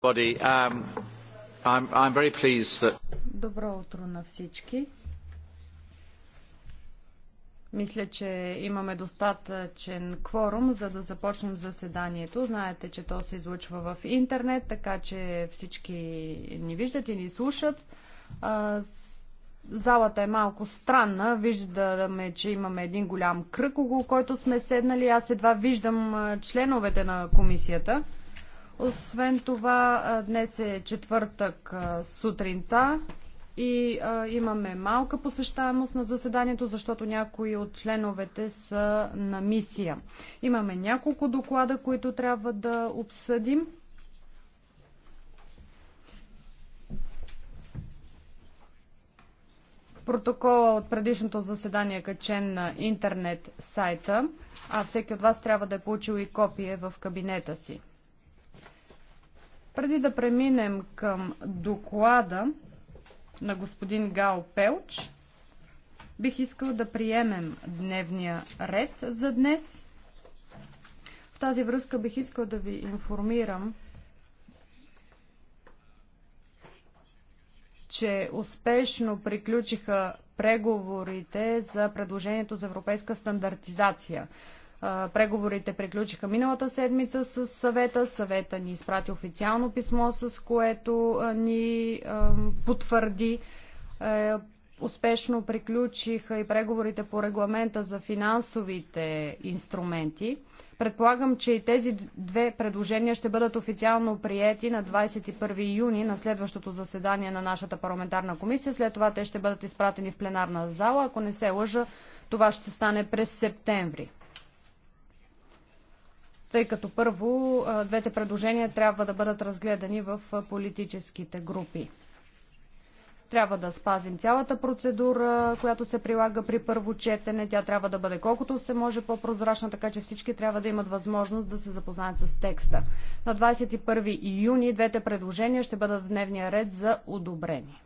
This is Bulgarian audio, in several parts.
Um, Добро утро на всички. Мисля, че имаме достатъчен кворум, за да започнем заседанието. Знаете, че то се излъчва в интернет, така че всички ни виждат и ни слушат. Залата е малко странна. Виждаме, че имаме един голям кръг, около който сме седнали. Аз едва виждам членовете на комисията. Освен това, днес е четвъртък сутринта и а, имаме малка посещаемост на заседанието, защото някои от членовете са на мисия. Имаме няколко доклада, които трябва да обсъдим. Протокола от предишното заседание е качен на интернет сайта, а всеки от вас трябва да е получил и копие в кабинета си. Преди да преминем към доклада на господин Гао Пелч, бих искал да приемем дневния ред за днес. В тази връзка бих искал да ви информирам, че успешно приключиха преговорите за предложението за европейска стандартизация. Преговорите приключиха миналата седмица с съвета. Съвета ни изпрати официално писмо, с което ни потвърди е, успешно приключиха и преговорите по регламента за финансовите инструменти. Предполагам, че и тези две предложения ще бъдат официално приети на 21 юни на следващото заседание на нашата парламентарна комисия. След това те ще бъдат изпратени в пленарна зала. Ако не се лъжа, това ще стане през септември тъй като първо двете предложения трябва да бъдат разгледани в политическите групи. Трябва да спазим цялата процедура, която се прилага при първо четене. Тя трябва да бъде колкото се може по-прозрачна, така че всички трябва да имат възможност да се запознаят с текста. На 21 июни двете предложения ще бъдат в дневния ред за одобрение.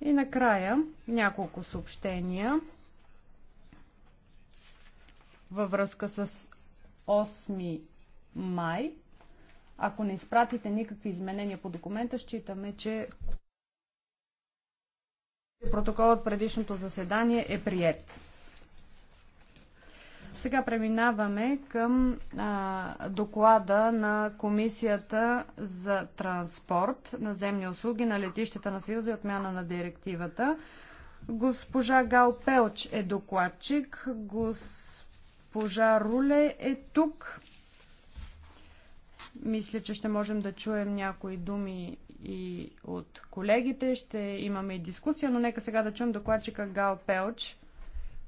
И накрая няколко съобщения във връзка с 8 май. Ако не изпратите никакви изменения по документа, считаме, че протоколът предишното заседание е прият. Сега преминаваме към а, доклада на Комисията за транспорт на земни услуги на летищата на Съюза и отмяна на директивата. Госпожа Гал Пелч е докладчик. Гос... Госпожа Руле е тук. Мисля, че ще можем да чуем някои думи и от колегите. Ще имаме и дискусия, но нека сега да чуем докладчика Гал Пелч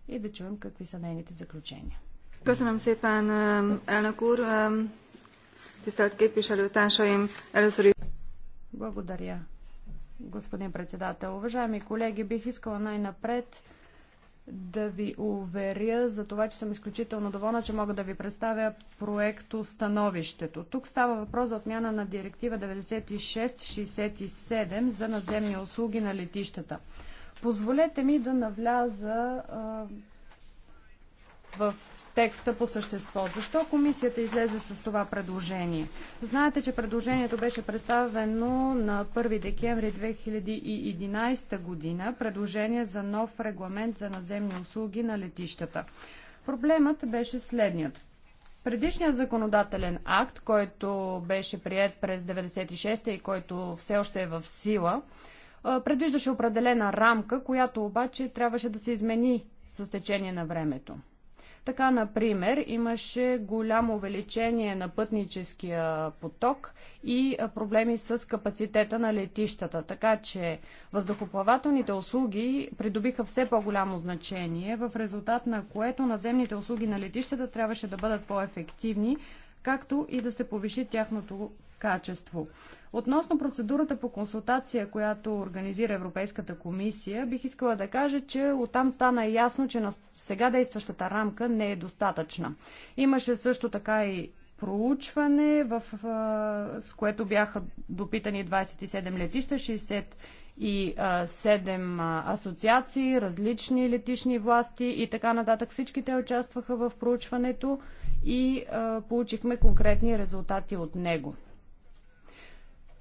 и да чуем какви са нейните заключения. Köszönöm szépen, э, elnök úr, э, tisztelt képviselőtársaim, először is... Благодаря, господин председател. Уважаеми колеги, бих искала най-напред да ви уверя за това, че съм изключително доволна, че мога да ви представя проекто Становището. Тук става въпрос за отмяна на директива 9667 за наземни услуги на летищата. Позволете ми да навляза а, в текста по същество. Защо комисията излезе с това предложение? Знаете, че предложението беше представено на 1 декември 2011 година, предложение за нов регламент за наземни услуги на летищата. Проблемът беше следният. Предишният законодателен акт, който беше прият през 96-та и който все още е в сила, предвиждаше определена рамка, която обаче трябваше да се измени с течение на времето. Така, например, имаше голямо увеличение на пътническия поток и проблеми с капацитета на летищата. Така че въздухоплавателните услуги придобиха все по-голямо значение, в резултат на което наземните услуги на летищата трябваше да бъдат по-ефективни, както и да се повиши тяхното качество. Относно процедурата по консултация, която организира Европейската комисия, бих искала да кажа, че оттам стана ясно, че на сега действащата рамка не е достатъчна. Имаше също така и проучване, в, с което бяха допитани 27 летища, 60 и а, седем а, асоциации, различни летишни власти и така нататък. Всички те участваха в проучването и а, получихме конкретни резултати от него.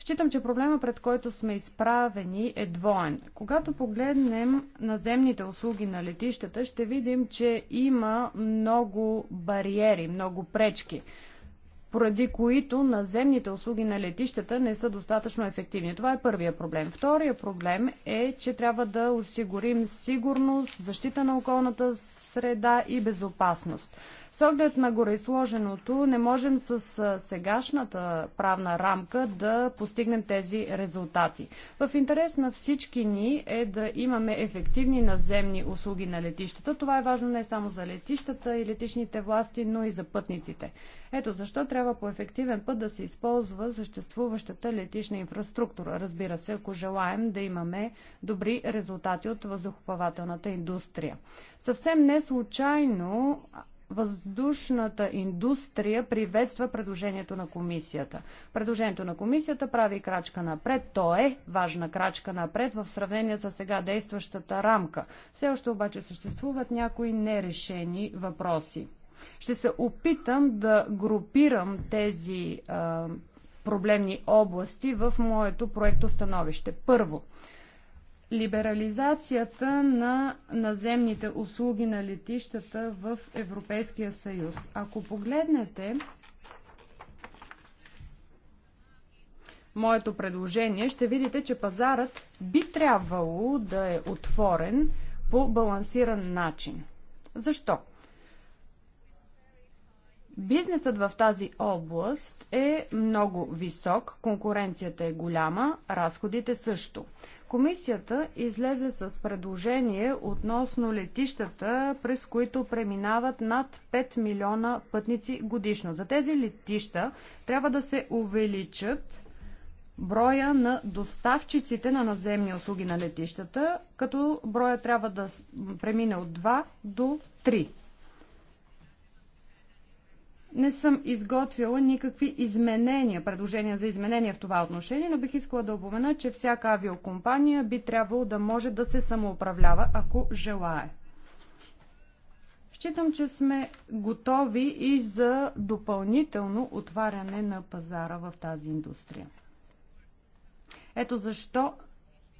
Считам, че проблема, пред който сме изправени, е двоен. Когато погледнем наземните услуги на летищата, ще видим, че има много бариери, много пречки поради които наземните услуги на летищата не са достатъчно ефективни. Това е първия проблем. Втория проблем е, че трябва да осигурим сигурност, защита на околната среда и безопасност. С оглед на гореизложеното, не можем с сегашната правна рамка да постигнем тези резултати. В интерес на всички ни е да имаме ефективни наземни услуги на летищата. Това е важно не само за летищата и летищните власти, но и за пътниците. Ето защо трябва по ефективен път да се използва съществуващата летищна инфраструктура. Разбира се, ако желаем да имаме добри резултати от въздухоплавателната индустрия. Съвсем не случайно Въздушната индустрия приветства предложението на комисията. Предложението на комисията прави крачка напред. То е важна крачка напред в сравнение с сега действащата рамка. Все още обаче съществуват някои нерешени въпроси. Ще се опитам да групирам тези а, проблемни области в моето проекто становище. Първо, либерализацията на наземните услуги на летищата в Европейския съюз. Ако погледнете моето предложение, ще видите, че пазарът би трябвало да е отворен по балансиран начин. Защо? Бизнесът в тази област е много висок, конкуренцията е голяма, разходите също. Комисията излезе с предложение относно летищата, през които преминават над 5 милиона пътници годишно. За тези летища трябва да се увеличат броя на доставчиците на наземни услуги на летищата, като броя трябва да премине от 2 до 3 не съм изготвила никакви изменения, предложения за изменения в това отношение, но бих искала да обомена, че всяка авиокомпания би трябвало да може да се самоуправлява, ако желае. Считам, че сме готови и за допълнително отваряне на пазара в тази индустрия. Ето защо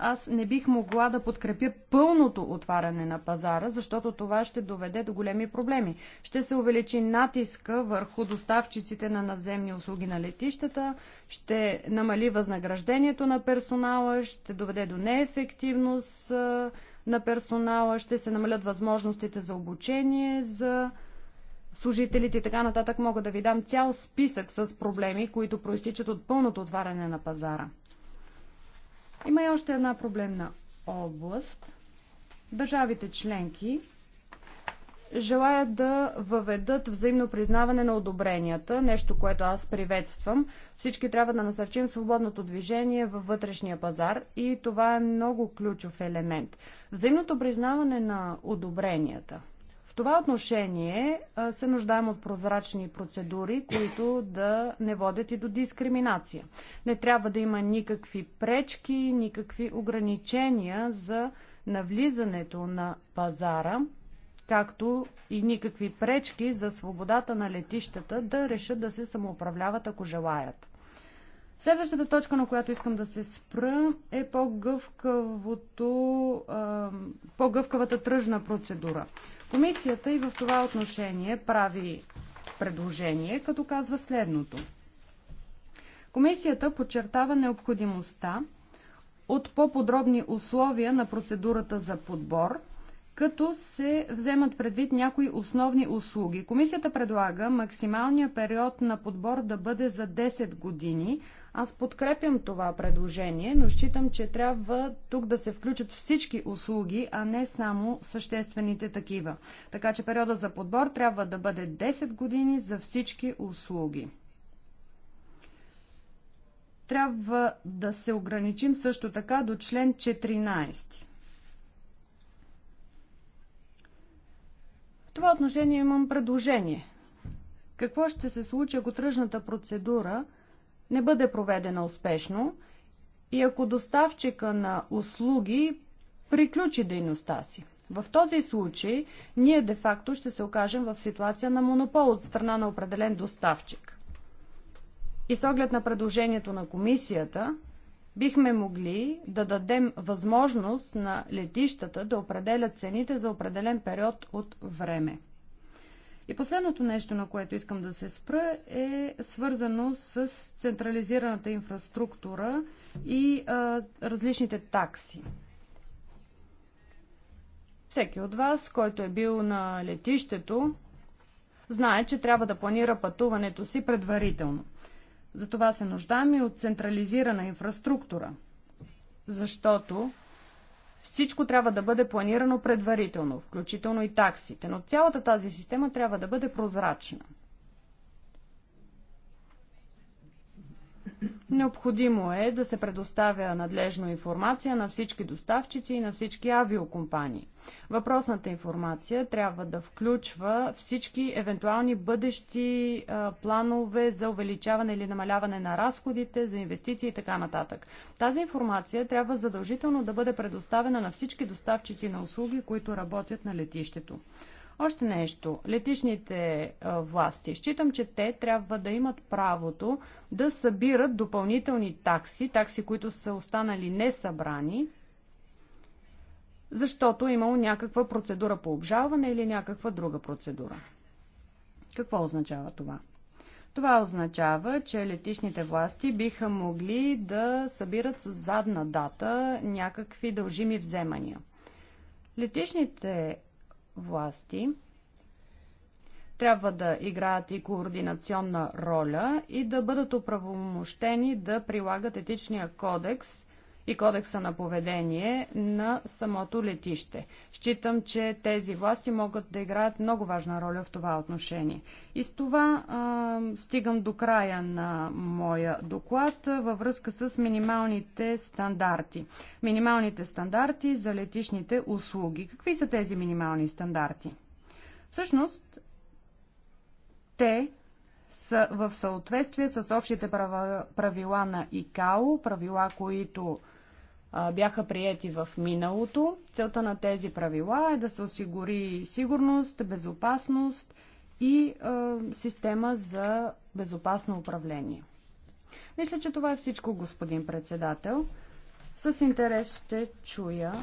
аз не бих могла да подкрепя пълното отваряне на пазара, защото това ще доведе до големи проблеми. Ще се увеличи натиска върху доставчиците на наземни услуги на летищата, ще намали възнаграждението на персонала, ще доведе до неефективност на персонала, ще се намалят възможностите за обучение, за служителите и така нататък. Мога да ви дам цял списък с проблеми, които проистичат от пълното отваряне на пазара. Има и още една проблемна област. Държавите членки желаят да въведат взаимно признаване на одобренията, нещо, което аз приветствам. Всички трябва да насърчим свободното движение във вътрешния пазар и това е много ключов елемент. Взаимното признаване на одобренията това отношение се нуждаем от прозрачни процедури, които да не водят и до дискриминация. Не трябва да има никакви пречки, никакви ограничения за навлизането на пазара, както и никакви пречки за свободата на летищата да решат да се самоуправляват, ако желаят. Следващата точка, на която искам да се спра, е по-гъвкавото, по-гъвкавата тръжна процедура. Комисията и в това отношение прави предложение, като казва следното. Комисията подчертава необходимостта от по-подробни условия на процедурата за подбор, като се вземат предвид някои основни услуги. Комисията предлага максималния период на подбор да бъде за 10 години, аз подкрепям това предложение, но считам, че трябва тук да се включат всички услуги, а не само съществените такива. Така че периода за подбор трябва да бъде 10 години за всички услуги. Трябва да се ограничим също така до член 14. В това отношение имам предложение. Какво ще се случи, ако тръжната процедура – не бъде проведена успешно и ако доставчика на услуги приключи дейността си. В този случай ние де-факто ще се окажем в ситуация на монопол от страна на определен доставчик. И с оглед на предложението на комисията, бихме могли да дадем възможност на летищата да определят цените за определен период от време. И последното нещо, на което искам да се спра, е свързано с централизираната инфраструктура и а, различните такси. Всеки от вас, който е бил на летището, знае, че трябва да планира пътуването си предварително. Затова се нуждаем и от централизирана инфраструктура, защото всичко трябва да бъде планирано предварително, включително и таксите, но цялата тази система трябва да бъде прозрачна. Необходимо е да се предоставя надлежно информация на всички доставчици и на всички авиокомпании. Въпросната информация трябва да включва всички евентуални бъдещи а, планове за увеличаване или намаляване на разходите, за инвестиции и така нататък. Тази информация трябва задължително да бъде предоставена на всички доставчици на услуги, които работят на летището. Още нещо. Летишните власти. Считам, че те трябва да имат правото да събират допълнителни такси, такси, които са останали несъбрани, защото е имало някаква процедура по обжалване или някаква друга процедура. Какво означава това? Това означава, че летишните власти биха могли да събират с задна дата някакви дължими вземания. Летишните власти трябва да играят и координационна роля и да бъдат оправомощени да прилагат етичния кодекс и кодекса на поведение на самото летище. Считам, че тези власти могат да играят много важна роля в това отношение. И с това а, стигам до края на моя доклад във връзка с минималните стандарти. Минималните стандарти за летишните услуги. Какви са тези минимални стандарти? Всъщност, те са в съответствие с общите правила на ИКАО, правила, които бяха приети в миналото. Целта на тези правила е да се осигури сигурност, безопасност и е, система за безопасно управление. Мисля, че това е всичко, господин председател. С интерес ще чуя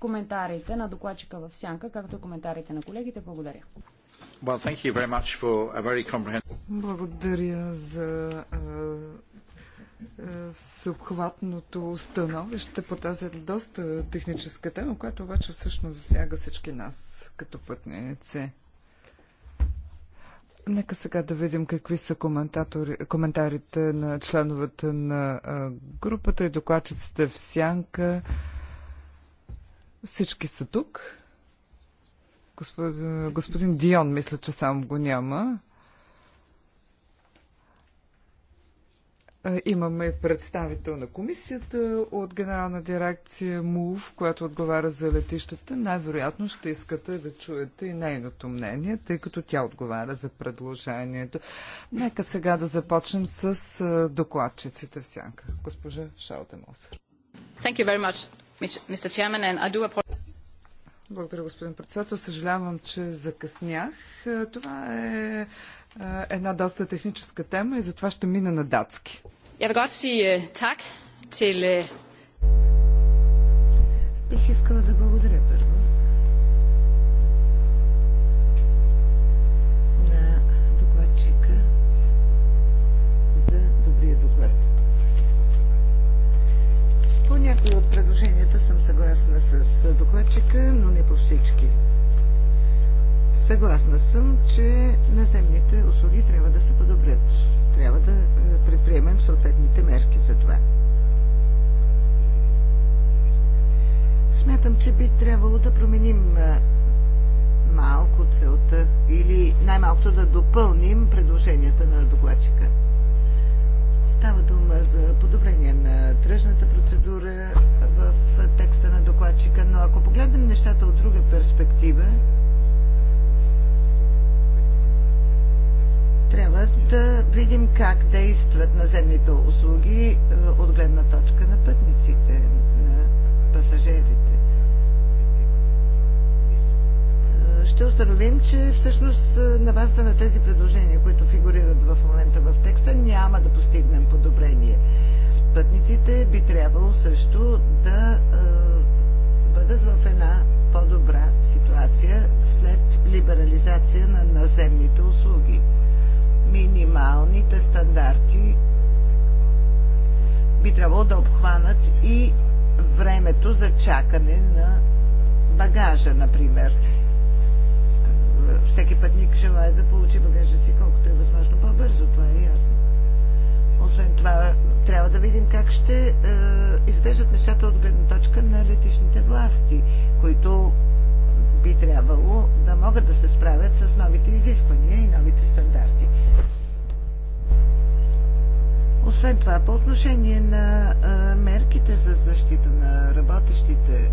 коментарите на докладчика в Сянка, както и коментарите на колегите. Благодаря. Well, very very Благодаря за е, всеобхватното становище по тази доста техническа тема, която обаче всъщност засяга всички нас като пътници. Нека сега да видим какви са коментарите на членовете на групата и докладчиците в сянка. Всички са тук. Господин, господин Дион, мисля, че сам го няма. Имаме представител на комисията от генерална дирекция МУВ, която отговаря за летищата. Най-вероятно ще искате да чуете и нейното мнение, тъй като тя отговаря за предложението. Нека сега да започнем с докладчиците в сянка. Госпожа Шалдемосър. Благодаря, господин председател. Съжалявам, че закъснях. Това е е, една доста техническа тема и затова ще мина на датски. Е, til... Е, Бих искала да благодаря първо на докладчика за добрия доклад. По някои от предложенията съм съгласна с докладчика, но не по всички. Съгласна съм, че наземните услуги трябва да се подобрят. Трябва да е, предприемем съответните мерки за това. Смятам, че би трябвало да променим е, малко целта или най-малкото да допълним предложенията на докладчика. Става дума за подобрение на тръжната процедура в текста на докладчика, но ако погледнем нещата от друга перспектива, трябва да видим как действат наземните услуги е, от гледна точка на пътниците, на пасажирите. Е, ще установим, че всъщност е, на базата на тези предложения, които фигурират в момента в текста, няма да постигнем подобрение. Пътниците би трябвало също да бъдат в една по-добра ситуация след либерализация на наземните услуги минималните стандарти би трябвало да обхванат и времето за чакане на багажа, например. Всеки пътник желая да получи багажа си колкото е възможно по-бързо, това е ясно. Освен това, трябва да видим как ще е, изглеждат нещата от гледна точка на летишните власти, които би трябвало да могат да се справят с новите изисквания и новите стандарти. Освен това, по отношение на мерките за защита на работещите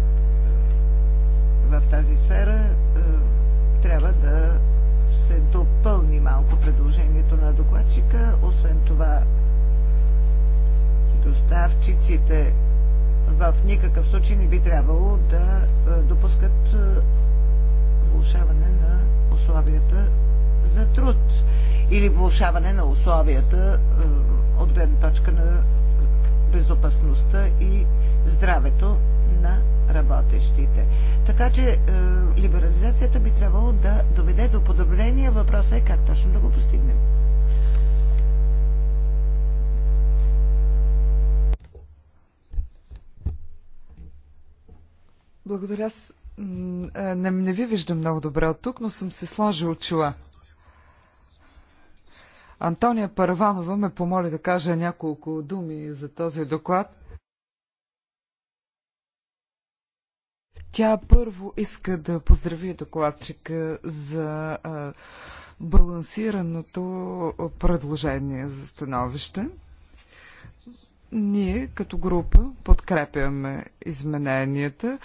в тази сфера, трябва да се допълни малко предложението на докладчика. Освен това, доставчиците в никакъв случай не би трябвало да допускат влушаване на условията за труд или влушаване на условията от гледна точка на безопасността и здравето на работещите. Така че е, либерализацията би трябвало да доведе до подобрения. Въпросът е как точно да го постигнем. Благодаря. Не, не ви виждам много добре от тук, но съм си сложил очила. Антония Параванова ме помоли да кажа няколко думи за този доклад. Тя първо иска да поздрави докладчика за балансираното предложение за становище. Ние като група подкрепяме измененията,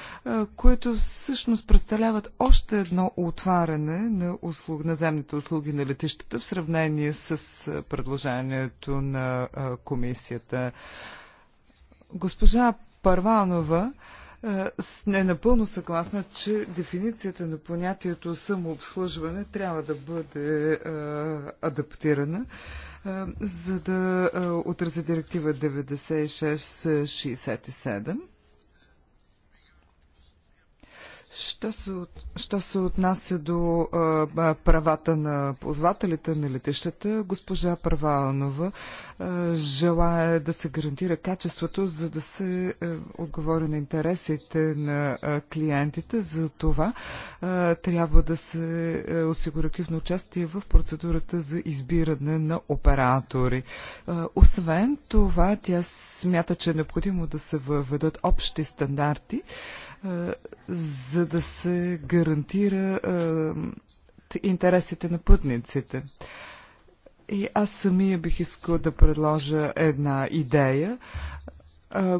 които всъщност представляват още едно отваряне на, услуг, на земните услуги на летищата в сравнение с предложението на комисията. Госпожа Парванова е, не напълно съгласна, че дефиницията на понятието самообслужване трябва да бъде е, адаптирана, е, за да отрази директива 9667. Що се, от... Що се отнася до а, правата на ползвателите на летищата, госпожа Първанова желая да се гарантира качеството, за да се а, отговори на интересите на а, клиентите. За това а, трябва да се осигури активно участие в процедурата за избиране на оператори. А, освен това, тя смята, че е необходимо да се въведат общи стандарти за да се гарантира интересите на пътниците. И аз самия бих искала да предложа една идея.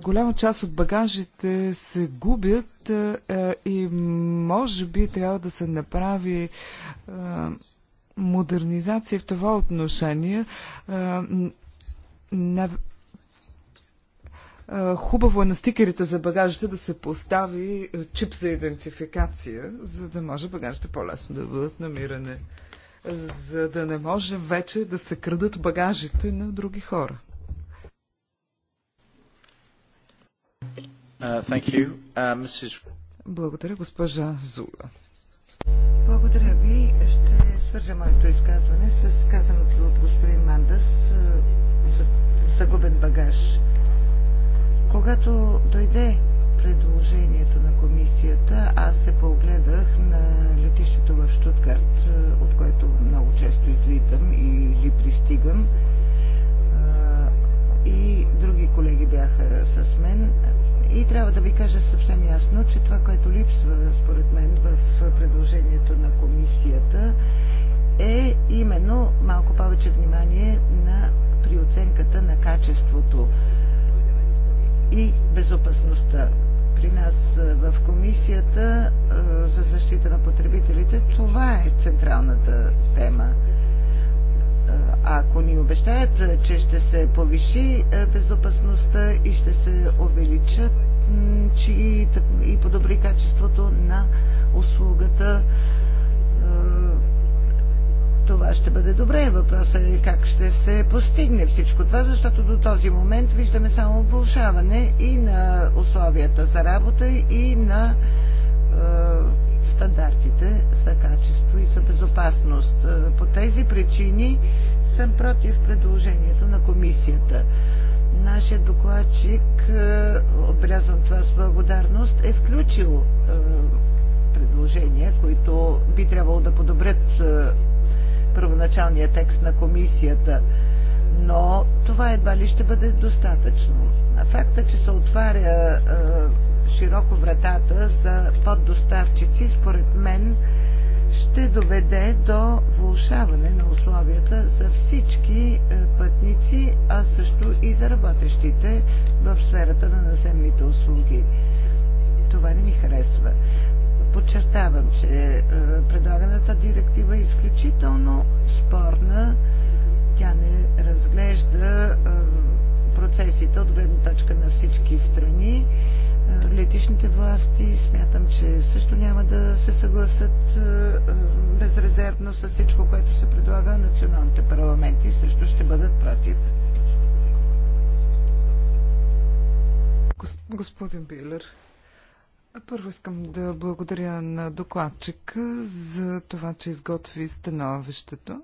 Голяма част от багажите се губят и може би трябва да се направи модернизация в това отношение. Хубаво е на стикерите за багажите да се постави чип за идентификация, за да може багажите по-лесно да бъдат намиране, за да не може вече да се крадат багажите на други хора. Uh, uh, Mrs... Благодаря, госпожа Зула. Благодаря ви. Ще свържа моето изказване с казаното от господин Мандас за загубен багаж. Когато дойде предложението на комисията, аз се погледах на летището в Штутгарт, е, от което много често излитам или пристигам. Е, и други колеги бяха с мен. И трябва да ви кажа съвсем ясно, че това, което липсва според мен в предложението на комисията е именно малко повече внимание на при оценката на качеството и безопасността. При нас в Комисията за защита на потребителите това е централната тема. Ако ни обещаят, че ще се повиши безопасността и ще се увеличат че и подобри качеството на услугата, това ще бъде добре. Въпросът е как ще се постигне всичко това, защото до този момент виждаме само влушаване и на условията за работа, и на е, стандартите за качество и за безопасност. Е, по тези причини съм против предложението на комисията. Нашия докладчик, е, отбелязвам това с благодарност, е включил е, предложения, които би трябвало да подобрят е, първоначалния текст на комисията, но това едва ли ще бъде достатъчно. Факта, че се отваря широко вратата за поддоставчици, според мен ще доведе до влушаване на условията за всички пътници, а също и за работещите в сферата на наземните услуги. Това не ми харесва подчертавам, че е, предлаганата директива е изключително спорна. Тя не разглежда е, процесите от гледна точка на всички страни. Е, Летишните власти смятам, че също няма да се съгласят безрезервно с всичко, което се предлага. Националните парламенти също ще бъдат против. Господин Билер. Първо искам да благодаря на докладчика за това, че изготви становището.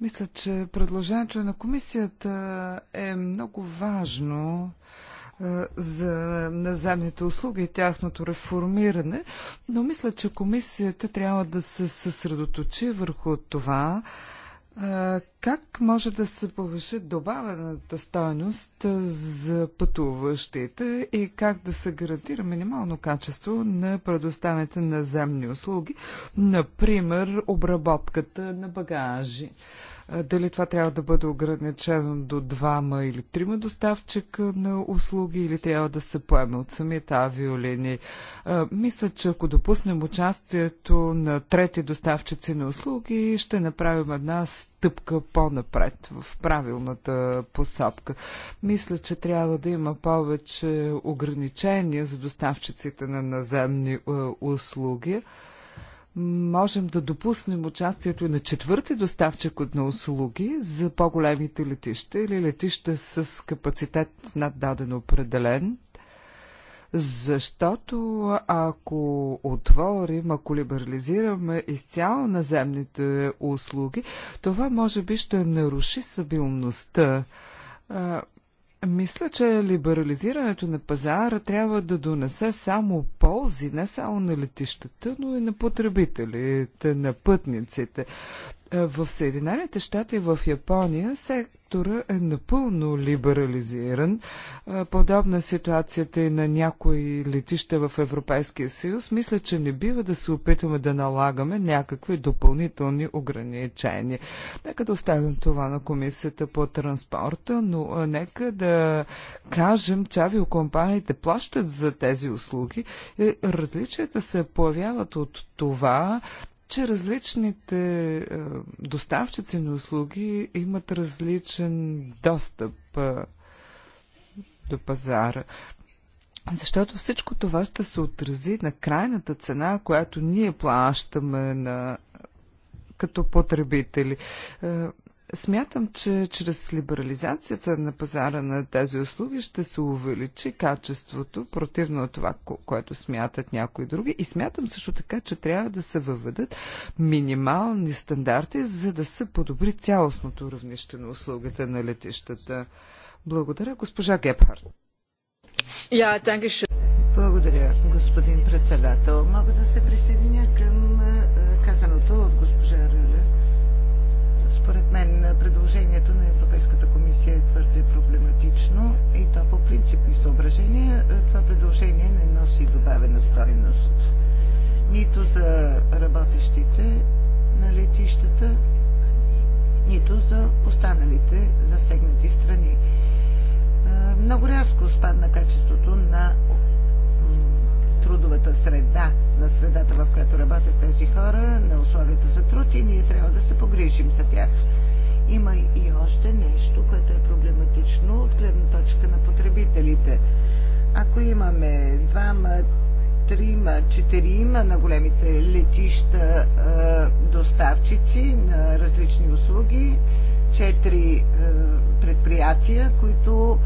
Мисля, че предложението на комисията е много важно е, за наземните услуги и тяхното реформиране, но мисля, че комисията трябва да се съсредоточи върху това, как може да се повиши добавената стойност за пътуващите и как да се гарантира минимално качество на предоставените наземни услуги, например обработката на багажи? Дали това трябва да бъде ограничено до двама или трима доставчика на услуги или трябва да се поеме от самите авиолинии? Мисля, че ако допуснем участието на трети доставчици на услуги, ще направим една стъпка по-напред в правилната посока. Мисля, че трябва да има повече ограничения за доставчиците на наземни услуги можем да допуснем участието на четвърти доставчик от на услуги за по-големите летища или летища с капацитет над даден определен, защото ако отворим, ако либерализираме изцяло наземните услуги, това може би ще наруши събилността. Мисля, че либерализирането на пазара трябва да донесе само ползи, не само на летищата, но и на потребителите, на пътниците. Е, в Съединените щати и в Япония сектора е напълно либерализиран. Е, подобна е ситуацията и на някои летища в Европейския съюз. Мисля, че не бива да се опитваме да налагаме някакви допълнителни ограничения. Нека да оставим това на комисията по транспорта, но е, нека да кажем, че авиокомпаниите плащат за тези услуги. Различията се появяват от това че различните е, доставчици на услуги имат различен достъп е, до пазара. Защото всичко това ще се отрази на крайната цена, която ние плащаме на, като потребители. Е, Смятам, че чрез либерализацията на пазара на тези услуги ще се увеличи качеството, противно на това, което смятат някои други. И смятам също така, че трябва да се въведат минимални стандарти, за да се подобри цялостното равнище на услугата на летищата. Благодаря, госпожа Гепхард. Yeah, Благодаря, господин председател. Мога да се присъединя към е, казаното от госпожа Рюле според мен предложението на Европейската комисия е твърде проблематично и то по принципни съображения. Това предложение не носи добавена стойност нито за работещите на летищата, нито за останалите засегнати страни. Много рязко спадна качеството на трудовата среда, на средата в която работят тези хора, на условията за труд и ние трябва да се погрижим за тях. Има и още нещо, което е проблематично от гледна точка на потребителите. Ако имаме двама, трима, четирима на големите летища доставчици на различни услуги, четири предприятия, които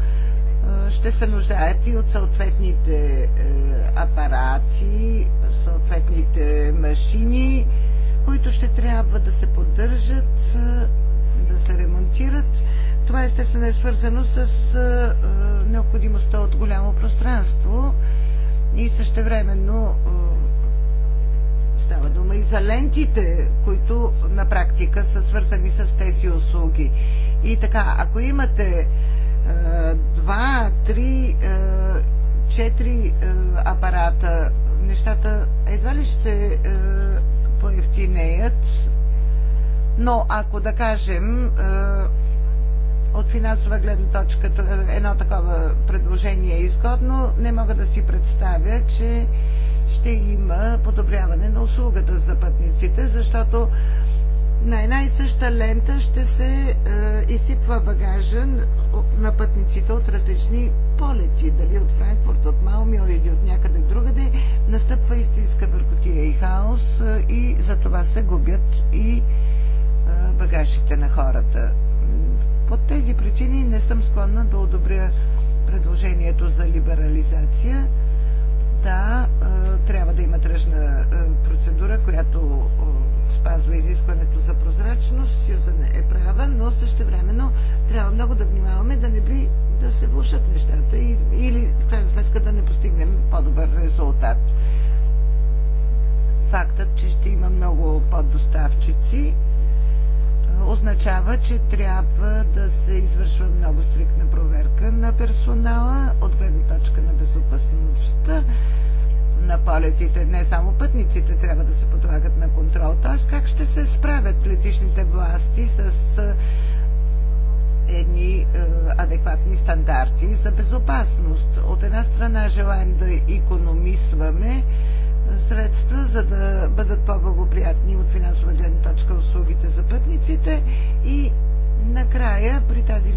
ще се нуждаят и от съответните е, апарати, съответните машини, които ще трябва да се поддържат, е, да се ремонтират. Това естествено е свързано с е, необходимостта от голямо пространство и същевременно става дума и за лентите, които на практика са свързани с тези услуги. И така, ако имате два, три, е, четири е, апарата, нещата едва ли ще е, поевтинеят, но ако да кажем от финансова гледна точка едно такова предложение е изгодно, не мога да си представя, че ще има подобряване на услугата за пътниците, защото на една и съща лента ще се е, изсипва багажа на пътниците от различни полети, дали от Франкфурт, от Малмио или от някъде другаде, настъпва истинска бъркотия и хаос е, и за това се губят и е, багажите на хората. По тези причини не съм склонна да одобря предложението за либерализация. Да, е, трябва да има тръжна е, процедура, която е, спазва изискването за прозрачност, Сюзан е права, но също времено трябва много да внимаваме да не би да се влушат нещата и, или в крайна сметка да не постигнем по-добър резултат. Фактът, че ще има много поддоставчици, означава, че трябва да се извършва много стриктна проверка на персонала от гледна точка на безопасността на полетите. Не само пътниците трябва да се подлагат на контрол. Т.е. как ще се справят летишните власти с едни адекватни стандарти за безопасност. От една страна желаем да економисваме средства, за да бъдат по-благоприятни от финансова гледна точка услугите за пътниците и накрая при тази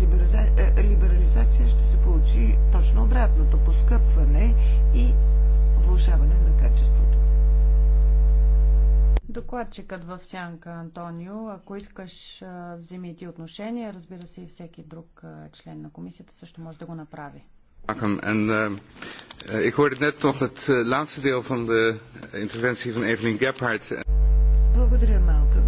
либерализация ще се получи точно обратното поскъпване и влушаване на качеството. Докладчикът в сянка Антонио, ако искаш вземи ти отношение, разбира се и всеки друг член на комисията също може да го направи. En uh, ik hoorde net nog het uh, laatste deel van de interventie van Gebhardt. Благодаря, Малкъм.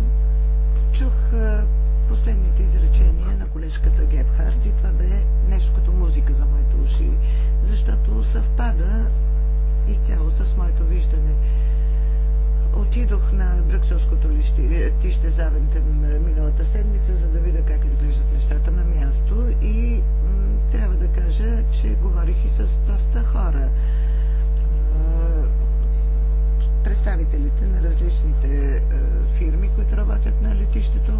Чух uh, последните изречения на колежката Гебхарт и това бе нещо като музика за моите уши, защото съвпада изцяло с моето виждане. Отидох на Брюкселското е, летище Завентен е, миналата седмица, за да видя как изглеждат нещата на място и трябва да кажа, че говорих и с доста хора. Е, представителите на различните фирми, които работят на летището,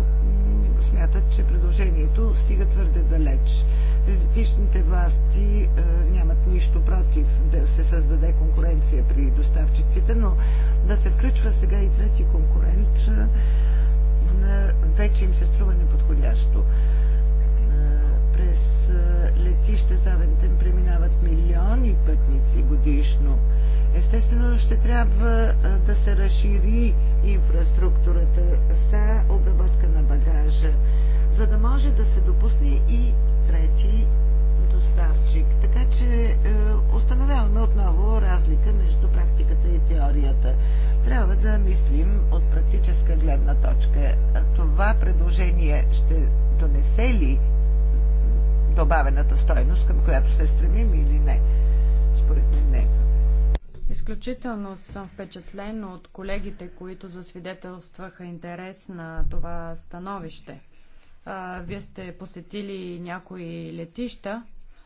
смятат, че предложението стига твърде далеч. Летищните власти е, нямат нищо против да се създаде конкуренция при доставчиците, но да се включва сега и трети конкурент е, вече им се струва неподходящо. Е, през е, летище Завентен преминават милиони пътници годишно. Естествено ще трябва е, да се разшири инфраструктурата за обработка на багажа, за да може да се допусне и трети доставчик. Така че е, установяваме отново разлика между практиката и теорията. Трябва да мислим от практическа гледна точка. Това предложение ще донесе ли добавената стойност, към която се стремим или не? Според мен не. Изключително съм впечатлен от колегите, които засвидетелстваха интерес на това становище. Вие сте посетили някои летища,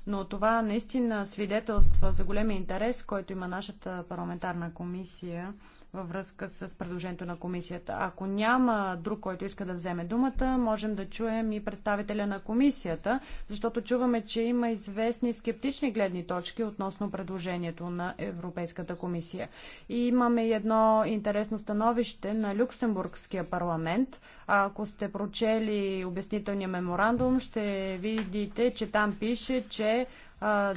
но това наистина свидетелства за големия интерес, който има нашата парламентарна комисия във връзка с предложението на комисията. Ако няма друг, който иска да вземе думата, можем да чуем и представителя на комисията, защото чуваме, че има известни скептични гледни точки относно предложението на Европейската комисия. И имаме и едно интересно становище на Люксембургския парламент. Ако сте прочели обяснителния меморандум, ще видите, че там пише, че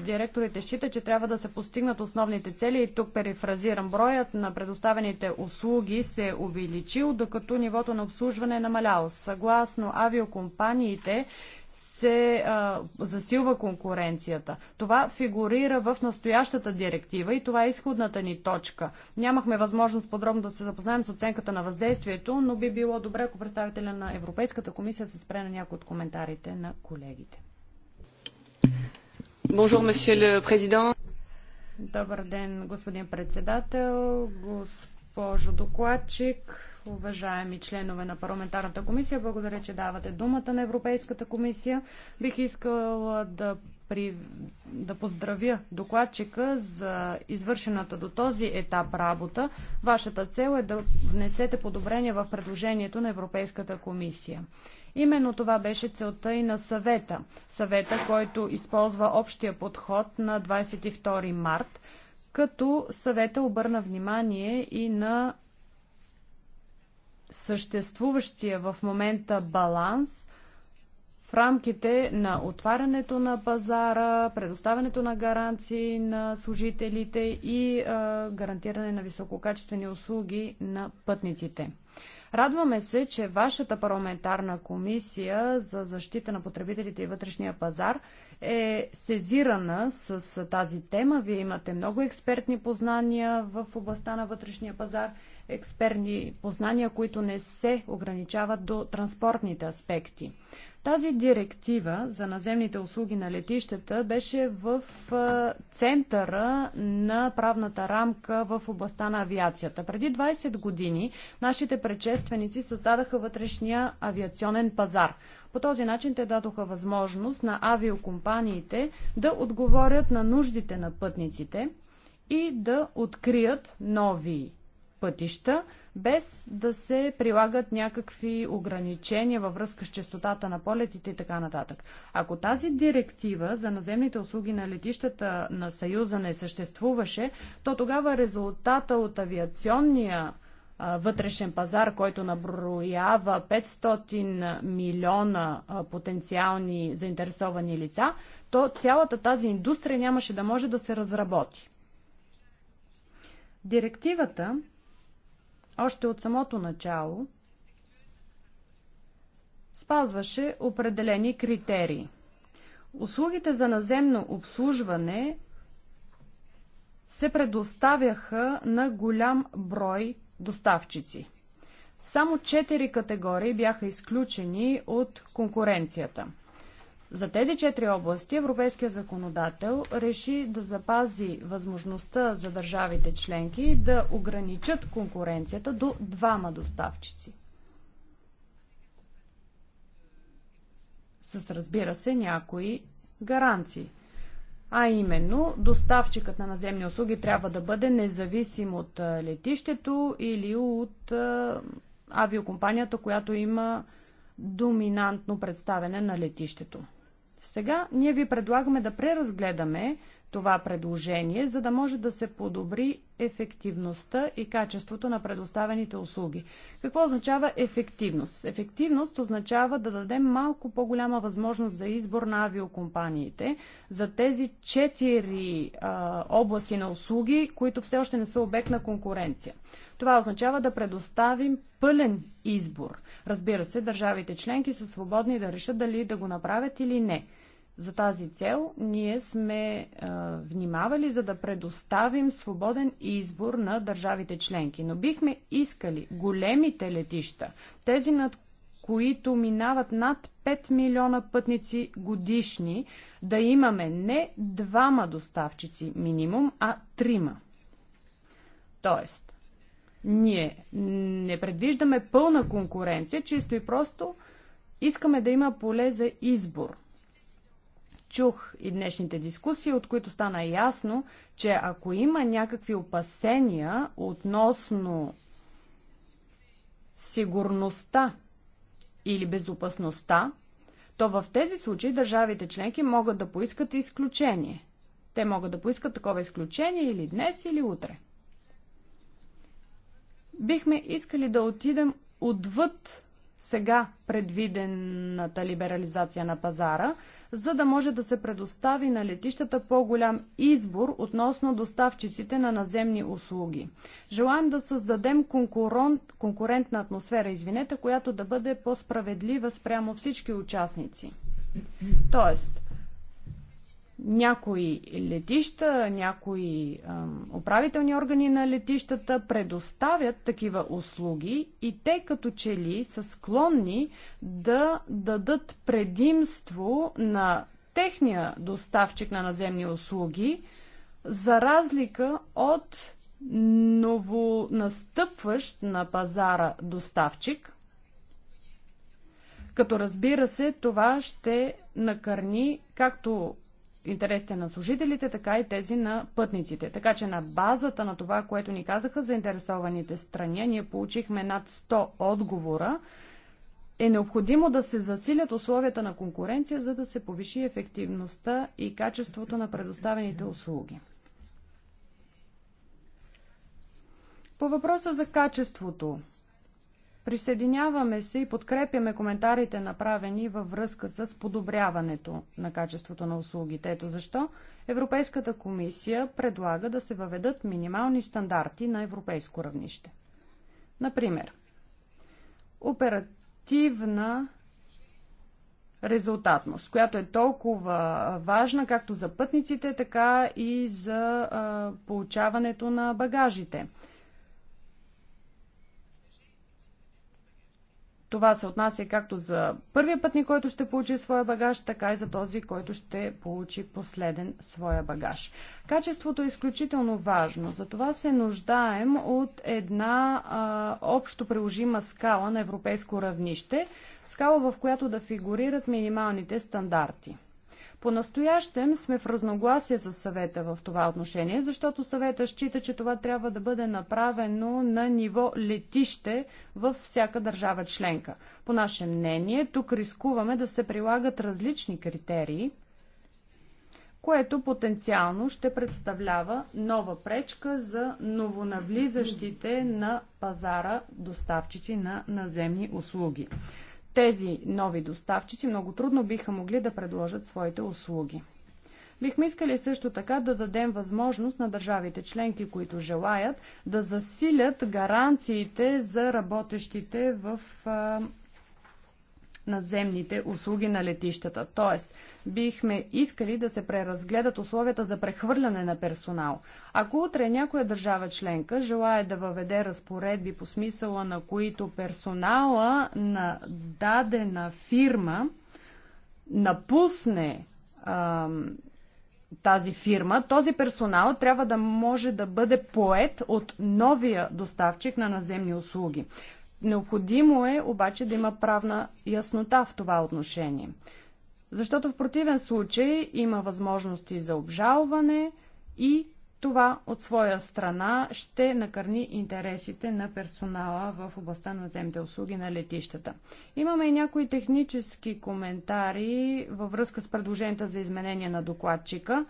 директорите считат, че трябва да се постигнат основните цели и тук перифразирам броят на предоставените услуги се е увеличил, докато нивото на обслужване е намаляло. Съгласно авиокомпаниите се а, засилва конкуренцията. Това фигурира в настоящата директива и това е изходната ни точка. Нямахме възможност подробно да се запознаем с оценката на въздействието, но би било добре, ако представителя на Европейската комисия се спре на някои от коментарите на колегите. Bonjour, monsieur le président. Добър ден, господин председател, госпожо докладчик, уважаеми членове на парламентарната комисия. Благодаря, че давате думата на Европейската комисия. Бих искала да при... да поздравя докладчика за извършената до този етап работа. Вашата цел е да внесете подобрение в предложението на Европейската комисия. Именно това беше целта и на съвета. Съвета, който използва общия подход на 22 март, като съвета обърна внимание и на съществуващия в момента баланс – в рамките на отварянето на пазара, предоставянето на гаранции на служителите и гарантиране на висококачествени услуги на пътниците. Радваме се, че вашата парламентарна комисия за защита на потребителите и вътрешния пазар е сезирана с тази тема. Вие имате много експертни познания в областта на вътрешния пазар експертни познания, които не се ограничават до транспортните аспекти. Тази директива за наземните услуги на летищата беше в центъра на правната рамка в областта на авиацията. Преди 20 години нашите предшественици създадаха вътрешния авиационен пазар. По този начин те дадоха възможност на авиокомпаниите да отговорят на нуждите на пътниците и да открият нови пътища, без да се прилагат някакви ограничения във връзка с частотата на полетите и така нататък. Ако тази директива за наземните услуги на летищата на Съюза не съществуваше, то тогава резултата от авиационния вътрешен пазар, който наброява 500 милиона потенциални заинтересовани лица, то цялата тази индустрия нямаше да може да се разработи. Директивата още от самото начало спазваше определени критерии. Услугите за наземно обслужване се предоставяха на голям брой доставчици. Само четири категории бяха изключени от конкуренцията – за тези четири области европейският законодател реши да запази възможността за държавите членки да ограничат конкуренцията до двама доставчици. С разбира се някои гаранции. А именно, доставчикът на наземни услуги трябва да бъде независим от летището или от авиокомпанията, която има доминантно представяне на летището. Сега ние ви предлагаме да преразгледаме това предложение, за да може да се подобри ефективността и качеството на предоставените услуги. Какво означава ефективност? Ефективност означава да дадем малко по-голяма възможност за избор на авиокомпаниите за тези четири а, области на услуги, които все още не са обект на конкуренция. Това означава да предоставим пълен избор. Разбира се, държавите членки са свободни да решат дали да го направят или не. За тази цел ние сме а, внимавали, за да предоставим свободен избор на държавите членки. Но бихме искали големите летища, тези над които минават над 5 милиона пътници годишни, да имаме не двама доставчици минимум, а трима. Тоест, ние не предвиждаме пълна конкуренция, чисто и просто искаме да има поле за избор – чух и днешните дискусии, от които стана ясно, че ако има някакви опасения относно сигурността или безопасността, то в тези случаи държавите членки могат да поискат изключение. Те могат да поискат такова изключение или днес, или утре. Бихме искали да отидем отвъд сега предвидената либерализация на пазара, за да може да се предостави на летищата по-голям избор относно доставчиците на наземни услуги. Желаем да създадем конкурентна атмосфера, извинете, която да бъде по-справедлива спрямо всички участници. Тоест, някои летища, някои управителни органи на летищата предоставят такива услуги и те като че ли са склонни да дадат предимство на техния доставчик на наземни услуги, за разлика от новонастъпващ на пазара доставчик, като разбира се, това ще накърни както интересите на служителите, така и тези на пътниците. Така че на базата на това, което ни казаха заинтересованите страни, ние получихме над 100 отговора, е необходимо да се засилят условията на конкуренция, за да се повиши ефективността и качеството на предоставените услуги. По въпроса за качеството Присъединяваме се и подкрепяме коментарите направени във връзка с подобряването на качеството на услугите. Ето защо Европейската комисия предлага да се въведат минимални стандарти на европейско равнище. Например, оперативна резултатност, която е толкова важна както за пътниците, така и за а, получаването на багажите. Това се отнася както за първия пътник, който ще получи своя багаж, така и за този, който ще получи последен своя багаж. Качеството е изключително важно. Затова се нуждаем от една а, общо приложима скала на европейско равнище, скала в която да фигурират минималните стандарти. По-настоящем сме в разногласие с съвета в това отношение, защото съвета счита, че това трябва да бъде направено на ниво летище във всяка държава членка. По наше мнение, тук рискуваме да се прилагат различни критерии, което потенциално ще представлява нова пречка за новонавлизащите на пазара доставчици на наземни услуги тези нови доставчици много трудно биха могли да предложат своите услуги. Бихме искали също така да дадем възможност на държавите членки, които желаят, да засилят гаранциите за работещите в наземните услуги на летищата. Тоест, бихме искали да се преразгледат условията за прехвърляне на персонал. Ако утре някоя държава членка желая да въведе разпоредби по смисъла на които персонала на дадена фирма напусне ам, тази фирма, този персонал трябва да може да бъде поет от новия доставчик на наземни услуги. Необходимо е обаче да има правна яснота в това отношение. Защото в противен случай има възможности за обжалване и това от своя страна ще накърни интересите на персонала в областта на земните услуги на летищата. Имаме и някои технически коментари във връзка с предложенията за изменение на докладчика.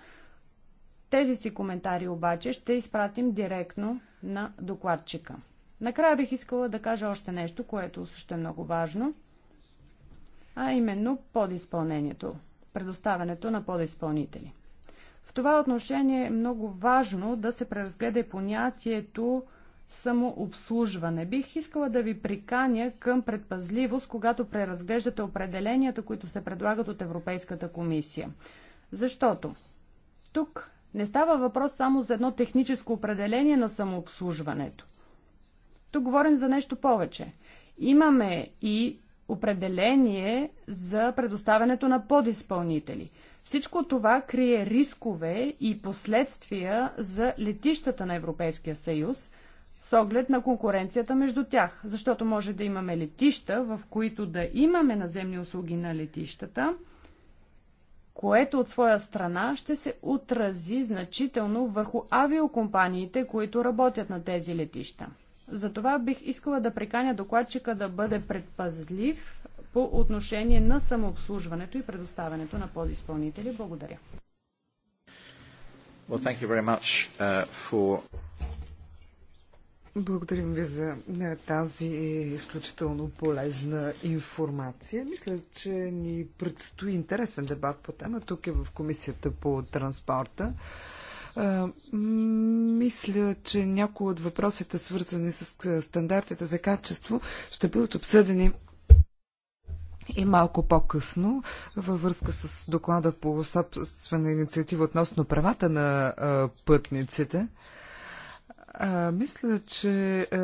Тези си коментари обаче ще изпратим директно на докладчика. Накрая бих искала да кажа още нещо, което също е много важно, а именно подизпълнението, предоставянето на подизпълнители. В това отношение е много важно да се преразгледа понятието самообслужване. Бих искала да ви приканя към предпазливост, когато преразглеждате определенията, които се предлагат от Европейската комисия. Защото тук не става въпрос само за едно техническо определение на самообслужването – тук говорим за нещо повече. Имаме и определение за предоставянето на подизпълнители. Всичко това крие рискове и последствия за летищата на Европейския съюз с оглед на конкуренцията между тях, защото може да имаме летища, в които да имаме наземни услуги на летищата, което от своя страна ще се отрази значително върху авиокомпаниите, които работят на тези летища. Затова бих искала да приканя докладчика да бъде предпазлив по отношение на самообслужването и предоставянето на подизпълнители. Благодаря. Well, thank you very much, uh, for... Благодарим ви за тази изключително полезна информация. Мисля, че ни предстои интересен дебат по тема тук е в Комисията по транспорта. Uh, мисля, че някои от въпросите, свързани с стандартите за качество, ще бъдат обсъдени и малко по-късно, във връзка с доклада по собствена инициатива относно правата на пътниците, а, мисля, че а,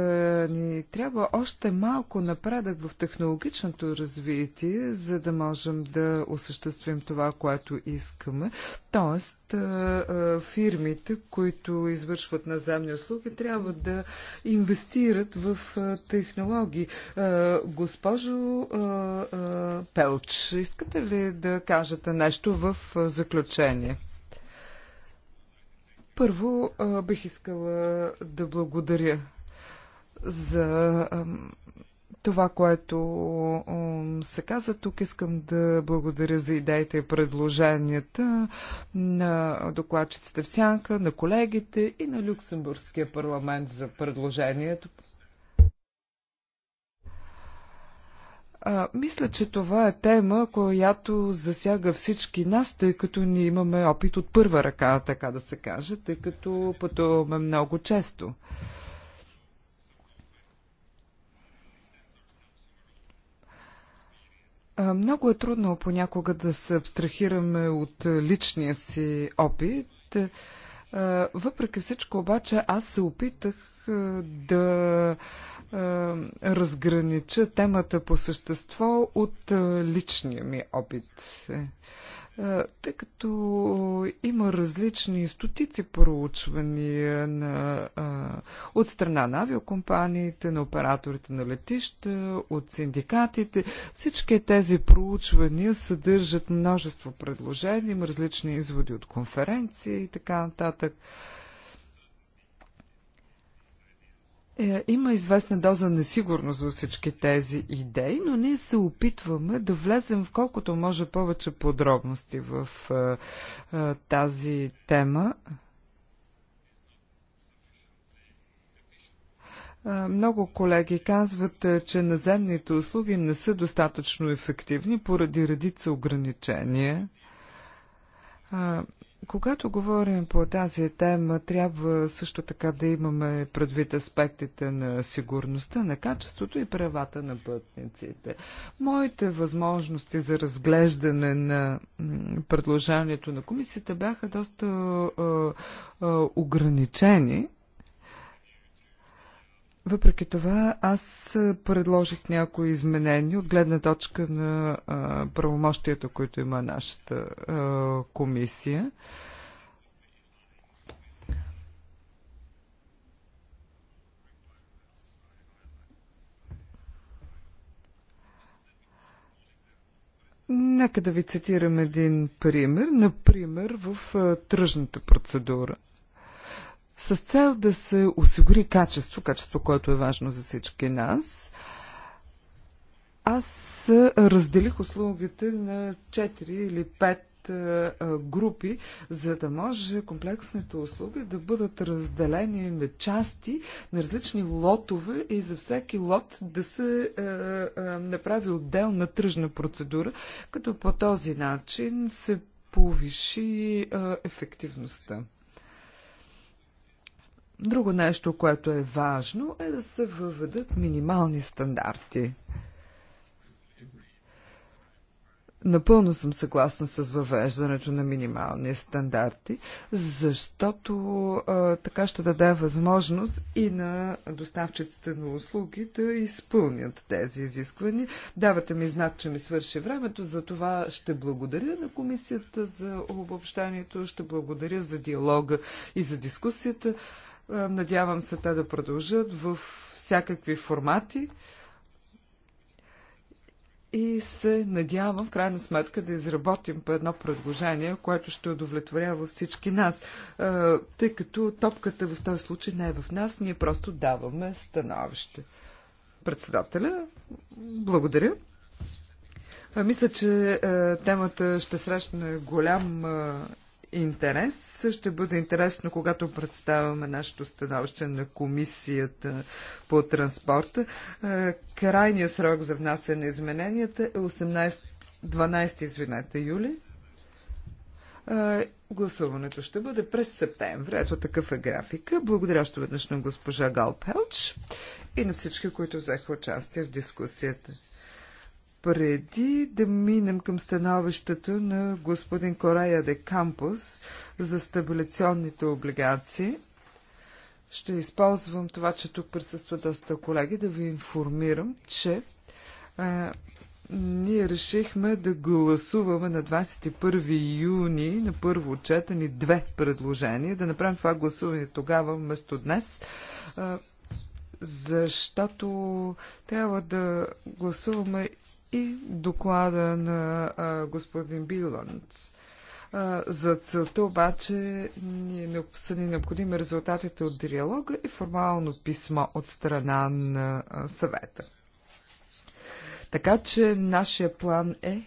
ни трябва още малко напредък в технологичното развитие, за да можем да осъществим това, което искаме. Тоест, а, а, фирмите, които извършват наземни услуги, трябва да инвестират в а, технологии. А, госпожо а, а, Пелч, искате ли да кажете нещо в заключение? Първо бих искала да благодаря за това, което се каза тук, искам да благодаря за идеите и предложенията на докладчиците в Сянка, на колегите и на Люксембургския парламент за предложението А, мисля, че това е тема, която засяга всички нас, тъй като ние имаме опит от първа ръка, така да се каже, тъй като пътуваме много често. Много е трудно понякога да се абстрахираме от личния си опит. Въпреки всичко обаче аз се опитах да е, разгранича темата по същество от е, личния ми опит. Е, тъй като има различни стотици проучвания на, от страна на авиокомпаниите, на операторите на летища, от синдикатите, всички тези проучвания съдържат множество предложения, има различни изводи от конференции и така нататък. Е, има известна доза несигурност във всички тези идеи, но ние се опитваме да влезем в колкото може повече подробности в е, е, тази тема. Е, много колеги казват, е, че наземните услуги не са достатъчно ефективни поради редица ограничения. Е, когато говорим по тази тема, трябва също така да имаме предвид аспектите на сигурността, на качеството и правата на пътниците. Моите възможности за разглеждане на предложението на комисията бяха доста а, а, ограничени, въпреки това, аз предложих някои изменения от гледна точка на а, правомощията, които има нашата а, комисия. Нека да ви цитирам един пример. Например, в а, тръжната процедура – с цел да се осигури качество, качество, което е важно за всички нас, аз разделих услугите на 4 или 5 е, е, групи, за да може комплексните услуги да бъдат разделени на части, на различни лотове и за всеки лот да се е, е, направи отделна тръжна процедура, като по този начин се повиши е, ефективността. Друго нещо, което е важно, е да се въведат минимални стандарти. Напълно съм съгласна с въвеждането на минимални стандарти, защото а, така ще даде възможност и на доставчиците на услуги да изпълнят тези изисквания. Давате ми знак, че ми свърши времето, за това ще благодаря на комисията за обобщанието, ще благодаря за диалога и за дискусията. Е, надявам се те да продължат в всякакви формати. И се надявам в крайна сметка да изработим по едно предложение, което ще удовлетворява всички нас. Е, тъй като топката в този случай не е в нас, ние просто даваме становище. Председателя, благодаря. Е, мисля, че темата ще срещне голям интерес. Ще бъде интересно, когато представяме нашето становище на комисията по транспорта. Е, крайният срок за внасяне на измененията е 18, 12 извинете, юли. Е, гласуването ще бъде през септември. Ето такъв е графика. Благодаря още веднъж на госпожа Галпелч и на всички, които взеха участие в дискусията. Преди да минем към становището на господин Корея де Кампус за стабилиционните облигации, ще използвам това, че тук присъства доста колеги, да ви информирам, че а, ние решихме да гласуваме на 21 юни на първо четени две предложения, да направим това гласуване тогава вместо днес, а, защото трябва да гласуваме и доклада на а, господин Биланд. За целта обаче ни е са ни необходими резултатите от диалога и формално писма от страна на съвета. Така че нашия план е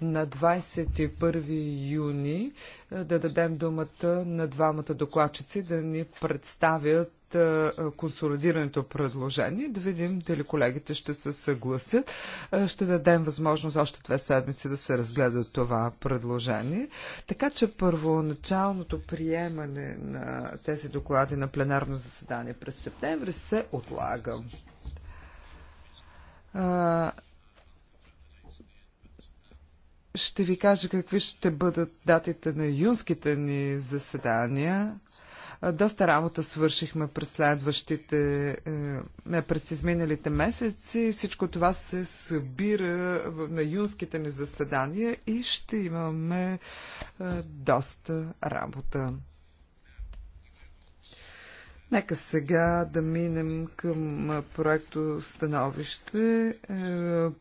на 21 юни е, да дадем думата на двамата докладчици да ни представят е, консолидираното предложение, да видим дали колегите ще се съгласят. Е, ще дадем възможност още две седмици да се разгледа това предложение. Така че първоначалното приемане на тези доклади на пленарно заседание през септември се отлага ще ви кажа какви ще бъдат датите на юнските ни заседания. Доста работа свършихме през следващите, е, през изминалите месеци. Всичко това се събира на юнските ни заседания и ще имаме е, доста работа. Нека сега да минем към проекто становище е,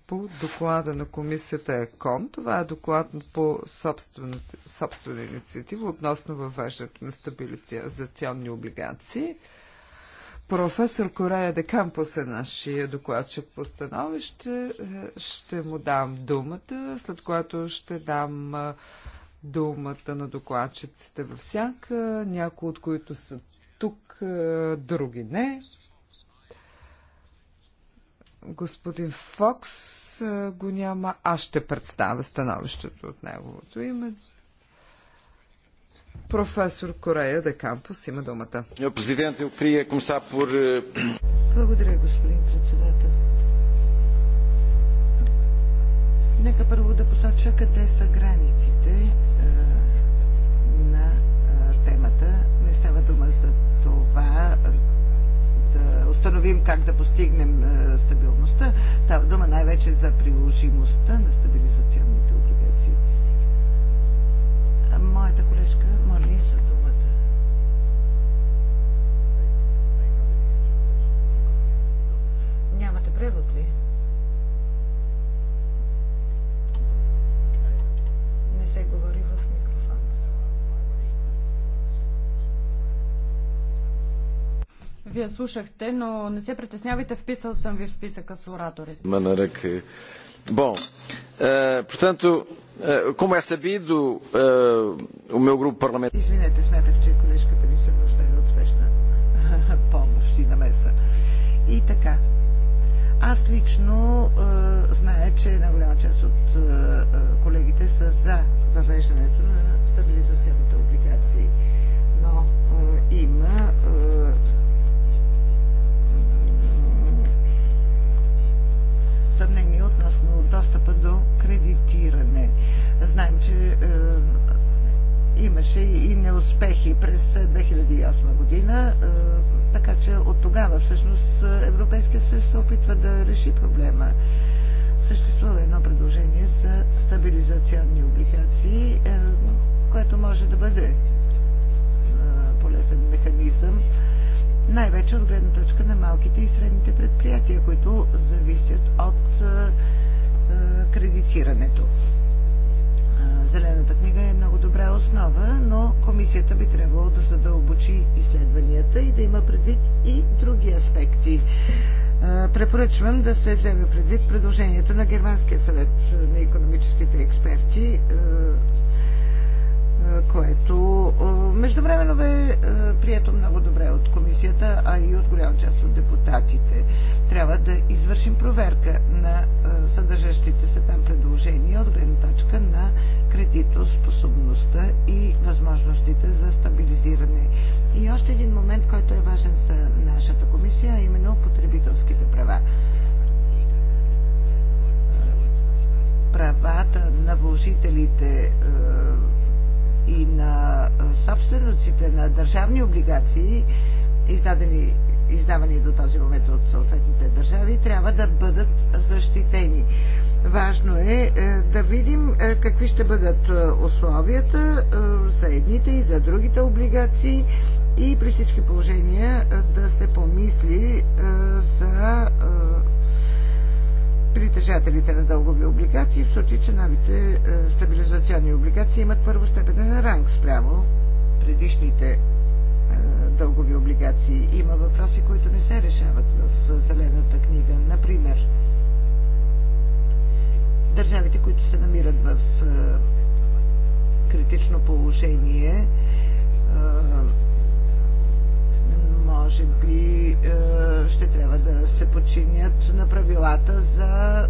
по доклада на комисията ЕКОН. Това е доклад по собствена, инициатива относно въвеждането на стабилизационни облигации. Професор Корея де Кампус е нашия докладчик по становище. Е, ще му дам думата, след което ще дам думата на докладчиците във сянка, някои от които са тук, други не. Господин Фокс го няма. Аз ще представя становището от неговото име. Професор Корея де Кампус има думата. Eh, Благодаря, господин председател. Нека първо да посоча къде са границите Става дума за това да установим как да постигнем стабилността. Става дума най-вече за приложимостта на стабилизационните облигации. Моята колежка моли за думата. Нямате превод ли? Не се говори Вие слушахте, но не се притеснявайте, вписал съм ви в списъка с ораторите. Манарък. Bom, uh, portanto, uh, como é sabido, uh, o meu grupo parlamentar. Извинете, смятах, че колежката ви се нуждае от спешна помощ и на меса. И така. Аз лично е, зная, че една голяма част от е, е, колегите са за въвеждането на стабилизационните облигации, но е, има съмнение относно достъпа до кредитиране. Знаем, че е, имаше и неуспехи през 2008 година, е, така че от тогава всъщност Европейския съюз се опитва да реши проблема. Съществува едно предложение за стабилизационни облигации, е, което може да бъде полезен механизъм най-вече от гледна точка на малките и средните предприятия, които зависят от кредитирането. Зелената книга е много добра основа, но комисията би трябвало да задълбочи изследванията и да има предвид и други аспекти. Препоръчвам да се вземе предвид предложението на Германския съвет на економическите експерти което междувременно бе прието много добре от комисията, а и от голяма част от депутатите. Трябва да извършим проверка на съдържащите се там предложения от гледна точка на кредитоспособността и възможностите за стабилизиране. И още един момент, който е важен за нашата комисия, а именно потребителските права. Правата на вложителите и на собствениците на държавни облигации, издадени, издавани до този момент от съответните държави, трябва да бъдат защитени. Важно е, е да видим е, какви ще бъдат е, условията за едните и за другите облигации и при всички положения да се помисли за притежателите на дългови облигации, в случай, че новите е, стабилизационни облигации имат първостепенен ранг спрямо предишните е, дългови облигации. Има въпроси, които не се решават в Зелената книга. Например, държавите, които се намират в е, критично положение, може би е, ще трябва да се подчинят на правилата за е,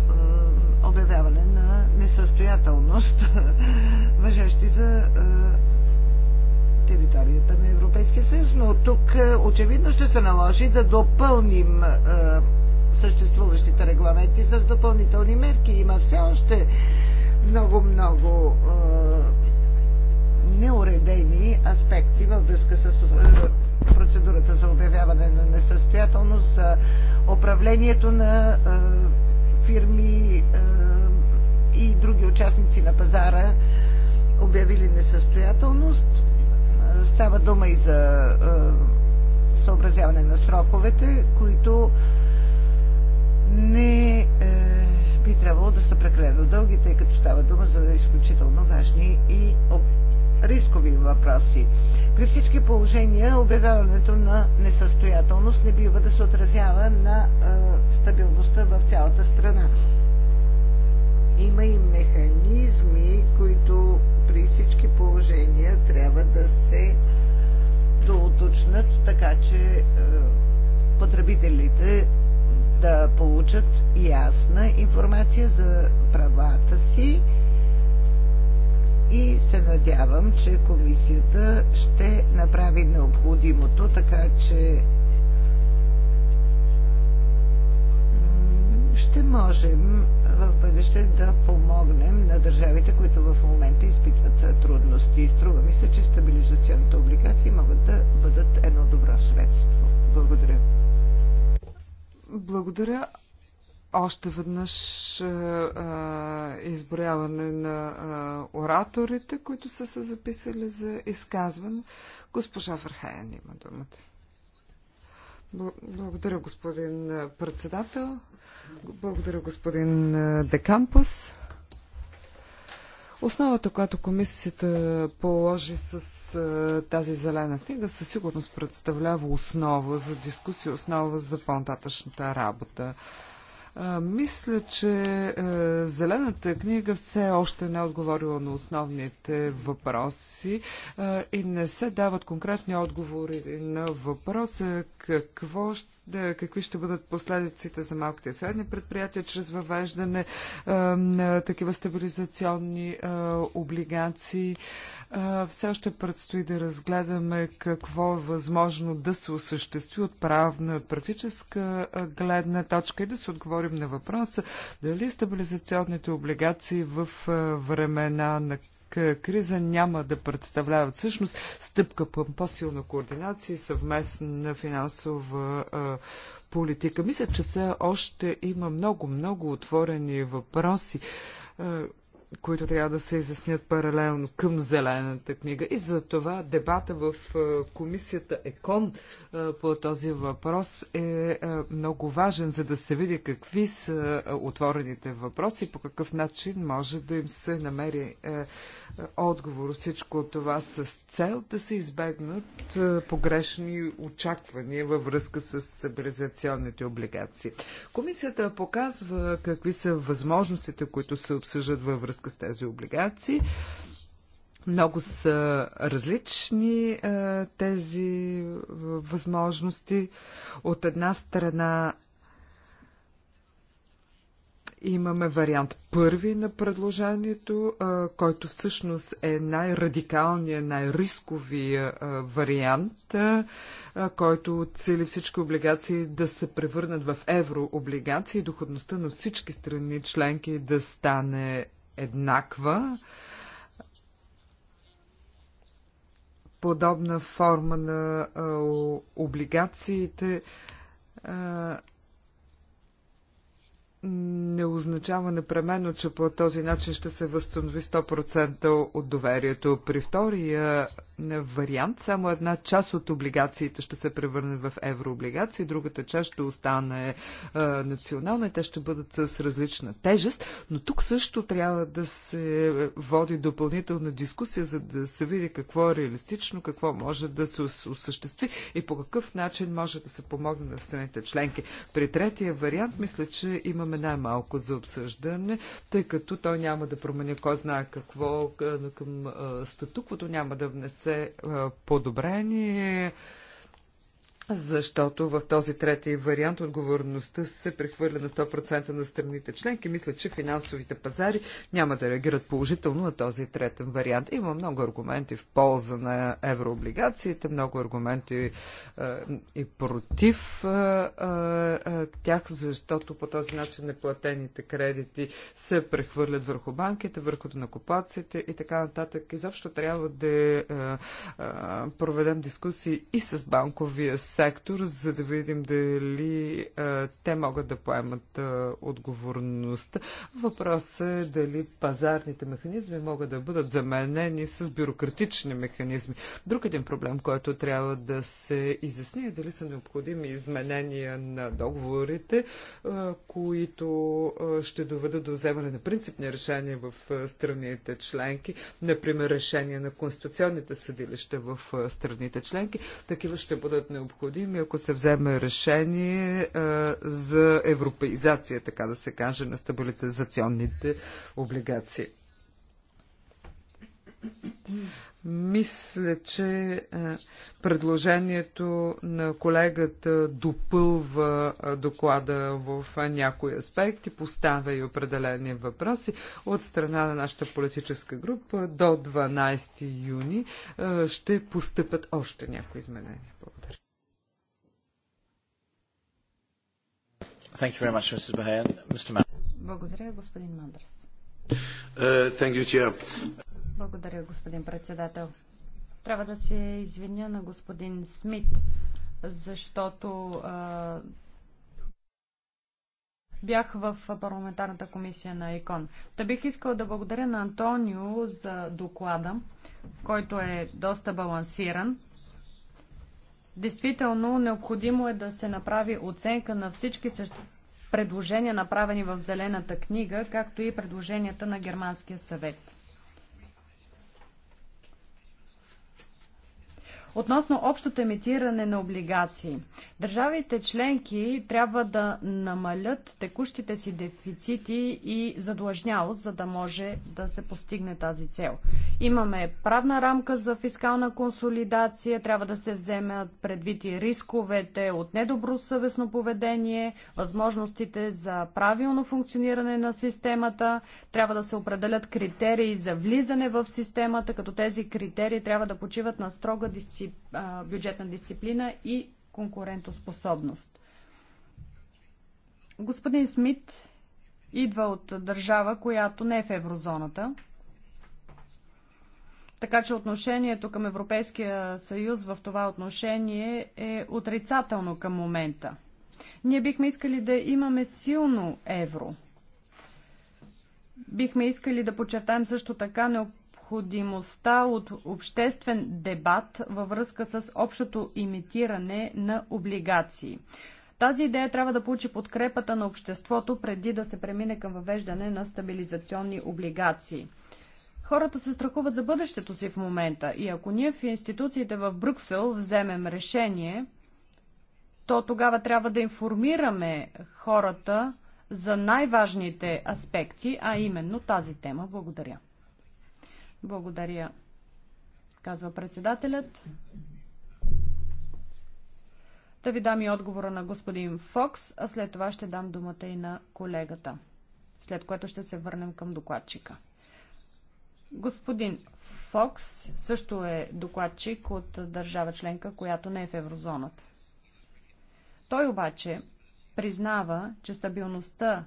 обявяване на несъстоятелност, въжещи за е, територията на Европейския съюз, но тук очевидно ще се наложи да допълним е, съществуващите регламенти с допълнителни мерки. Има все още много-много неуредени аспекти във връзка с процедурата за обявяване на несъстоятелност, за управлението на фирми и други участници на пазара, обявили несъстоятелност. Става дума и за съобразяване на сроковете, които не е, би трябвало да са прекалено дълги, тъй като става дума за изключително важни и рискови въпроси. При всички положения обявяването на несъстоятелност не бива да се отразява на стабилността в цялата страна. Има и механизми, които при всички положения трябва да се доуточнат, така че потребителите да получат ясна информация за правата си и се надявам, че комисията ще направи необходимото, така че ще можем в бъдеще да помогнем на държавите, които в момента изпитват трудности. Струва ми се, че стабилизационните облигации могат да бъдат едно добро средство. Благодаря. Благодаря. Още веднъж а, е, а, е, изброяване на а, е, ораторите, които са се записали за изказване. Госпожа Върхаян има думата. Благодаря, господин председател. Благодаря, господин Декампус. Основата, която комисията положи с тази зелена книга, със сигурност представлява основа за дискусия, основа за по-нататъчната работа. Мисля, че е, Зелената книга все още не е отговорила на основните въпроси е, и не се дават конкретни отговори на въпроса какво ще да, какви ще бъдат последиците за малките и средни предприятия чрез въвеждане а, на такива стабилизационни а, облигации. А, все още предстои да разгледаме какво е възможно да се осъществи от правна практическа гледна точка и да се отговорим на въпроса дали стабилизационните облигации в времена на демографска криза няма да представляват всъщност стъпка към по-силна координация и съвместна финансова а, политика. Мисля, че все още има много, много отворени въпроси. А, които трябва да се изяснят паралелно към Зелената книга. И за това дебата в е, комисията ЕКОН е, по този въпрос е, е много важен, за да се види какви са отворените въпроси и по какъв начин може да им се намери отговор. Всичко това с цел да се избегнат погрешни очаквания във връзка с стабилизационните облигации. Комисията показва какви са възможностите, които се обсъждат във връзка връзка с тези облигации. Много са различни е, тези възможности. От една страна имаме вариант първи на предложението, е, който всъщност е най-радикалният, най-рисковия е, вариант, който цели всички облигации да се превърнат в еврооблигации и доходността на всички страни членки да стане еднаква. Подобна форма на а, облигациите а, не означава непременно, че по този начин ще се възстанови 100% от доверието. При втория вариант. Само една част от облигациите ще се превърне в еврооблигации, другата част ще остане е, национална и те ще бъдат с различна тежест. Но тук също трябва да се води допълнителна дискусия, за да се види какво е реалистично, какво може да се осъществи и по какъв начин може да се помогне на страните членки. При третия вариант мисля, че имаме най-малко за обсъждане, тъй като той няма да промени кой знае какво към статуквото, няма да внесе се подобрение защото в този трети вариант отговорността се прехвърля на 100% на страните членки. Мисля, че финансовите пазари няма да реагират положително на този трети вариант. Има много аргументи в полза на еврооблигациите, много аргументи е, и против е, е, е тях, защото по този начин неплатените кредити се прехвърлят върху банките, върху накопаците и така нататък. Изобщо трябва да е, е, проведем дискусии и с банковия сектор, за да видим дали а, те могат да поемат а, отговорността. Въпрос е дали пазарните механизми могат да бъдат заменени с бюрократични механизми. Друг един проблем, който трябва да се изясни е дали са необходими изменения на договорите, а, които а, ще доведат до вземане на принципни решения в а, страните членки, например решение на конституционните съдилища в а, страните членки. Такива ще бъдат необходими необходими, ако се вземе решение за европеизация, така да се каже, на стабилизационните облигации. Мисля, че предложението на колегата допълва доклада в някои аспекти, поставя и определени въпроси. От страна на нашата политическа група до 12 юни ще постъпят още някои изменения. Thank you very much, Mr. Благодаря, господин е, thank you, Chair. Благодаря, господин председател. Трябва да се извиня на господин Смит, защото бях в парламентарната комисия на ИКОН. Та бих искал да благодаря на Антонио за доклада, който е доста балансиран Действително необходимо е да се направи оценка на всички същ... предложения, направени в Зелената книга, както и предложенията на Германския съвет. Относно общото емитиране на облигации, държавите членки трябва да намалят текущите си дефицити и задлъжнялост, за да може да се постигне тази цел. Имаме правна рамка за фискална консолидация, трябва да се вземат предвид и рисковете от недобросъвестно поведение, възможностите за правилно функциониране на системата, трябва да се определят критерии за влизане в системата, като тези критерии трябва да почиват на строга дисциплина бюджетна дисциплина и конкурентоспособност. Господин Смит идва от държава, която не е в еврозоната. Така че отношението към Европейския съюз в това отношение е отрицателно към момента. Ние бихме искали да имаме силно евро. Бихме искали да подчертаем също така необходимостта необходимостта от обществен дебат във връзка с общото имитиране на облигации. Тази идея трябва да получи подкрепата на обществото преди да се премине към въвеждане на стабилизационни облигации. Хората се страхуват за бъдещето си в момента и ако ние в институциите в Брюксел вземем решение, то тогава трябва да информираме хората за най-важните аспекти, а именно тази тема. Благодаря. Благодаря, казва председателят. Да ви дам и отговора на господин Фокс, а след това ще дам думата и на колегата, след което ще се върнем към докладчика. Господин Фокс също е докладчик от държава членка, която не е в еврозоната. Той обаче признава, че стабилността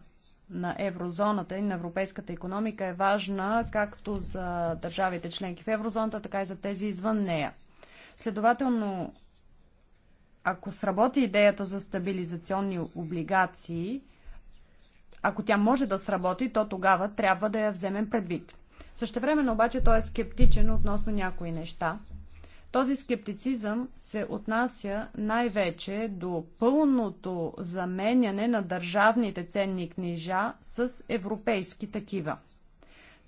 на еврозоната и на европейската економика е важна както за държавите членки в еврозоната, така и за тези извън нея. Следователно, ако сработи идеята за стабилизационни облигации, ако тя може да сработи, то тогава трябва да я вземем предвид. Същевременно обаче той е скептичен относно някои неща – този скептицизъм се отнася най-вече до пълното заменяне на държавните ценни книжа с европейски такива.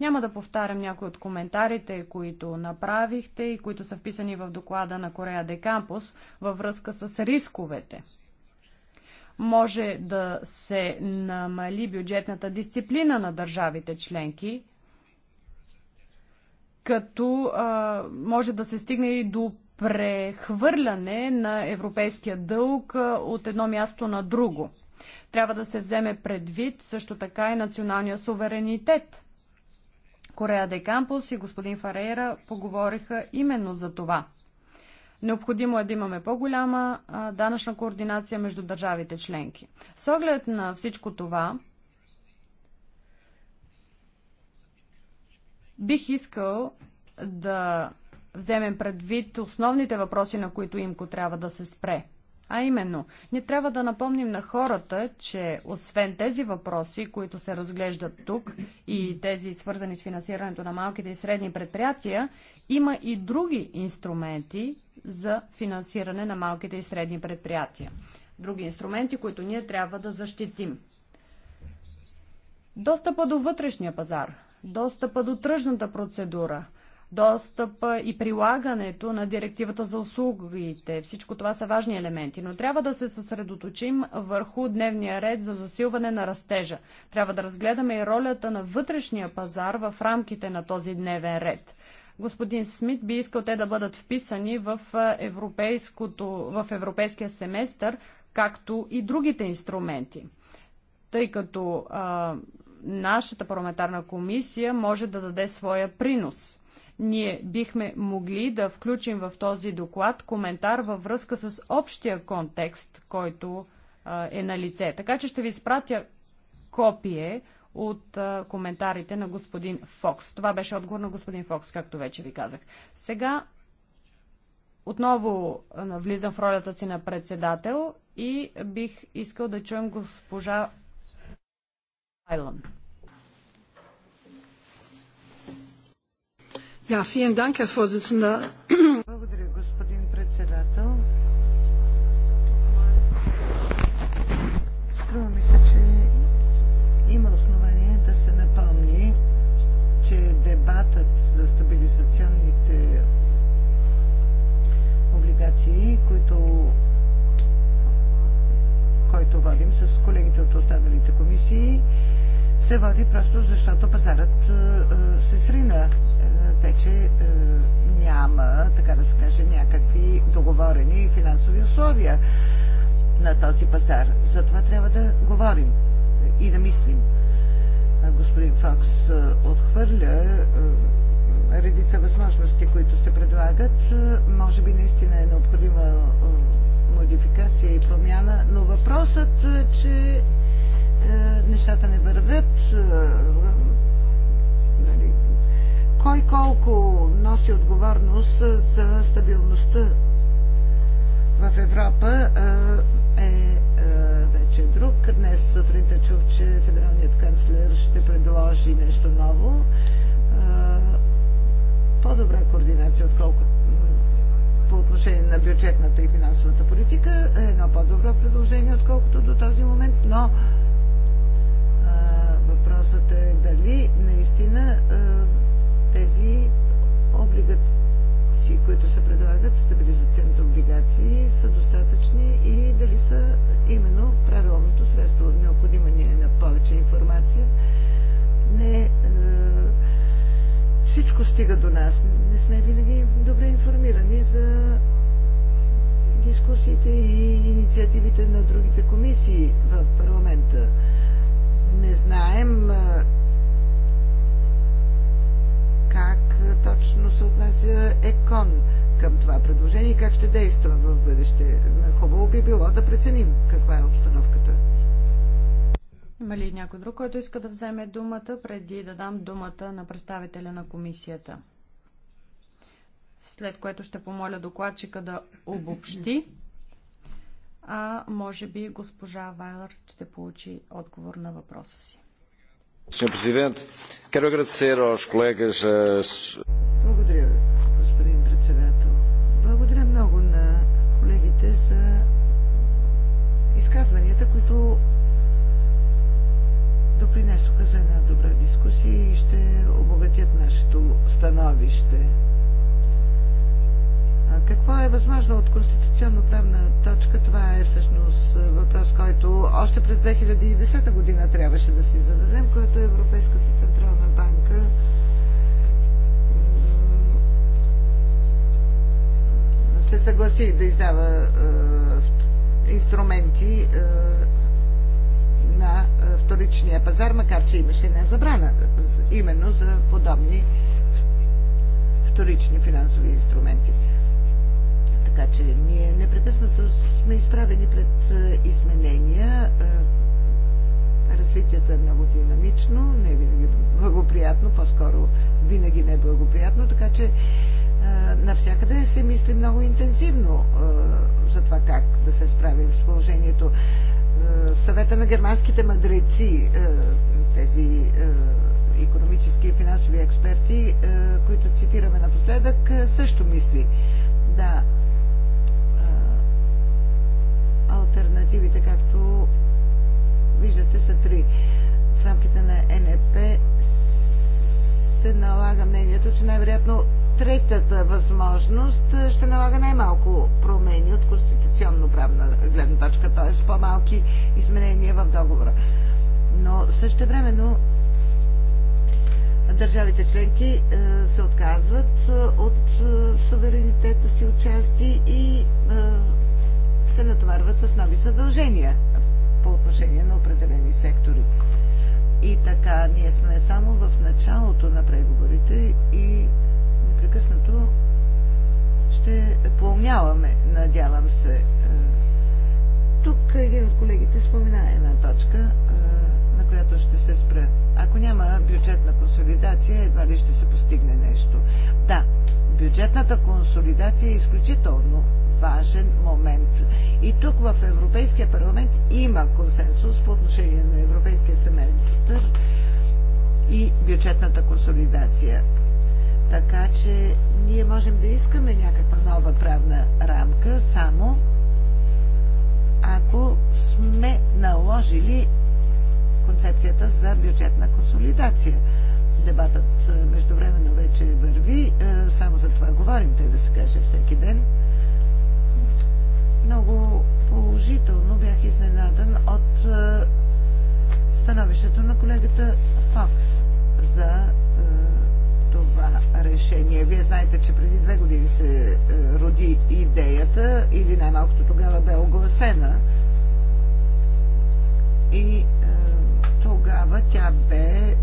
Няма да повтарям някои от коментарите, които направихте и които са вписани в доклада на Корея де Кампус във връзка с рисковете. Може да се намали бюджетната дисциплина на държавите членки, като а, може да се стигне и до прехвърляне на европейския дълг от едно място на друго. Трябва да се вземе предвид също така и националния суверенитет. Корея де Кампус и господин Фарейра поговориха именно за това. Необходимо е да имаме по-голяма данъчна координация между държавите членки. С оглед на всичко това, Бих искал да вземем предвид основните въпроси, на които имко трябва да се спре. А именно, ние трябва да напомним на хората, че освен тези въпроси, които се разглеждат тук и тези свързани с финансирането на малките и средни предприятия, има и други инструменти за финансиране на малките и средни предприятия. Други инструменти, които ние трябва да защитим. Достъпа до вътрешния пазар – достъпа до тръжната процедура, достъпа и прилагането на директивата за услугите. Всичко това са важни елементи, но трябва да се съсредоточим върху дневния ред за засилване на растежа. Трябва да разгледаме и ролята на вътрешния пазар в рамките на този дневен ред. Господин Смит би искал те да бъдат вписани в, европейското, в европейския семестър, както и другите инструменти. Тъй като а, нашата парламентарна комисия може да даде своя принос. Ние бихме могли да включим в този доклад коментар във връзка с общия контекст, който а, е на лице. Така че ще ви спратя копие от а, коментарите на господин Фокс. Това беше отговор на господин Фокс, както вече ви казах. Сега отново влизам в ролята си на председател и бих искал да чуем госпожа Айлан. Ja, vielen Dank, Herr Vorsitzender. Благодаря, господин председател. Струва ми се, че има основание да се напомни, че дебатът за стабилизационните облигации, които който водим с колегите от останалите комисии, се води просто защото пазарът е, е, се срина. Е, вече няма, така да се каже, някакви договорени финансови условия на този пазар. Затова трябва да говорим и да мислим. Господин Фокс отхвърля редица възможности, които се предлагат. Може би наистина е необходима модификация и промяна, но въпросът, е, че е, нещата не вървят, е, нали, кой колко носи отговорност за стабилността в Европа е вече друг. Днес сутринта чух, че федералният канцлер ще предложи нещо ново. По-добра координация, отколкото по отношение на бюджетната и финансовата политика е едно по-добро предложение, отколкото до този момент, но а, въпросът е дали наистина а, тези облигации, които се предлагат, стабилизационните облигации, са достатъчни и дали са именно правилното средство. Необходима ни е на повече информация. Не а, всичко стига до нас. Не сме винаги добре информирани за дискусиите и инициативите на другите комисии в парламента. Не знаем как точно се отнася ЕКОН към това предложение и как ще действа в бъдеще. Хубаво би било да преценим каква е обстановката. Има ли някой друг, който иска да вземе думата, преди да дам думата на представителя на комисията? След което ще помоля докладчика да обобщи. А може би госпожа Вайлър ще получи отговор на въпроса си. Senhor Presidente, quero agradecer aos colegas. Благодаря, господин председател. Благодаря много на колегите за изказванията, които допринесоха за една добра дискусия и ще обогатят нашето становище. Какво е възможно от конституционно-правна точка? Това е всъщност въпрос, който още през 2010 година трябваше да си зададем, който е Европейската Централна банка се съгласи да издава инструменти на е, вторичния пазар, макар че имаше една забрана именно за подобни вторични финансови инструменти. Така че ние непрекъснато сме изправени пред е, изменения. Е, развитието е много динамично, не е винаги благоприятно, по-скоро винаги не е благоприятно, така че навсякъде се мисли много интензивно за това как да се справим с положението. Е, съвета на германските мъдреци, е, тези економически и финансови експерти, е, които цитираме напоследък, също мисли. Да, альтернативите, както виждате, са три. В рамките на НЕП се налага мнението, че най-вероятно третата възможност е, ще налага най-малко промени от конституционно-правна гледна точка, т.е. по-малки изменения в договора. Но също времено държавите членки е, се отказват е, от суверенитета си отчасти и се натоварват с нови задължения по отношение на определени сектори. И така, ние сме само в началото на преговорите и непрекъснато ще поумняваме, надявам се. Е, тук един от колегите спомена една точка, е, на която ще се спра. Ако няма бюджетна консолидация, едва ли ще се постигне нещо. Да, бюджетната консолидация е изключително важен момент. И тук в Европейския парламент има консенсус по отношение на Европейския семестър и бюджетната консолидация. Така че ние можем да искаме някаква нова правна рамка, само ако сме наложили концепцията за бюджетна консолидация. Дебатът е, междувременно вече върви, е, само за това говорим, тъй да се каже всеки ден. Много положително бях изненадан от е, становището на колегата Фокс за това решение. Вие знаете, че преди две години се е, роди идеята или най-малкото тогава бе огласена и е, тогава тя бе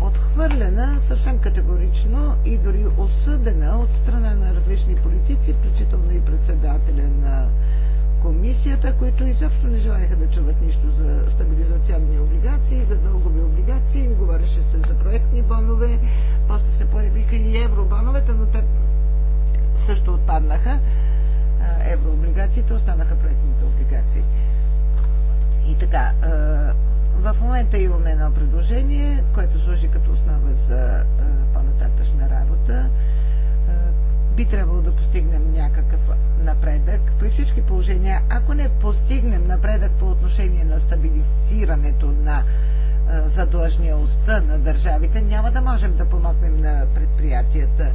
отхвърлена съвсем категорично и дори осъдена от страна на различни политици, включително и председателя на комисията, които изобщо не желаяха да чуват нищо за стабилизационни облигации, за дългови облигации, говореше се за проектни бонове, после се появиха и евробоновете, но те също отпаднаха. Еврооблигациите останаха проектните облигации. И така, в момента имаме едно предложение, което служи като основа за по-нататъчна работа би трябвало да постигнем някакъв напредък. При всички положения, ако не постигнем напредък по отношение на стабилизирането на задлъжнялостта на държавите, няма да можем да помогнем на предприятията.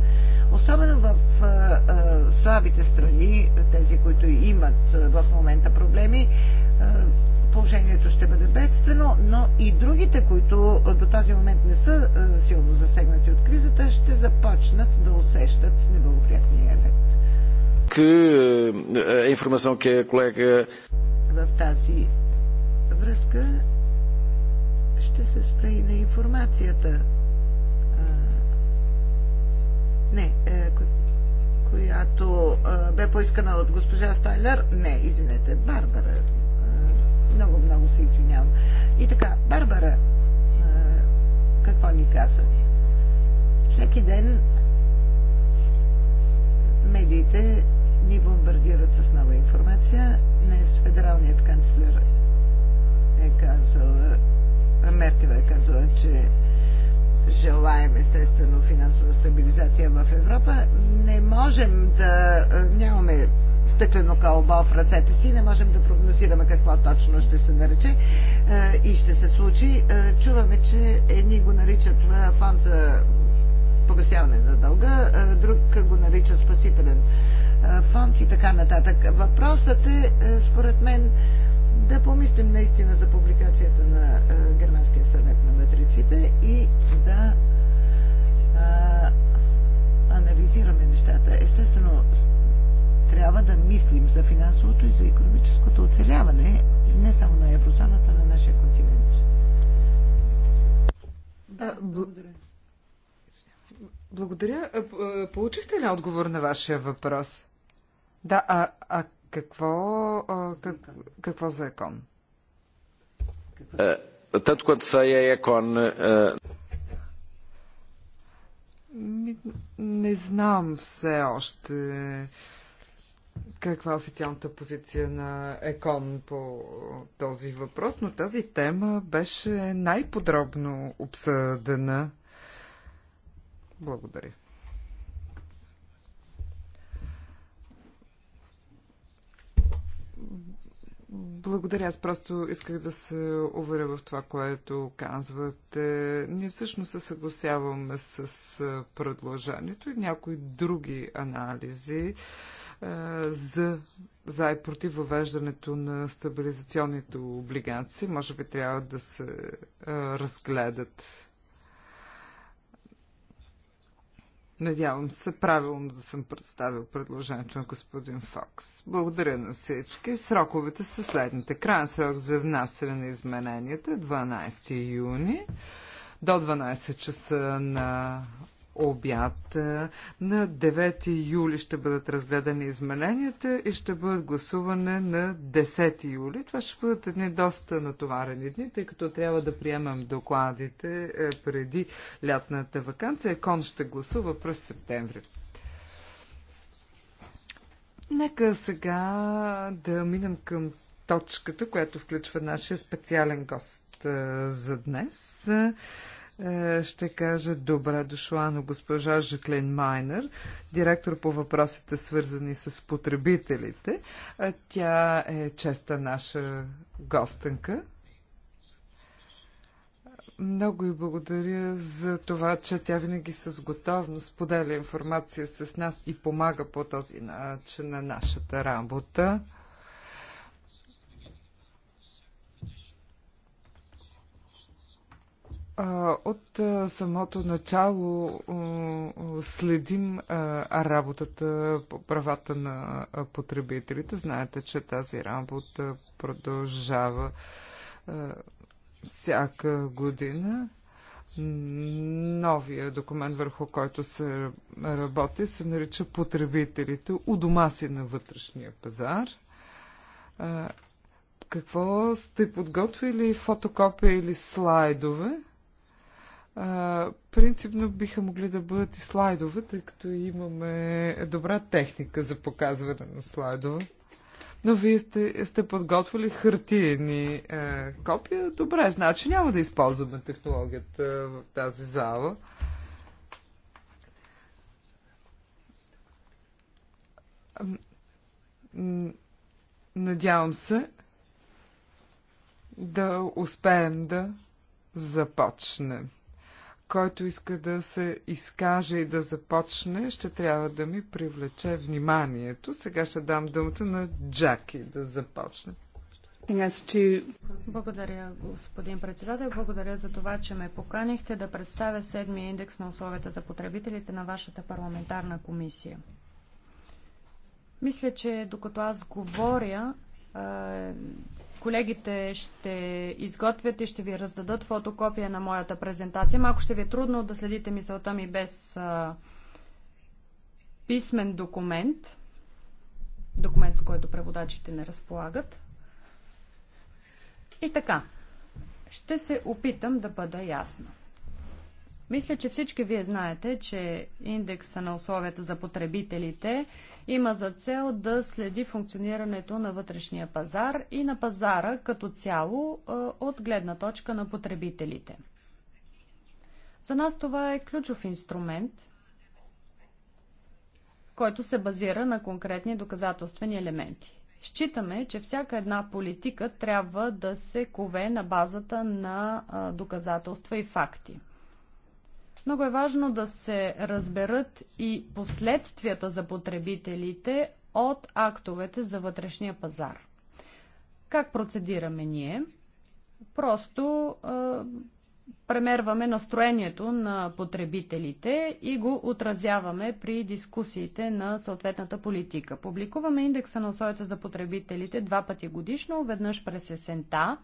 Особено в слабите страни, тези, които имат в момента проблеми, положението ще бъде бедствено, но и другите, които до този момент не са е, силно засегнати от кризата, ще започнат да усещат неблагоприятния ефект. Е, е, В тази връзка ще се спре и на информацията. не, която бе поискана от госпожа Стайлер. Не, извинете, Барбара много, много се извинявам. И така, Барбара, какво ни каза? Всеки ден медиите ни бомбардират с нова информация. Днес федералният канцлер е казал, Меркева е казала, че желаем естествено финансова стабилизация в Европа. Не можем да нямаме стъклено кълбо в ръцете си. Не можем да прогнозираме какво точно ще се нарече е, и ще се случи. Е, чуваме, че едни го наричат е, фонд за погасяване на дълга, друг го нарича спасителен фонд и така нататък. Въпросът е, според мен, да помислим наистина за публикацията на Германския съвет на матриците и да анализираме нещата. Естествено, трябва да мислим за финансовото и за економическото оцеляване не само на еврозоната, на нашия континент. Да, благодаря. Благодаря. Е, е, получихте ли отговор на вашия въпрос? Да, а, а какво, как, какво за екон? Tanto quanto sei, a Не знам все още каква е официалната позиция на ЕКОН по този въпрос, но тази тема беше най-подробно обсъдена. Благодаря. Благодаря. Аз просто исках да се уверя в това, което казвате. Ние всъщност се съгласяваме с предложението и някои други анализи за, за и против въвеждането на стабилизационните облигации. Може би трябва да се разгледат. Надявам се правилно да съм представил предложението на господин Фокс. Благодаря на всички. Сроковете са следните. Крайен срок за внасяне на измененията 12 е юни до 12 часа на обяд. Е, на 9 юли ще бъдат разгледани измененията и ще бъдат гласуване на 10 юли. Това ще бъдат едни доста натоварени дни, тъй като трябва да приемам докладите е, преди лятната вакансия. Кон ще гласува през септември. Нека сега да минем към точката, която включва нашия специален гост е, за днес. Е, ще кажа добре дошла на госпожа Жаклен Майнер, директор по въпросите свързани с потребителите. Е, тя е честа наша гостенка. Много и благодаря за това, че тя винаги с готовност поделя информация с нас и помага по този начин на нашата работа. От самото начало следим работата по правата на потребителите. Знаете, че тази работа продължава всяка година. Новия документ, върху който се работи, се нарича Потребителите у дома си на вътрешния пазар какво сте подготвили фотокопия или слайдове, а, принципно биха могли да бъдат и слайдове, тъй като имаме добра техника за показване на слайдове. Но вие сте, сте подготвили хартиени е, копия. Добре, значи няма да използваме технологията е, в тази зала. Надявам се да успеем да започнем който иска да се изкаже и да започне, ще трябва да ми привлече вниманието. Сега ще дам думата на Джаки да започне. Благодаря, господин председател. Благодаря за това, че ме поканихте да представя седмия индекс на условията за потребителите на вашата парламентарна комисия. Мисля, че докато аз говоря, колегите ще изготвят и ще ви раздадат фотокопия на моята презентация. Малко ще ви е трудно да следите мисълта ми без а, писмен документ, документ с който преводачите не разполагат. И така, ще се опитам да бъда ясна. Мисля, че всички вие знаете, че индекса на условията за потребителите има за цел да следи функционирането на вътрешния пазар и на пазара като цяло от гледна точка на потребителите. За нас това е ключов инструмент, който се базира на конкретни доказателствени елементи. Считаме, че всяка една политика трябва да се кове на базата на доказателства и факти. Много е важно да се разберат и последствията за потребителите от актовете за вътрешния пазар. Как процедираме ние? Просто е, премерваме настроението на потребителите и го отразяваме при дискусиите на съответната политика. Публикуваме индекса на условията за потребителите два пъти годишно, веднъж през есента.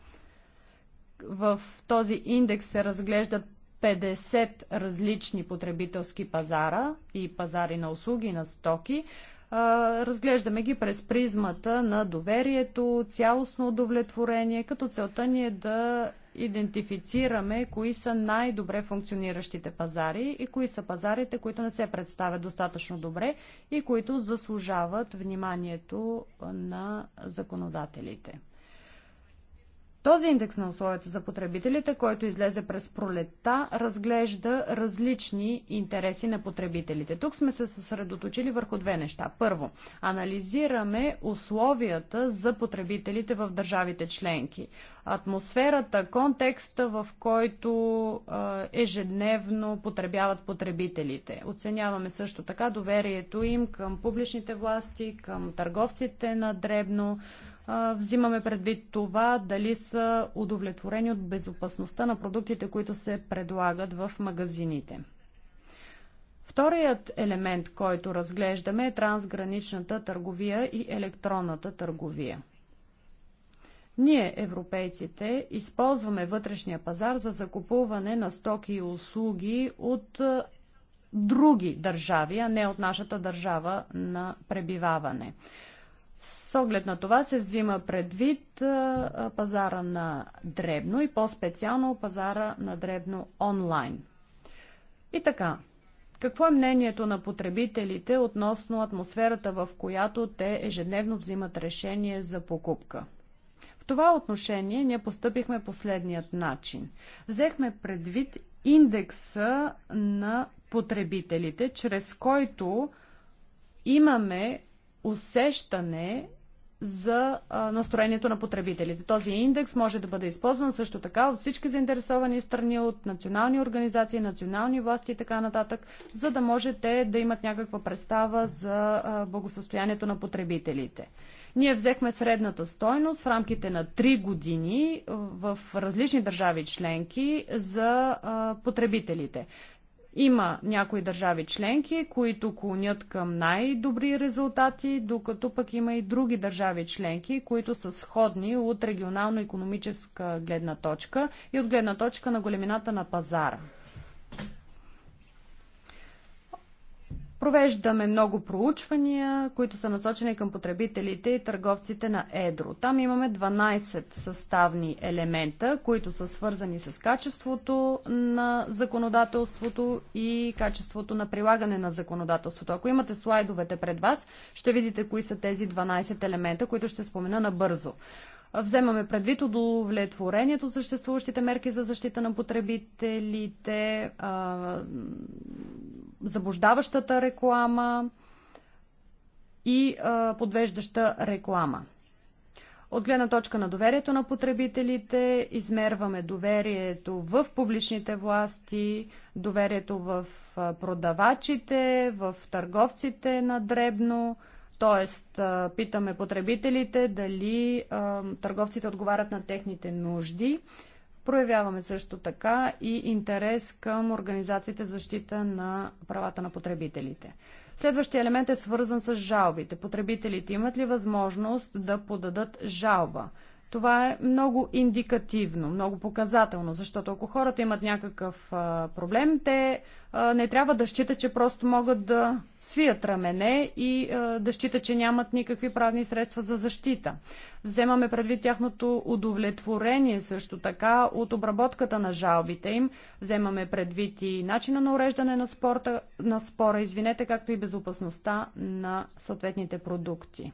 В този индекс се разглеждат 50 различни потребителски пазара и пазари на услуги на стоки. Разглеждаме ги през призмата на доверието, цялостно удовлетворение, като целта ни е да идентифицираме кои са най-добре функциониращите пазари и кои са пазарите, които не се представят достатъчно добре и които заслужават вниманието на законодателите. Този индекс на условията за потребителите, който излезе през пролетта, разглежда различни интереси на потребителите. Тук сме се съсредоточили върху две неща. Първо, анализираме условията за потребителите в държавите членки. Атмосферата, контекста, в който ежедневно потребяват потребителите. Оценяваме също така доверието им към публичните власти, към търговците на дребно, взимаме предвид това дали са удовлетворени от безопасността на продуктите, които се предлагат в магазините. Вторият елемент, който разглеждаме е трансграничната търговия и електронната търговия. Ние, европейците, използваме вътрешния пазар за закупуване на стоки и услуги от други държави, а не от нашата държава на пребиваване. С оглед на това се взима предвид пазара на дребно и по-специално пазара на дребно онлайн. И така, какво е мнението на потребителите относно атмосферата, в която те ежедневно взимат решение за покупка? В това отношение ние поступихме последният начин. Взехме предвид индекса на потребителите, чрез който имаме усещане за настроението на потребителите. Този индекс може да бъде използван също така от всички заинтересовани страни, от национални организации, национални власти и така нататък, за да може те да имат някаква представа за благосъстоянието на потребителите. Ние взехме средната стойност в рамките на 3 години в различни държави членки за потребителите. Има някои държави членки, които клонят към най-добри резултати, докато пък има и други държави членки, които са сходни от регионално-економическа гледна точка и от гледна точка на големината на пазара. Провеждаме много проучвания, които са насочени към потребителите и търговците на Едро. Там имаме 12 съставни елемента, които са свързани с качеството на законодателството и качеството на прилагане на законодателството. Ако имате слайдовете пред вас, ще видите кои са тези 12 елемента, които ще спомена набързо. Вземаме предвид удовлетворението съществуващите мерки за защита на потребителите, заблуждаващата реклама и подвеждаща реклама. От гледна точка на доверието на потребителите, измерваме доверието в публичните власти, доверието в продавачите, в търговците на дребно, Тоест, питаме потребителите дали търговците отговарят на техните нужди. Проявяваме също така и интерес към организациите за защита на правата на потребителите. Следващия елемент е свързан с жалбите. Потребителите имат ли възможност да подадат жалба? Това е много индикативно, много показателно, защото ако хората имат някакъв а, проблем, те а, не трябва да считат, че просто могат да свият рамене и а, да считат, че нямат никакви правни средства за защита. Вземаме предвид тяхното удовлетворение също така от обработката на жалбите им. Вземаме предвид и начина на уреждане на, спорта, на спора, извинете, както и безопасността на съответните продукти.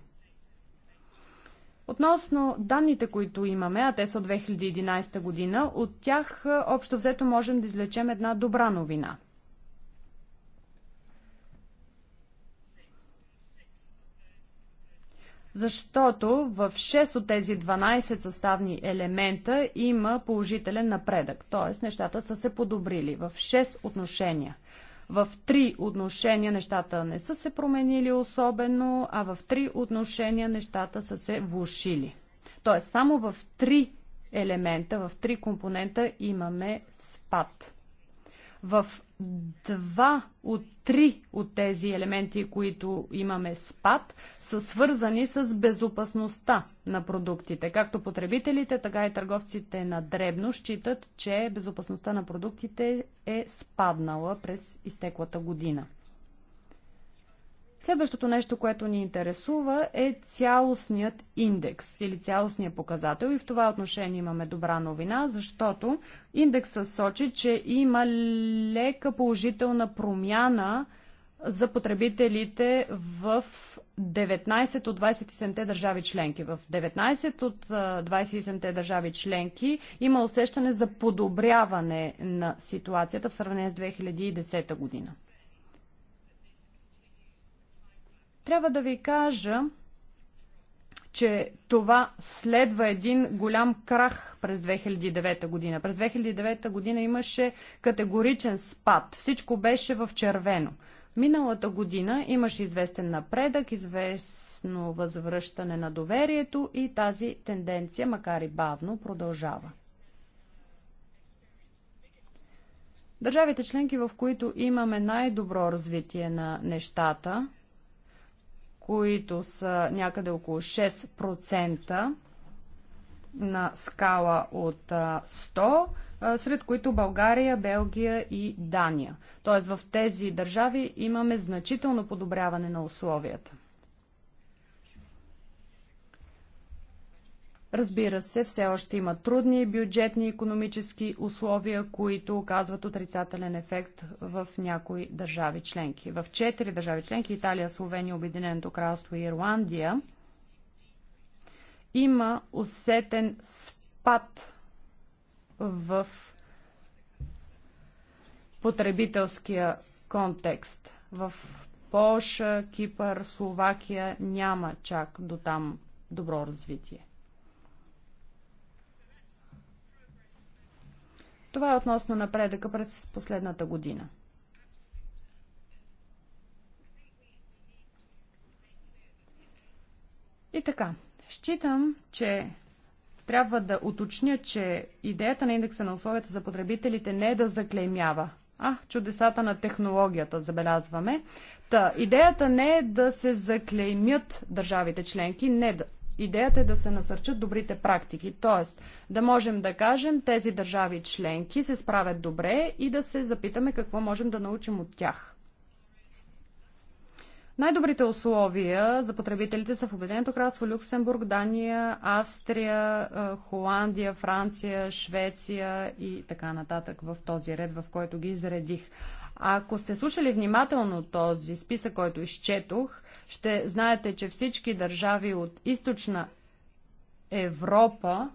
Относно данните, които имаме, а те са от 2011 година, от тях общо взето можем да излечем една добра новина. Защото в 6 от тези 12 съставни елемента има положителен напредък, т.е. нещата са се подобрили в 6 отношения – в три отношения нещата не са се променили особено, а в три отношения нещата са се влушили. Тоест, само в три елемента, в три компонента имаме спад. В два от три от тези елементи, които имаме спад, са свързани с безопасността на продуктите. Както потребителите, така и търговците на дребно считат, че безопасността на продуктите е спаднала през изтеклата година. Следващото нещо, което ни интересува е цялостният индекс или цялостният показател и в това отношение имаме добра новина, защото индексът сочи, че има лека положителна промяна за потребителите в 19 от 27-те държави членки. В 19 от 27-те държави членки има усещане за подобряване на ситуацията в сравнение с 2010 година. Трябва да ви кажа, че това следва един голям крах през 2009 година. През 2009 година имаше категоричен спад. Всичко беше в червено. Миналата година имаше известен напредък, известно възвръщане на доверието и тази тенденция, макар и бавно, продължава. Държавите членки, в които имаме най-добро развитие на нещата, които са някъде около 6% на скала от 100, сред които България, Белгия и Дания. Тоест в тези държави имаме значително подобряване на условията. Разбира се, все още има трудни бюджетни и економически условия, които оказват отрицателен ефект в някои държави членки. В четири държави членки Италия, Словения, Обединеното кралство и Ирландия има усетен спад в потребителския контекст. В Польша, Кипър, Словакия няма чак до там добро развитие. Това е относно напредъка през последната година. И така, считам, че трябва да уточня, че идеята на индекса на условията за потребителите не е да заклеймява. А, чудесата на технологията, забелязваме. Та, идеята не е да се заклеймят държавите членки, не да, идеята е да се насърчат добрите практики, т.е. да можем да кажем тези държави членки се справят добре и да се запитаме какво можем да научим от тях. Най-добрите условия за потребителите са в Обединеното кралство, Люксембург, Дания, Австрия, е, Холандия, Франция, Швеция и така нататък в този ред, в който ги изредих. Ако сте слушали внимателно този списък, който изчетох, ще знаете, че всички държави от източна Европа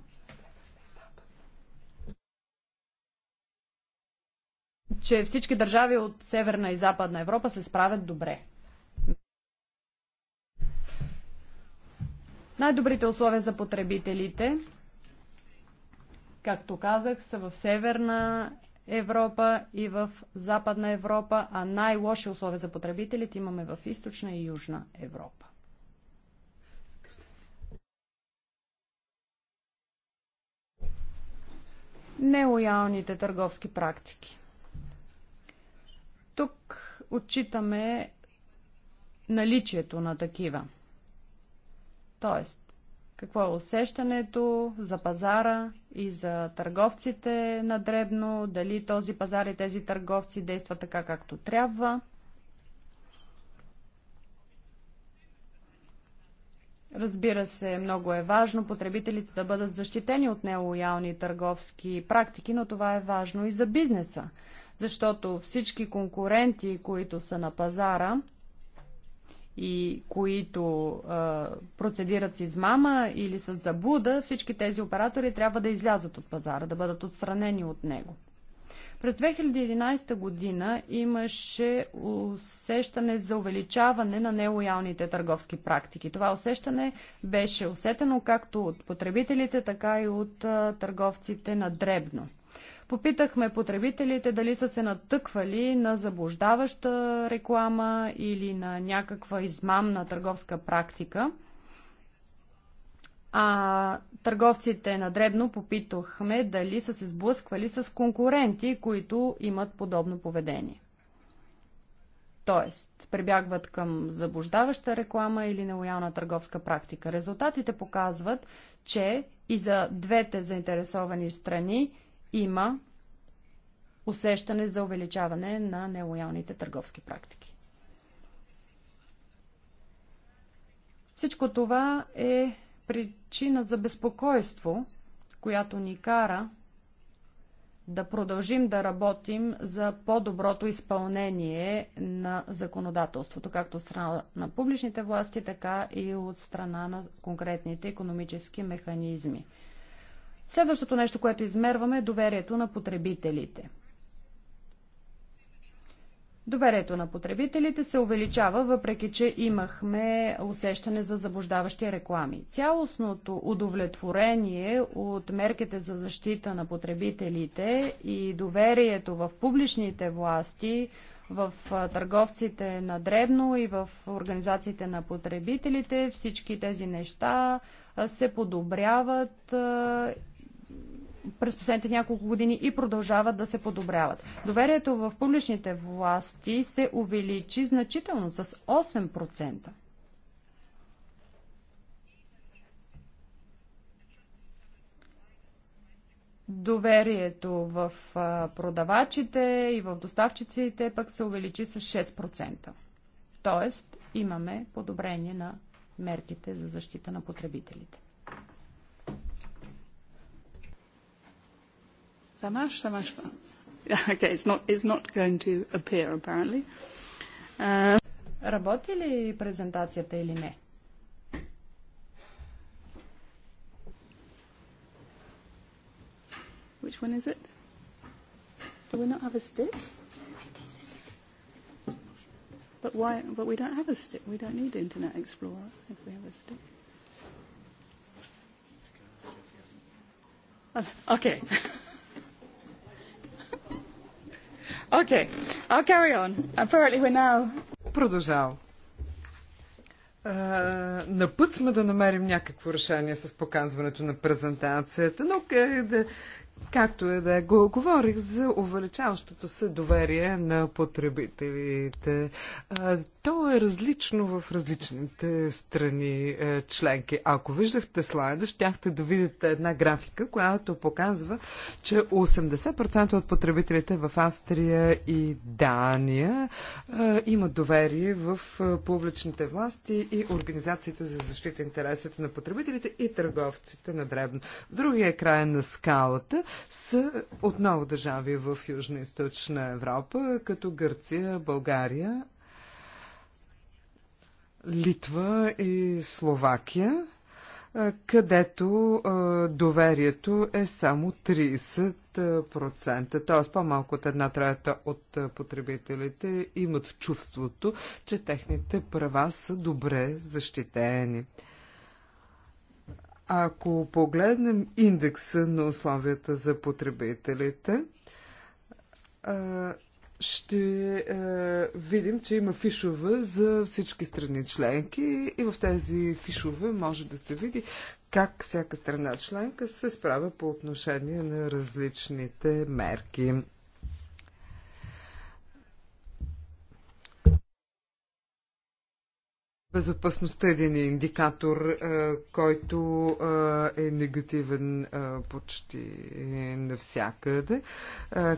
че всички държави от Северна и Западна Европа се справят добре. Най-добрите условия за потребителите, както казах, са в Северна Европа и в Западна Европа, а най-лоши условия за потребителите имаме в Източна и Южна Европа. Нелоялните търговски практики. Тук отчитаме наличието на такива. Тоест, какво е усещането за пазара и за търговците на дребно? Дали този пазар и тези търговци действат така както трябва? Разбира се, много е важно потребителите да бъдат защитени от нелоялни търговски практики, но това е важно и за бизнеса, защото всички конкуренти, които са на пазара, и които а, процедират с измама или с забуда, всички тези оператори трябва да излязат от пазара, да бъдат отстранени от него. През 2011 година имаше усещане за увеличаване на нелоялните търговски практики. Това усещане беше усетено както от потребителите, така и от а, търговците на дребно. Попитахме потребителите дали са се натъквали на заблуждаваща реклама или на някаква измамна търговска практика. А търговците на дребно попитахме дали са се сблъсквали с конкуренти, които имат подобно поведение. Тоест, прибягват към заблуждаваща реклама или нелоялна търговска практика. Резултатите показват, че и за двете заинтересовани страни има усещане за увеличаване на нелоялните търговски практики. Всичко това е причина за безпокойство, която ни кара да продължим да работим за по-доброто изпълнение на законодателството, както от страна на публичните власти, така и от страна на конкретните економически механизми. Следващото нещо, което измерваме е доверието на потребителите. Доверието на потребителите се увеличава, въпреки че имахме усещане за заблуждаващи реклами. Цялостното удовлетворение от мерките за защита на потребителите и доверието в публичните власти, в търговците на дребно и в организациите на потребителите, всички тези неща се подобряват през последните няколко години и продължават да се подобряват. Доверието в публичните власти се увеличи значително с 8%. Доверието в продавачите и в доставчиците пък се увеличи с 6%. Тоест имаме подобрение на мерките за защита на потребителите. Ça marche, ça marche pas. Okay, it's not, it's not going to appear, apparently. Uh... Работи ли презентацията или не? Which one is it? Do we not have a stick? But why? But we don't have a stick. We don't need Internet Explorer if we have a stick. Okay. Okay, I'll carry on. Apparently we're now... Продължавам. Е, на път сме да намерим някакво решение с показването на презентацията, но да Както е да е, го говорих за увеличаващото се доверие на потребителите. То е различно в различните страни е, членки. Ако виждахте слайда, щяхте да видите една графика, която показва, че 80% от потребителите в Австрия и Дания е, имат доверие в публичните власти и организациите за защита интересите на потребителите и търговците на дребно. В другия край на скалата са отново държави в Южна и Източна Европа, като Гърция, България, Литва и Словакия, където доверието е само 30%, т.е. по-малко от една трета от потребителите имат чувството, че техните права са добре защитени. Ако погледнем индекса на условията за потребителите, ще видим, че има фишове за всички страни членки и в тези фишове може да се види как всяка страна членка се справя по отношение на различните мерки. Безопасността е един индикатор, е, който е, е негативен е, почти навсякъде.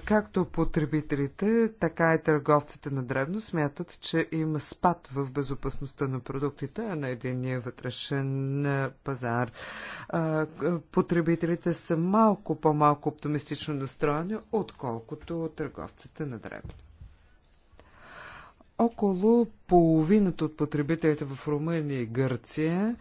Както потребителите, така и търговците на древно смятат, че има спад в безопасността на продуктите, на единния вътрешен пазар. Потребителите са малко по-малко оптимистично настроени, отколкото търговците на древно. Около половината от потребителите в Румъния и Гърция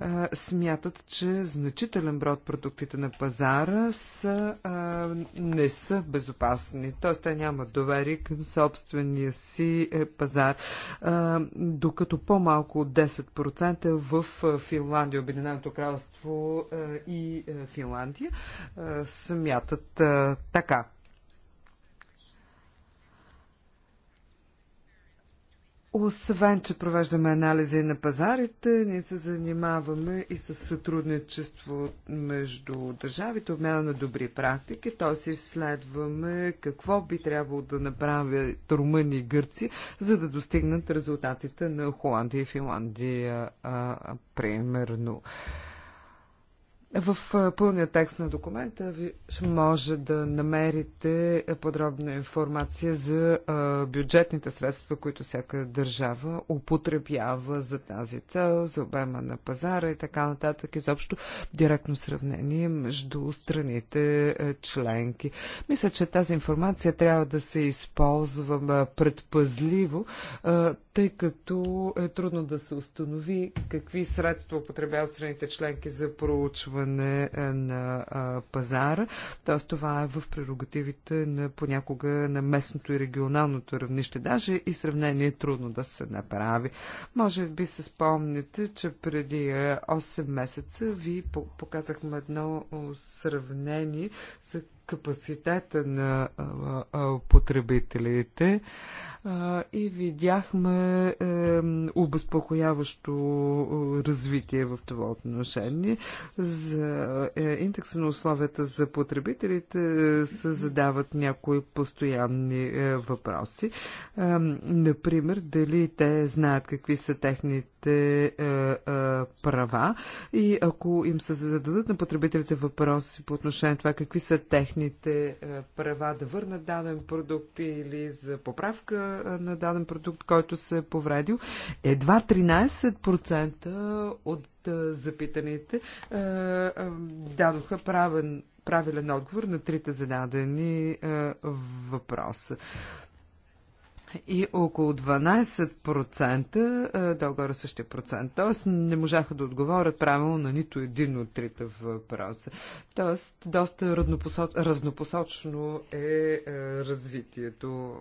а, смятат, че значителен брой от продуктите на пазара са, а, не са безопасни. Т.е. те нямат доверие към собствения си е, пазар. А, докато по-малко от 10% е в Финландия, Обединеното кралство а, и а, Финландия а, смятат а, така. Освен, че провеждаме анализи на пазарите, ние се занимаваме и с сътрудничество между държавите, обмяна на добри практики, т.е. изследваме какво би трябвало да направят румъни и Гърци, за да достигнат резултатите на Холандия и Финландия, а, примерно. А, в пълния текст на документа ви може да намерите е, подробна информация за бюджетните средства, които всяка държава употребява за тази цел, за обема на пазара и така нататък. Изобщо директно сравнение между страните е, членки. Мисля, че тази информация трябва да се използва предпазливо, тъй като е трудно да се установи какви средства употребяват страните членки за проучване изкривяване е, на пазара. Тоест това е в прерогативите на понякога на местното и регионалното равнище. Даже и сравнение е трудно да се направи. Може би се спомните, че преди 8 е, месеца ви показахме едно сравнение за капацитета на потребителите и видяхме обезпокояващо развитие в това отношение. За е, индекса на условията за потребителите е, се задават някои постоянни е, въпроси. Например, дали те знаят какви са техните потребителските е, е, права и ако им се зададат на потребителите въпроси по отношение на това какви са техните е, права да върнат даден продукт или за поправка е, на даден продукт, който се е повредил, едва 13% от е, запитаните е, дадоха правен, правилен отговор на трите зададени въпроса и около 12% е, догоре същия процент. Тоест не можаха да отговорят правилно на нито един от трите въпроса. Тоест доста разнопосочно е, е развитието.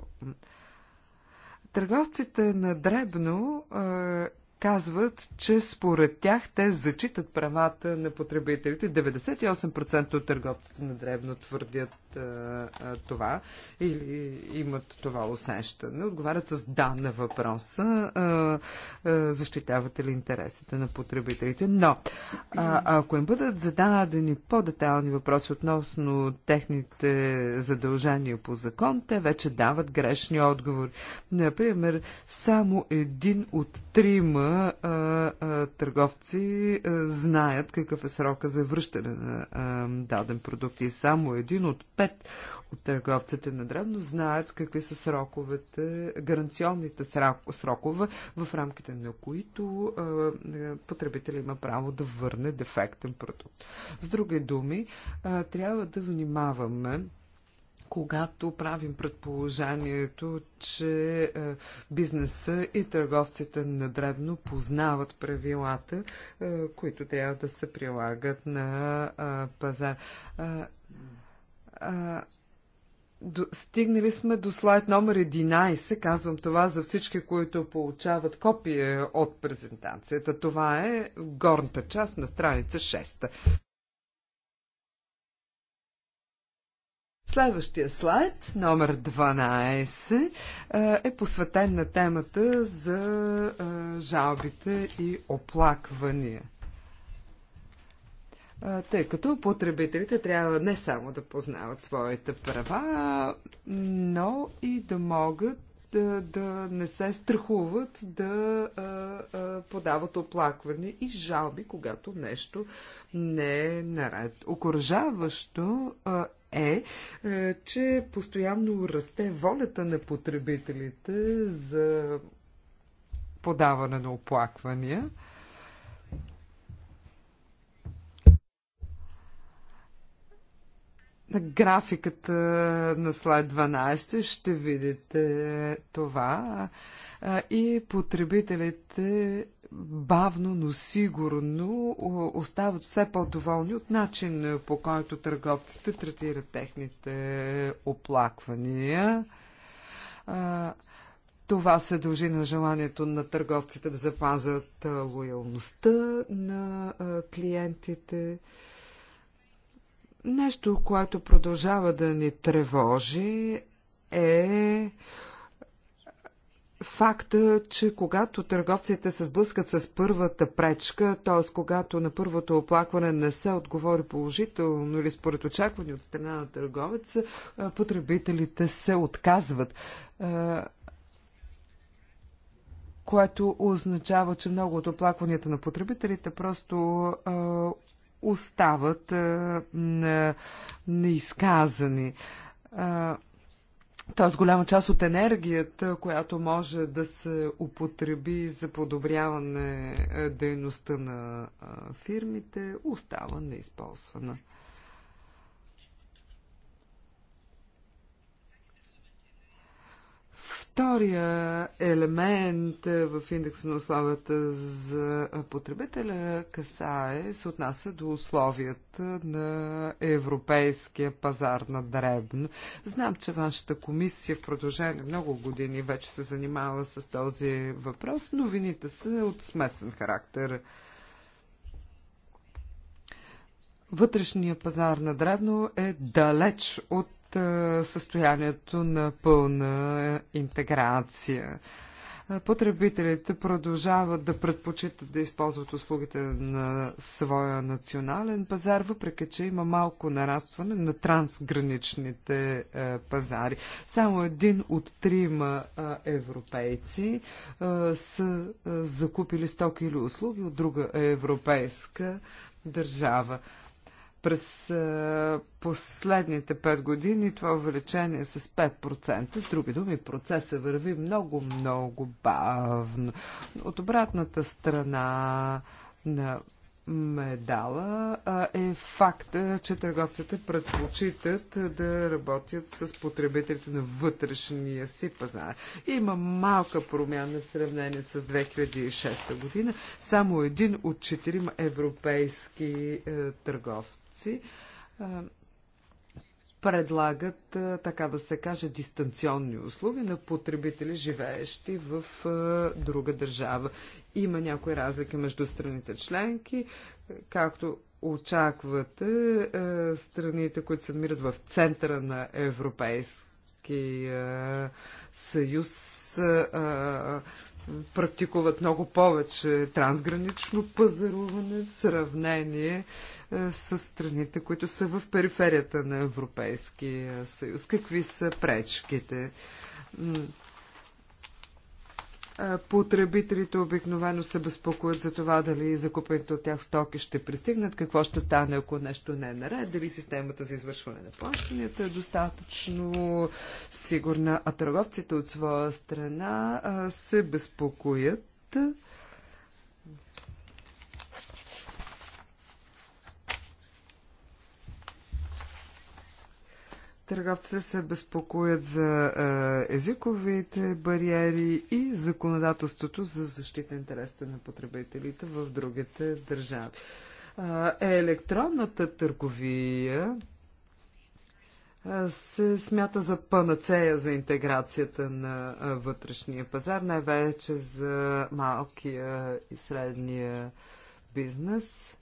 Търговците на дребно е, казват, че според тях те зачитат правата на потребителите. 98% от търговците на древно твърдят а, а, това или имат това усещане. Отговарят с да на въпроса, а, а, защитавате ли интересите на потребителите. Но, а, ако им бъдат зададени по-детайлни въпроси относно техните задължения по закон, те вече дават грешни отговори. Например, само един от трима а, а, търговци а, знаят какъв е срока за връщане на а, даден продукт. И само един от пет от търговците на древно знаят какви са сроковете, гаранционните срокове, в рамките на които а, е, потребителя има право да върне дефектен продукт. С други думи, а, трябва да внимаваме когато правим предположението, че е, бизнеса и търговците на дребно познават правилата, е, които трябва да се прилагат на е, пазар. До, стигнали сме до слайд номер 11. Казвам това за всички, които получават копие от презентацията. Това е горната част на страница 6. Следващия слайд, номер 12, е, е посветен на темата за е, жалбите и оплаквания. Е, тъй като потребителите трябва не само да познават своите права, но и да могат да, да не се страхуват да а, а, подават оплакване и жалби, когато нещо не е наред. Окоръжаващо е, е, че постоянно расте волята на потребителите за подаване на оплаквания. На графиката на слайд 12 ще видите това и потребителите бавно, но сигурно остават все по-доволни от начин по който търговците третират техните оплаквания. Това се дължи на желанието на търговците да запазят лоялността на клиентите. Нещо, което продължава да ни тревожи е факта, че когато търговците се сблъскат с първата пречка, т.е. когато на първото оплакване не се отговори положително или според очакване от страна на търговеца, потребителите се отказват. Което означава, че много от оплакванията на потребителите просто остават а, неизказани. А, Тоест голяма част от енергията, която може да се употреби за подобряване дейността на фирмите, остава неизползвана. Втория елемент в индекса на условията за потребителя касае, се отнася до условията на европейския пазар на дребно. Знам, че вашата комисия в продължение много години вече се занимава с този въпрос. Новините са от смесен характер. Вътрешния пазар на дребно е далеч от състоянието на пълна интеграция. Потребителите продължават да предпочитат да използват услугите на своя национален пазар, въпреки че има малко нарастване на трансграничните пазари. Само един от трима европейци са закупили стоки или услуги от друга европейска държава. През е, последните 5 години това увеличение е с 5%. С други думи, процеса върви много, много бавно. От обратната страна на медала е факт, е, че търговците предпочитат да работят с потребителите на вътрешния си пазар. Има малка промяна в сравнение с 2006 година. Само един от четирима европейски е, търговци транзакции предлагат, така да се каже, дистанционни услуги на потребители, живеещи в друга държава. Има някои разлики между страните членки, както очаквате страните, които се намират в центъра на Европейския съюз, практикуват много повече трансгранично пазаруване в сравнение е, с страните, които са в периферията на Европейския съюз. Какви са пречките? Потребителите обикновено се безпокоят за това дали закупените от тях стоки ще пристигнат, какво ще стане, ако нещо не е наред, дали системата за извършване на плащанията е достатъчно сигурна, а търговците от своя страна се безпокоят Търговците се безпокоят за езиковите бариери и законодателството за защита интересите на потребителите в другите държави. Е електронната търговия се смята за панацея за интеграцията на вътрешния пазар, най-вече за малкия и средния бизнес.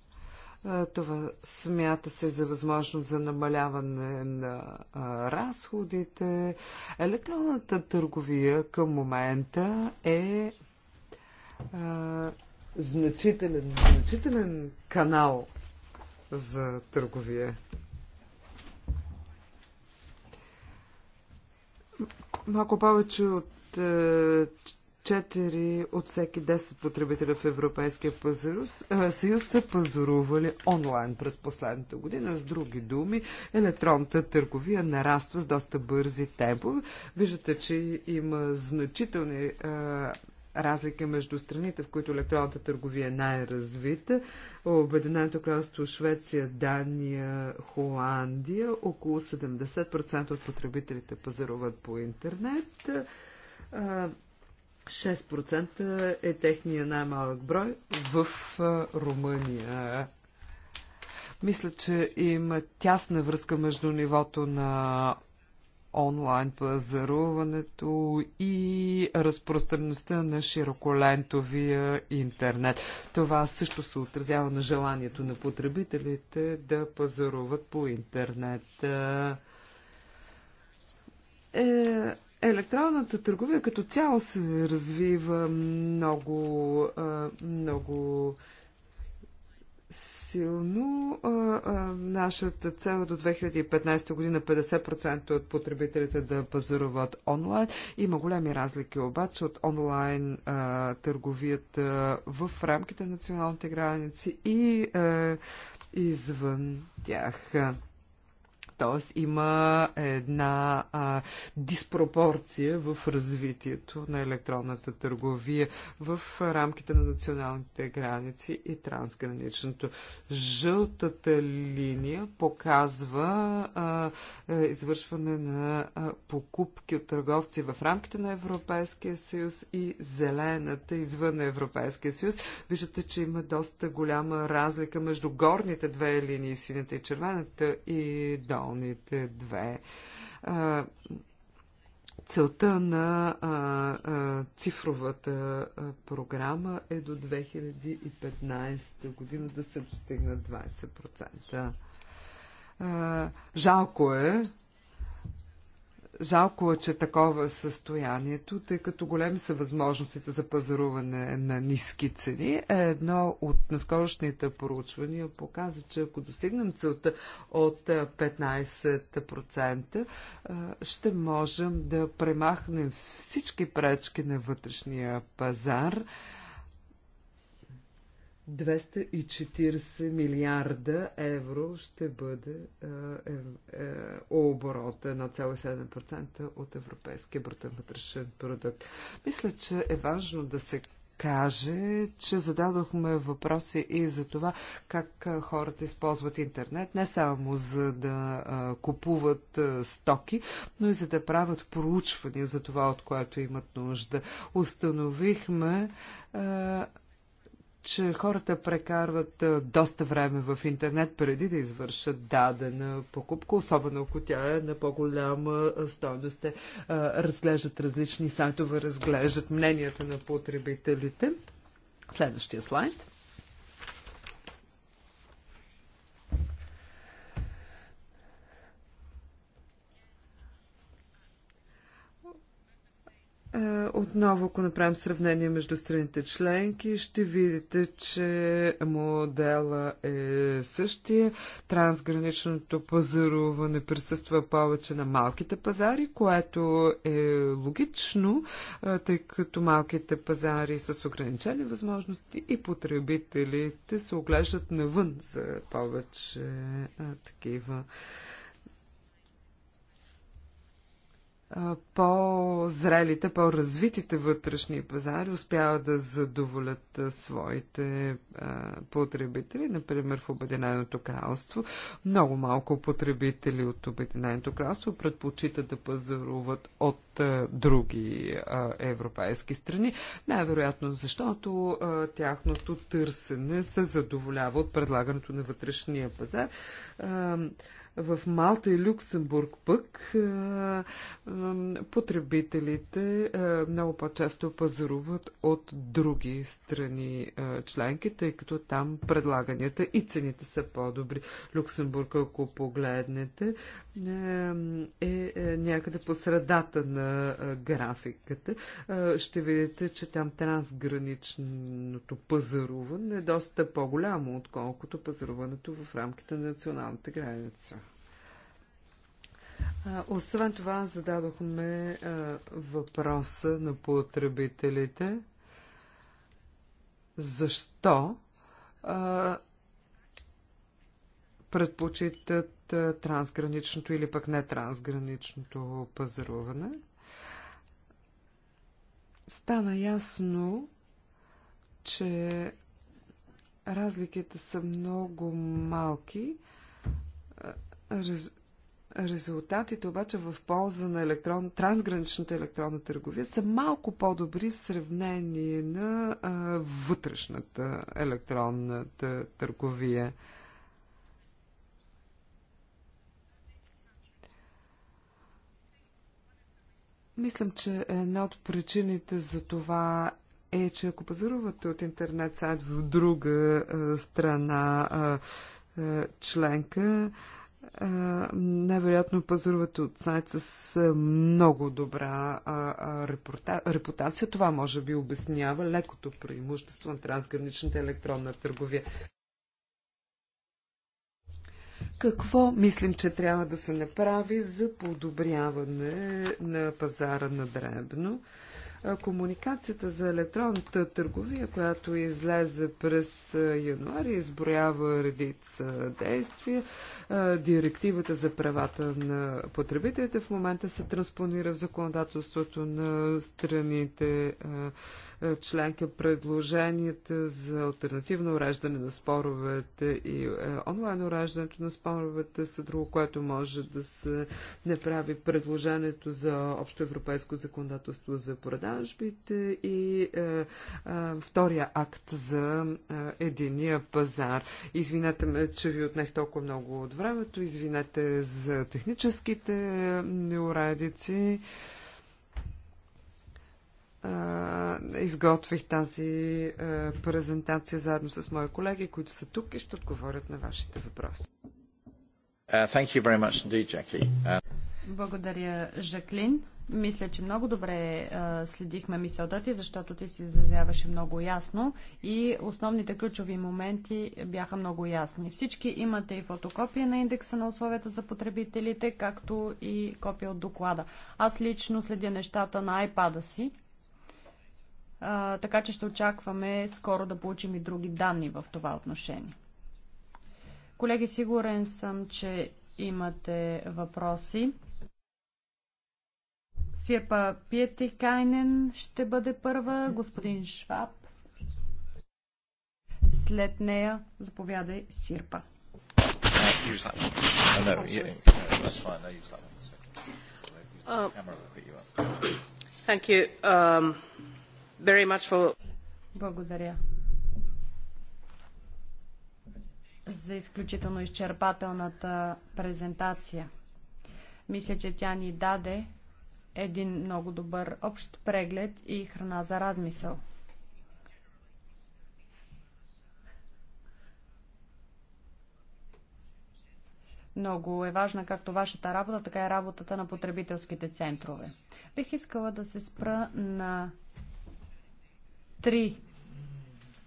Това смята се за възможност за намаляване на разходите. Електронната търговия към момента е значителен, значителен канал за търговия. Малко повече от 4 от всеки 10 потребителя в Европейския съюз, е, съюз са пазарували онлайн през последната година. С други думи, електронната търговия нараства с доста бързи темпове. Виждате, че има значителни а, е, разлики между страните, в които електронната търговия е най-развита. Обединеното кралство Швеция, Дания, Холандия. Около 70% от потребителите пазаруват по интернет. Е, 6% е техния най-малък брой в Румъния. Мисля, че има тясна връзка между нивото на онлайн пазаруването и разпространеността на широколентовия интернет. Това също се отразява на желанието на потребителите да пазаруват по интернет. Е, електронната търговия като цяло се развива много, много силно. Нашата цел е до 2015 година 50% от потребителите да пазаруват онлайн. Има големи разлики обаче от онлайн търговията в рамките на националните граници и извън тях т.е. има една а, диспропорция в развитието на електронната търговия в рамките на националните граници и трансграничното. Жълтата линия показва а, е, извършване на а, покупки от търговци в рамките на Европейския съюз и зелената извън Европейския съюз. Виждате, че има доста голяма разлика между горните две линии, синята и червената и долната основните две. Целта на цифровата програма е до 2015 година да се достигнат 20%. Жалко е, Жалко е, че такова е състоянието, тъй като големи са възможностите за пазаруване на ниски цени. Едно от наскорошните проучвания показа, че ако достигнем целта от 15%, ще можем да премахнем всички пречки на вътрешния пазар 240 милиарда евро ще бъде е, е, оборота на 7% от европейския брутен вътрешен продукт. Мисля, че е важно да се каже, че зададохме въпроси и за това как хората използват интернет, не само за да купуват стоки, но и за да правят проучвания за това, от което имат нужда. Установихме че хората прекарват доста време в интернет преди да извършат дадена покупка, особено ако тя е на по-голяма стойност. Те разглеждат различни сайтове, разглеждат мненията на потребителите. Следващия слайд. Отново, ако направим сравнение между страните членки, ще видите, че модела е същия. Трансграничното пазаруване присъства повече на малките пазари, което е логично, тъй като малките пазари са с ограничени възможности и потребителите се оглеждат навън за повече такива по-зрелите, по-развитите вътрешни пазари успяват да задоволят своите потребители. Например, в Обединеното кралство много малко потребители от Обединеното кралство предпочитат да пазаруват от други европейски страни. Най-вероятно защото тяхното търсене се задоволява от предлагането на вътрешния пазар в Малта и Люксембург пък потребителите много по-често пазаруват от други страни членки, тъй като там предлаганията и цените са по-добри. Люксембург, ако погледнете, е, е някъде по средата на графиката. Ще видите, че там трансграничното пазаруване е доста по-голямо, отколкото пазаруването в рамките на националната граница. Освен това, зададохме въпроса на потребителите. Защо предпочитат трансграничното или пък не трансграничното пазаруване? Стана ясно, че разликите са много малки. Раз, Резултатите обаче в полза на електрон, трансграничната електронна търговия са малко по-добри в сравнение на а, вътрешната електронната търговия. Мислям, че една от причините за това е, че ако пазарувате от интернет сайт в друга а, страна а, а, членка, а, най-вероятно, пазарувате от сайт с много добра репута... репутация. Това може би обяснява лекото преимущество на трансграничната електронна търговия. Какво мислим, че трябва да се направи за подобряване на пазара на дребно? Комуникацията за електронната търговия, която излезе през януари, изброява редица действия. Директивата за правата на потребителите в момента се транспонира в законодателството на страните е, членка предложенията за альтернативно уреждане на споровете и е, онлайн уреждането на споровете са друго, което може да се направи предложението за общо европейско законодателство за продажбите и е, втория акт за единия пазар. Извинете ме, че ви отнех толкова много от времето. Извинете за техническите неуредици изготвих тази презентация заедно с мои колеги, които са тук и ще отговорят на вашите въпроси. Uh, uh, Благодаря, Жаклин. Мисля, че много добре а, следихме мисълта ти, защото ти се изразяваше много ясно и основните ключови моменти бяха много ясни. Всички имате и фотокопия на индекса на условията за потребителите, както и копия от доклада. Аз лично следя нещата на iPad-а си, а, така че ще очакваме скоро да получим и други данни в това отношение. Колеги, сигурен съм, че имате въпроси. Сирпа Пиетикайнен ще бъде първа, господин Шваб. След нея заповядай Сирпа. Uh, thank you. Um, благодаря за изключително изчерпателната презентация. Мисля, че тя ни даде един много добър общ преглед и храна за размисъл. Много е важна както вашата работа, така и работата на потребителските центрове. Бих искала да се спра на три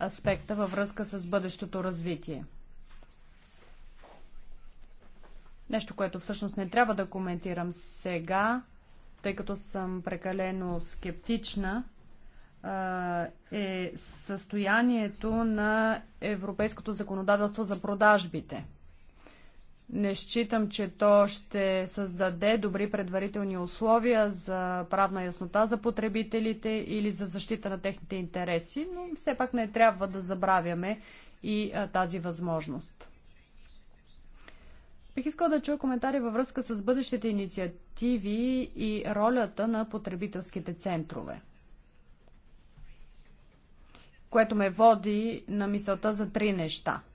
аспекта във връзка с бъдещото развитие. Нещо, което всъщност не трябва да коментирам сега, тъй като съм прекалено скептична, е състоянието на европейското законодателство за продажбите – не считам, че то ще създаде добри предварителни условия за правна яснота за потребителите или за защита на техните интереси, но все пак не трябва да забравяме и а, тази възможност. Бих искал да чуя коментари във връзка с бъдещите инициативи и ролята на потребителските центрове. Което ме води на мисълта за три неща –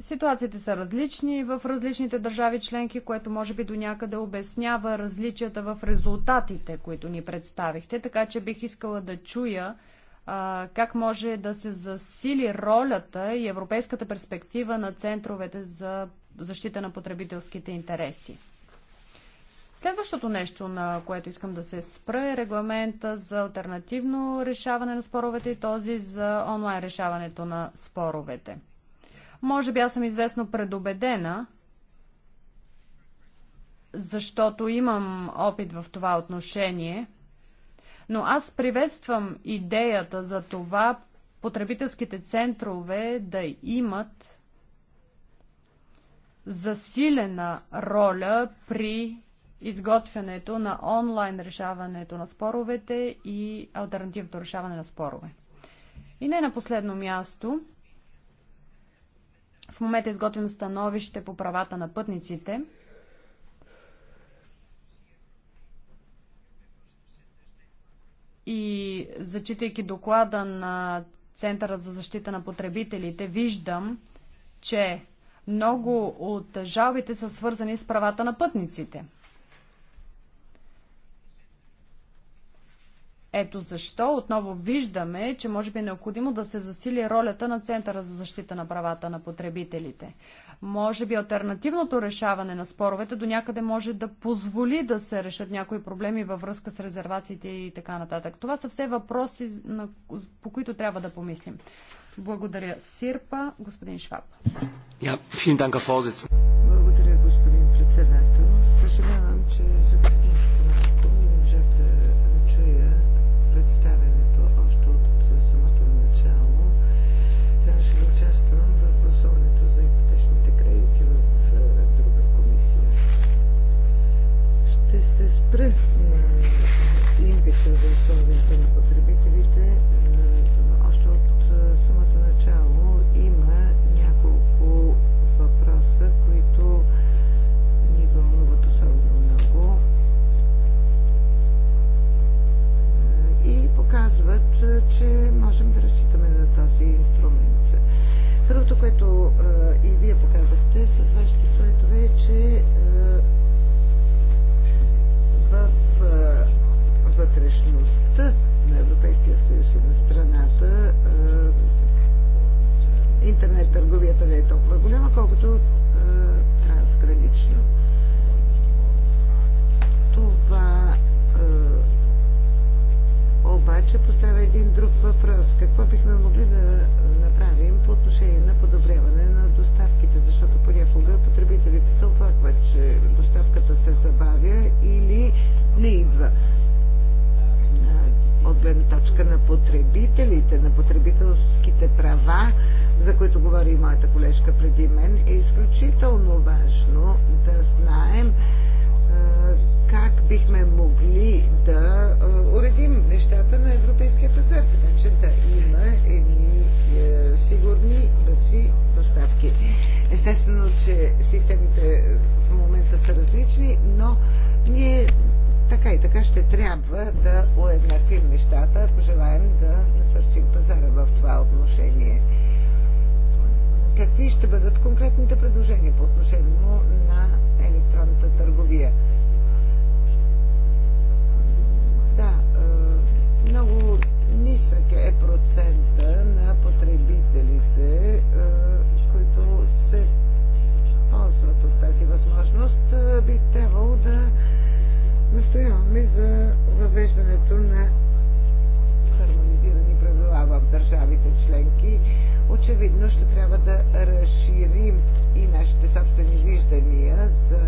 Ситуациите са различни в различните държави членки, което може би до някъде обяснява различията в резултатите, които ни представихте, така че бих искала да чуя а, как може да се засили ролята и европейската перспектива на центровете за защита на потребителските интереси. Следващото нещо, на което искам да се спра е регламента за альтернативно решаване на споровете и този за онлайн решаването на споровете. Може би аз съм известно предубедена, защото имам опит в това отношение, но аз приветствам идеята за това потребителските центрове да имат засилена роля при изготвянето на онлайн решаването на споровете и альтернативното решаване на спорове. И не на последно място, в момента изготвим становище по правата на пътниците. И зачитайки доклада на Центъра за защита на потребителите, виждам, че много от жалбите са свързани с правата на пътниците. Ето защо отново виждаме, че може би е необходимо да се засили ролята на Центъра за защита на правата на потребителите. Може би альтернативното решаване на споровете до някъде може да позволи да се решат някои проблеми във връзка с резервациите и така нататък. Това са все въпроси, по които трябва да помислим. Благодаря Сирпа, господин Шваб. Ja, интернет търговията не е толкова голяма, колкото е, трансгранично. Това е, обаче поставя един друг въпрос. Какво бихме могли да направим по отношение на подобряване на доставките? Защото понякога потребителите се оплакват, че доставката се забавя или не идва от гледна точка на потребителите, на потребителските права, за които говори и моята колежка преди мен, е изключително важно да знаем как бихме могли да уредим нещата на европейския пазар, така че да има едни е, сигурни, бързи доставки. Естествено, че системите в момента са различни, но ние така и така ще трябва да уеднаквим нещата, ако желаем да насърчим пазара в това отношение. Какви ще бъдат конкретните предложения по отношение на електронната търговия? Да, е, много нисък е процента на потребителите, е, които се ползват от тази възможност. Е, би трябвало да настояваме за въвеждането на хармонизирани правила в държавите членки. Очевидно ще трябва да разширим и нашите собствени виждания за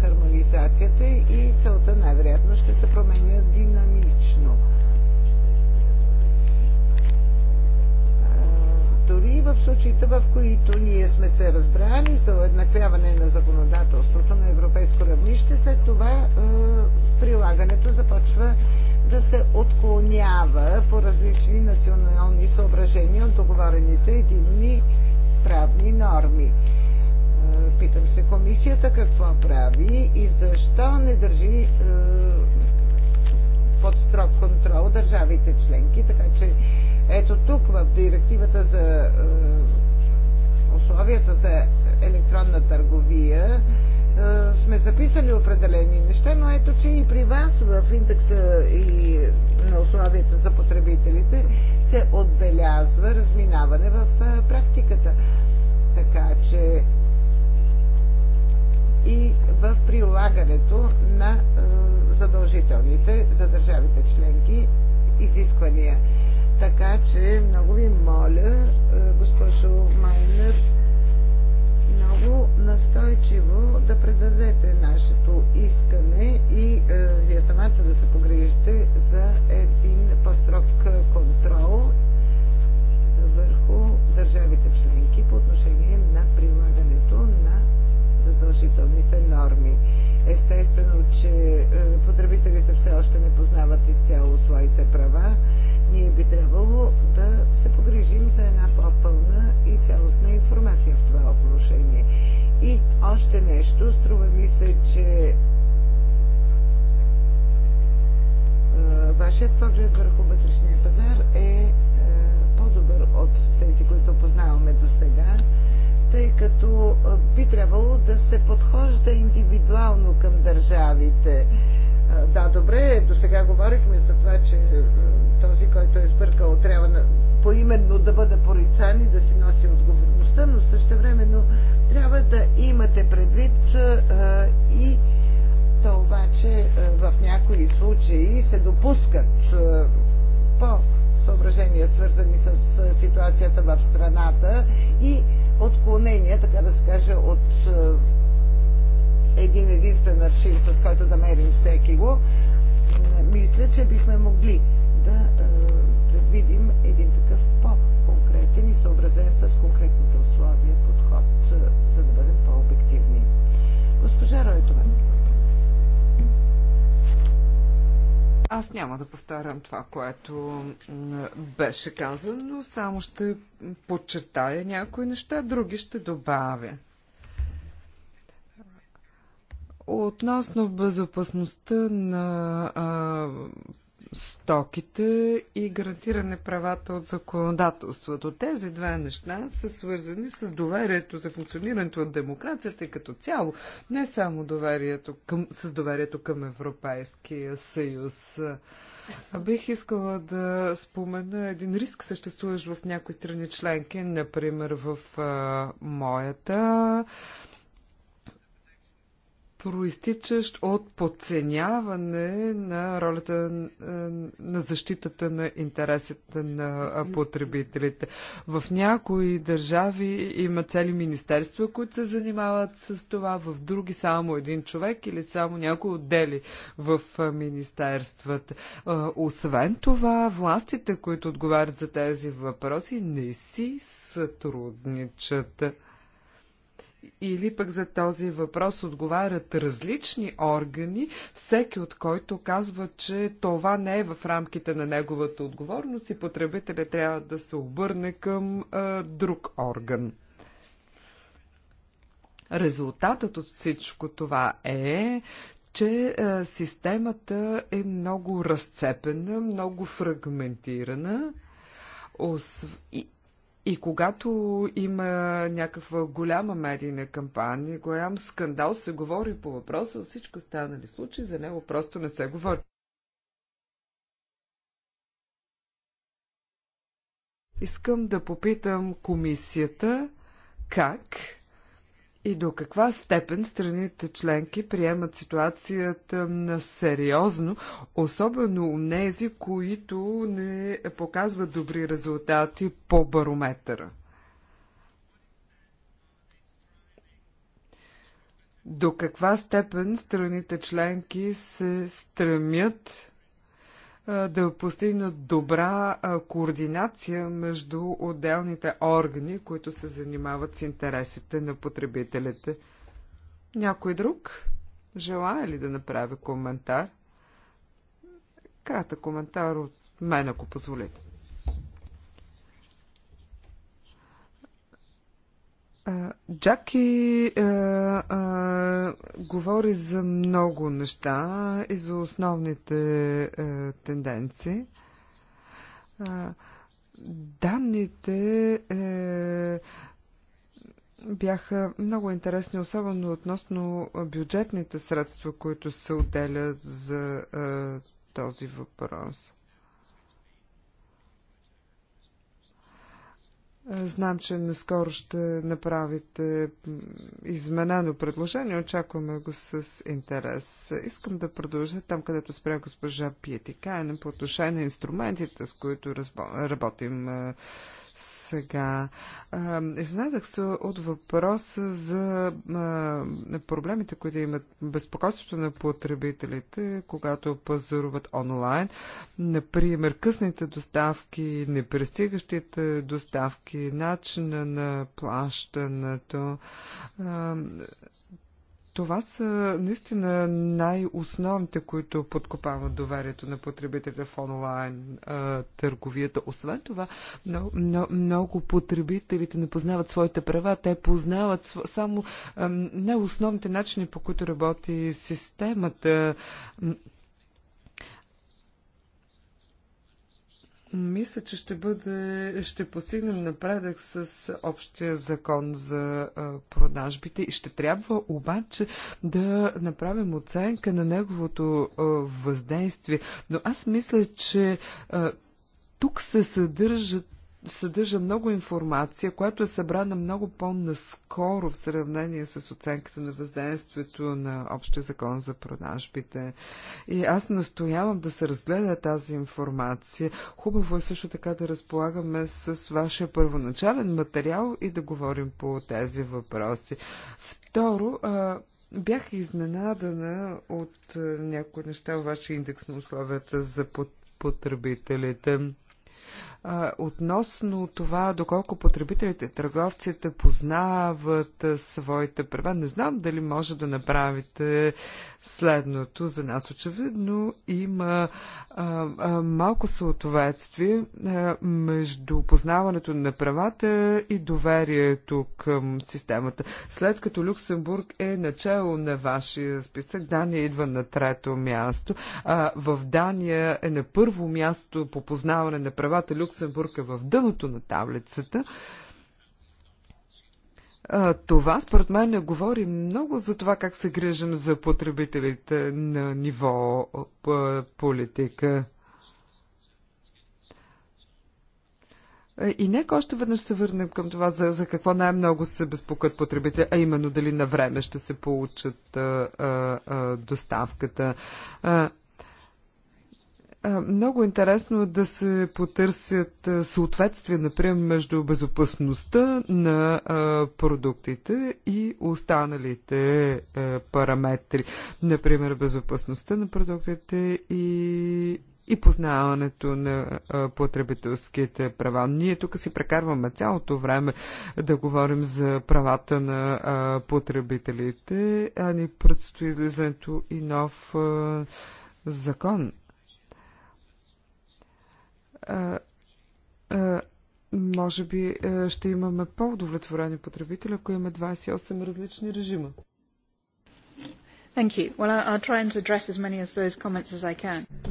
хармонизацията и целта най-вероятно ще се променя динамично. дори в случаите, в които ние сме се разбрали за уеднаквяване на законодателството на европейско равнище, след това е, прилагането започва да се отклонява по различни национални съображения от договорените единни правни норми. Е, питам се комисията какво прави и защо не държи е, под строг контрол държавите членки, така че ето тук в директивата за е, условията за електронна търговия е, сме записали определени неща, но ето, че и при вас в индекса и на условията за потребителите се отбелязва разминаване в е, практиката. Така че и в прилагането на задължителните за държавите членки изисквания. Така че много ви моля, е, госпожо Майнер, много настойчиво да предадете нашето искане и е, вие самата да се погрижите за един по-строг контрол върху държавите членки по отношение на прилагането на задължителните норми. Естествено, че е, потребителите все още не познават изцяло своите права. Ние би трябвало да се погрижим за една по-пълна и цялостна информация в това отношение. И още нещо, струва ми се, че е, вашият поглед върху вътрешния пазар е, е по-добър от тези, които познаваме до сега тъй като би трябвало да се подхожда индивидуално към държавите. Да, добре, до сега говорихме за това, че този, който е сбъркал, трябва на, поименно да бъде порицан и да си носи отговорността, но същевременно трябва да имате предвид и това, че в някои случаи се допускат по съображения, свързани с ситуацията в страната и отклонения, така да се каже, от един единствен аршин, с който да мерим всеки го, мисля, че бихме могли да предвидим един такъв по-конкретен и съобразен с конкретните условия подход, за да бъдем по-обективни. Госпожа Ройтова. Аз няма да повтарям това, което беше казано, само ще подчертая някои неща, други ще добавя. Относно безопасността на а, стоките и гарантиране правата от законодателството. Тези две неща са свързани с доверието за функционирането от демокрацията като цяло, не само доверието към, с доверието към Европейския съюз. Бих искала да спомена един риск, съществуващ в някои страни членки, например в а, моята. А, проистичащ от подценяване на ролята е, на защитата на интересите на е, потребителите. В някои държави има цели министерства, които се занимават с това, в други само един човек или само някои отдели в е, министерствата. Освен това, властите, които отговарят за тези въпроси, не си сътрудничат или пък за този въпрос отговарят различни органи, всеки от който казва, че това не е в рамките на неговата отговорност и потребителя трябва да се обърне към а, друг орган. Резултатът от всичко това е, че а, системата е много разцепена, много фрагментирана. Осв... И, и когато има някаква голяма медийна кампания, голям скандал се говори по въпроса, от всичко останали случаи за него просто не се говори. Искам да попитам комисията как и до каква степен страните членки приемат ситуацията на сериозно, особено у нези, които не показват добри резултати по барометъра. До каква степен страните членки се стремят да постигнат добра координация между отделните органи, които се занимават с интересите на потребителите. Някой друг желая ли да направи коментар? Кратък коментар от мен, ако позволите. Джаки а, а, говори за много неща и за основните а, тенденции. А, данните е, бяха много интересни, особено относно бюджетните средства, които се отделят за е, този въпрос. Знам, че наскоро ще направите изменено предложение. Очакваме го с интерес. Искам да продължа там, където спря госпожа Пиетикайна по отношение на инструментите, с които работим сега. Изненадах се от въпроса за проблемите, които имат безпокойството на потребителите, когато пазаруват онлайн. Например, късните доставки, непрестигащите доставки, начина на плащането това са наистина най-основните, които подкопават доверието на потребителя в онлайн а, търговията. Освен това, много, много, много потребителите не познават своите права. Те познават само най основните начини, по които работи системата. Мисля, че ще, бъде, ще постигнем напредък с общия закон за продажбите и ще трябва обаче да направим оценка на неговото въздействие. Но аз мисля, че тук се съдържат съдържа много информация, която е събрана много по-наскоро в сравнение с оценката на въздействието на Общия закон за продажбите. И аз настоявам да се разгледа тази информация. Хубаво е също така да разполагаме с вашия първоначален материал и да говорим по тези въпроси. Второ, бях изненадана от някои неща в вашия индекс на условията за потребителите относно това, доколко потребителите, търговците познават своите права, не знам дали може да направите следното. За нас очевидно има а, а, малко съответствие а, между познаването на правата и доверието към системата. След като Люксембург е начало на вашия списък, Дания идва на трето място. А, в Дания е на първо място по познаване на правата Люксембург Люксембург е в дъното на таблицата. Това, според мен, не говори много за това как се грижим за потребителите на ниво политика. И нека още веднъж се върнем към това, за, за какво най-много се безпокоят потребителите, а именно дали на време ще се получат а, а, доставката. А, много интересно е да се потърсят съответствия, например, между безопасността на продуктите и останалите параметри. Например, безопасността на продуктите и и познаването на потребителските права. Ние тук си прекарваме цялото време да говорим за правата на потребителите, а ни предстои излизането и нов закон може би ще имаме по-удовлетворени потребители, ако имаме 28 различни режима.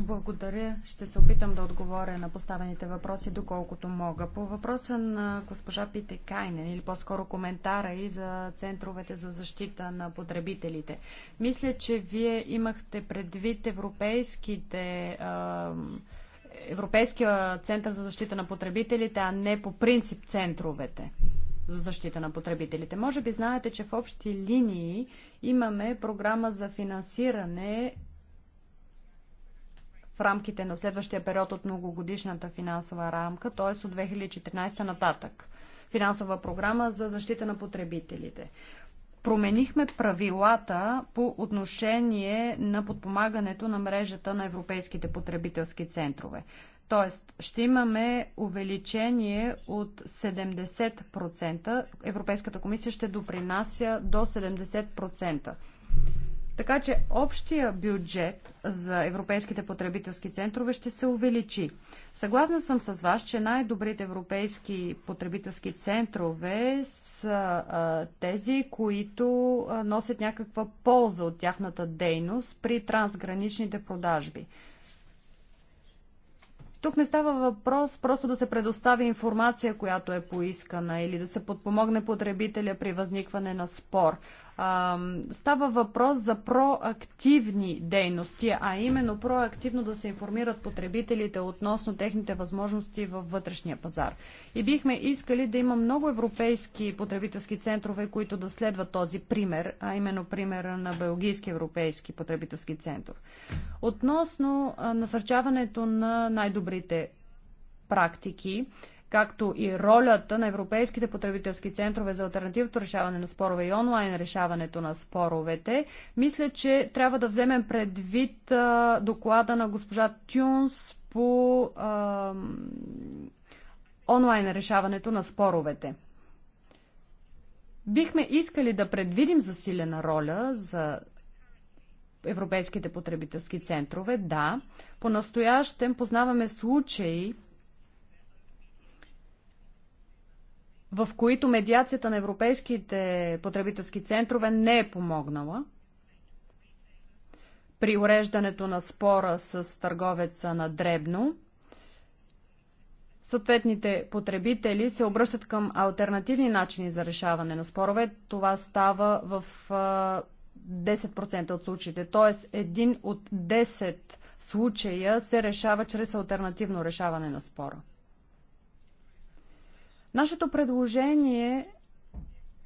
Благодаря. Ще се опитам да отговоря на поставените въпроси доколкото мога. По въпроса на госпожа Пите Кайнен или по-скоро коментара и за центровете за защита на потребителите. Мисля, че вие имахте предвид европейските uh, Европейския център за защита на потребителите, а не по принцип центровете за защита на потребителите. Може би знаете, че в общи линии имаме програма за финансиране в рамките на следващия период от многогодишната финансова рамка, т.е. от 2014 нататък. Финансова програма за защита на потребителите променихме правилата по отношение на подпомагането на мрежата на европейските потребителски центрове. Тоест, ще имаме увеличение от 70%. Европейската комисия ще допринася до 70%. Така че общия бюджет за европейските потребителски центрове ще се увеличи. Съгласна съм с вас, че най-добрите европейски потребителски центрове са а, тези, които а, носят някаква полза от тяхната дейност при трансграничните продажби. Тук не става въпрос просто да се предостави информация, която е поискана или да се подпомогне потребителя при възникване на спор. Става въпрос за проактивни дейности, а именно проактивно да се информират потребителите относно техните възможности във вътрешния пазар. И бихме искали да има много европейски потребителски центрове, които да следват този пример, а именно примера на Белгийски европейски потребителски център. Относно насърчаването на най-добрите практики, както и ролята на европейските потребителски центрове за альтернативното решаване на спорове и онлайн решаването на споровете, мисля, че трябва да вземем предвид а, доклада на госпожа Тюнс по а, онлайн решаването на споровете. Бихме искали да предвидим засилена роля за европейските потребителски центрове, да. По-настоящем познаваме случаи, в които медиацията на европейските потребителски центрове не е помогнала при уреждането на спора с търговеца на дребно. Съответните потребители се обръщат към альтернативни начини за решаване на спорове. Това става в 10% от случаите. Тоест, един от 10 случая се решава чрез альтернативно решаване на спора. Нашето предложение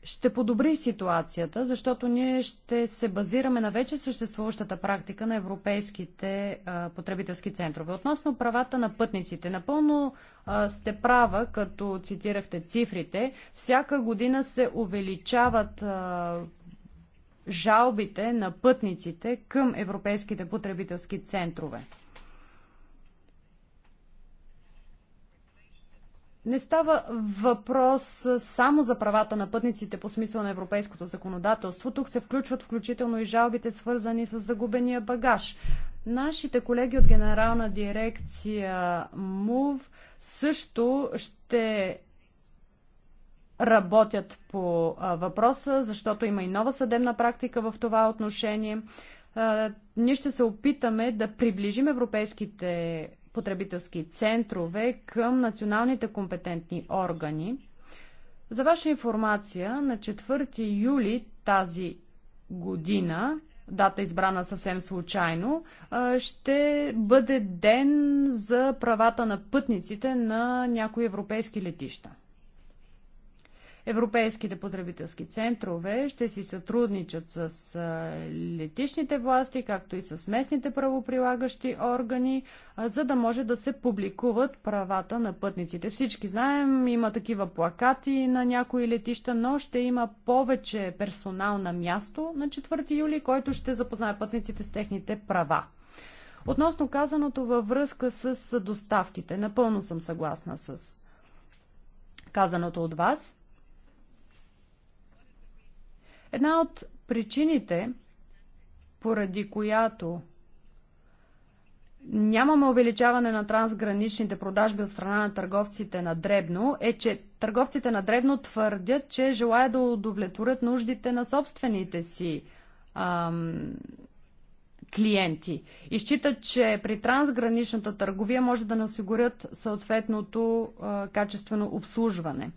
ще подобри ситуацията, защото ние ще се базираме на вече съществуващата практика на европейските а, потребителски центрове. Относно правата на пътниците, напълно а, сте права, като цитирахте цифрите. Всяка година се увеличават а, жалбите на пътниците към европейските потребителски центрове. Не става въпрос само за правата на пътниците по смисъл на европейското законодателство. Тук се включват включително и жалбите, свързани с загубения багаж. Нашите колеги от Генерална дирекция МУВ също ще работят по въпроса, защото има и нова съдебна практика в това отношение. Ние ще се опитаме да приближим европейските потребителски центрове към националните компетентни органи. За ваша информация, на 4 юли тази година, дата избрана съвсем случайно, ще бъде ден за правата на пътниците на някои европейски летища. Европейските потребителски центрове ще си сътрудничат с летишните власти, както и с местните правоприлагащи органи, за да може да се публикуват правата на пътниците. Всички знаем, има такива плакати на някои летища, но ще има повече персонал на място на 4 юли, който ще запознае пътниците с техните права. Относно казаното във връзка с доставките, напълно съм съгласна с казаното от вас. Една от причините, поради която нямаме увеличаване на трансграничните продажби от страна на търговците на дребно, е, че търговците на дребно твърдят, че желаят да удовлетворят нуждите на собствените си ам, клиенти. И считат, че при трансграничната търговия може да не осигурят съответното а, качествено обслужване.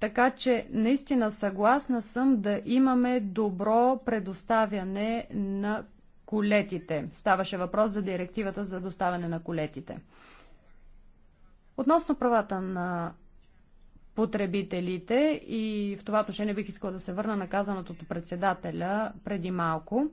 Така че наистина съгласна съм да имаме добро предоставяне на колетите. Ставаше въпрос за директивата за доставяне на колетите. Относно правата на потребителите и в това отношение бих искала да се върна на казаното от председателя преди малко.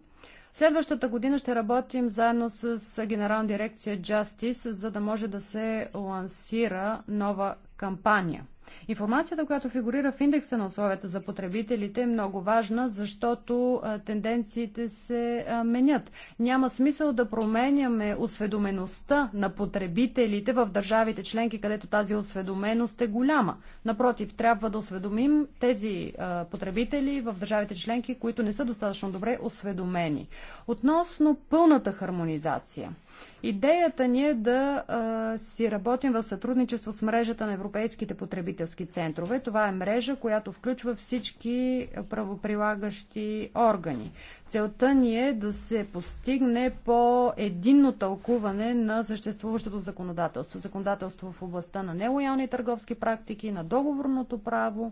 Следващата година ще работим заедно с Генерална дирекция Justice, за да може да се лансира нова кампания. Информацията, която фигурира в индекса на условията за потребителите е много важна, защото тенденциите се менят. Няма смисъл да променяме осведомеността на потребителите в държавите членки, където тази осведоменост е голяма. Напротив, трябва да осведомим тези потребители в държавите членки, които не са достатъчно добре осведомени. Относно пълната хармонизация. Идеята ни е да а, си работим в сътрудничество с мрежата на европейските потребителски центрове. Това е мрежа, която включва всички правоприлагащи органи. Целта ни е да се постигне по-единно тълкуване на съществуващото законодателство. Законодателство в областта на нелоялни търговски практики, на договорното право,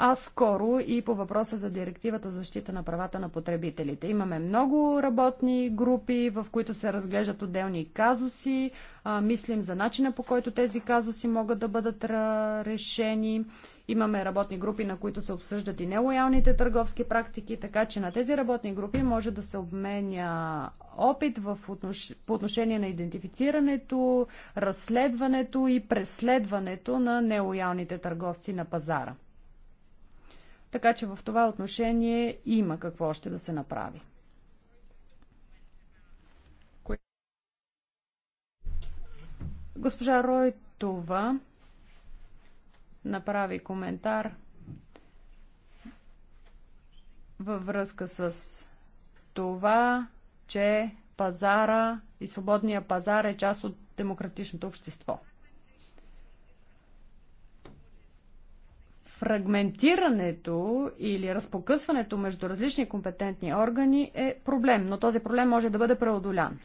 а скоро и по въпроса за директивата за защита на правата на потребителите. Имаме много работни групи, в които се разглеждат отделни казуси. А, мислим за начина по който тези казуси могат да бъдат решени. Имаме работни групи, на които се обсъждат и нелоялните търговски практики, така че на тези работни групи може да се обменя опит в отнош... по отношение на идентифицирането, разследването и преследването на нелоялните търговци на пазара. Така че в това отношение има какво още да се направи. Госпожа Ройтова направи коментар във връзка с това, че пазара и свободния пазар е част от демократичното общество. фрагментирането или разпокъсването между различни компетентни органи е проблем, но този проблем може да бъде преодолян.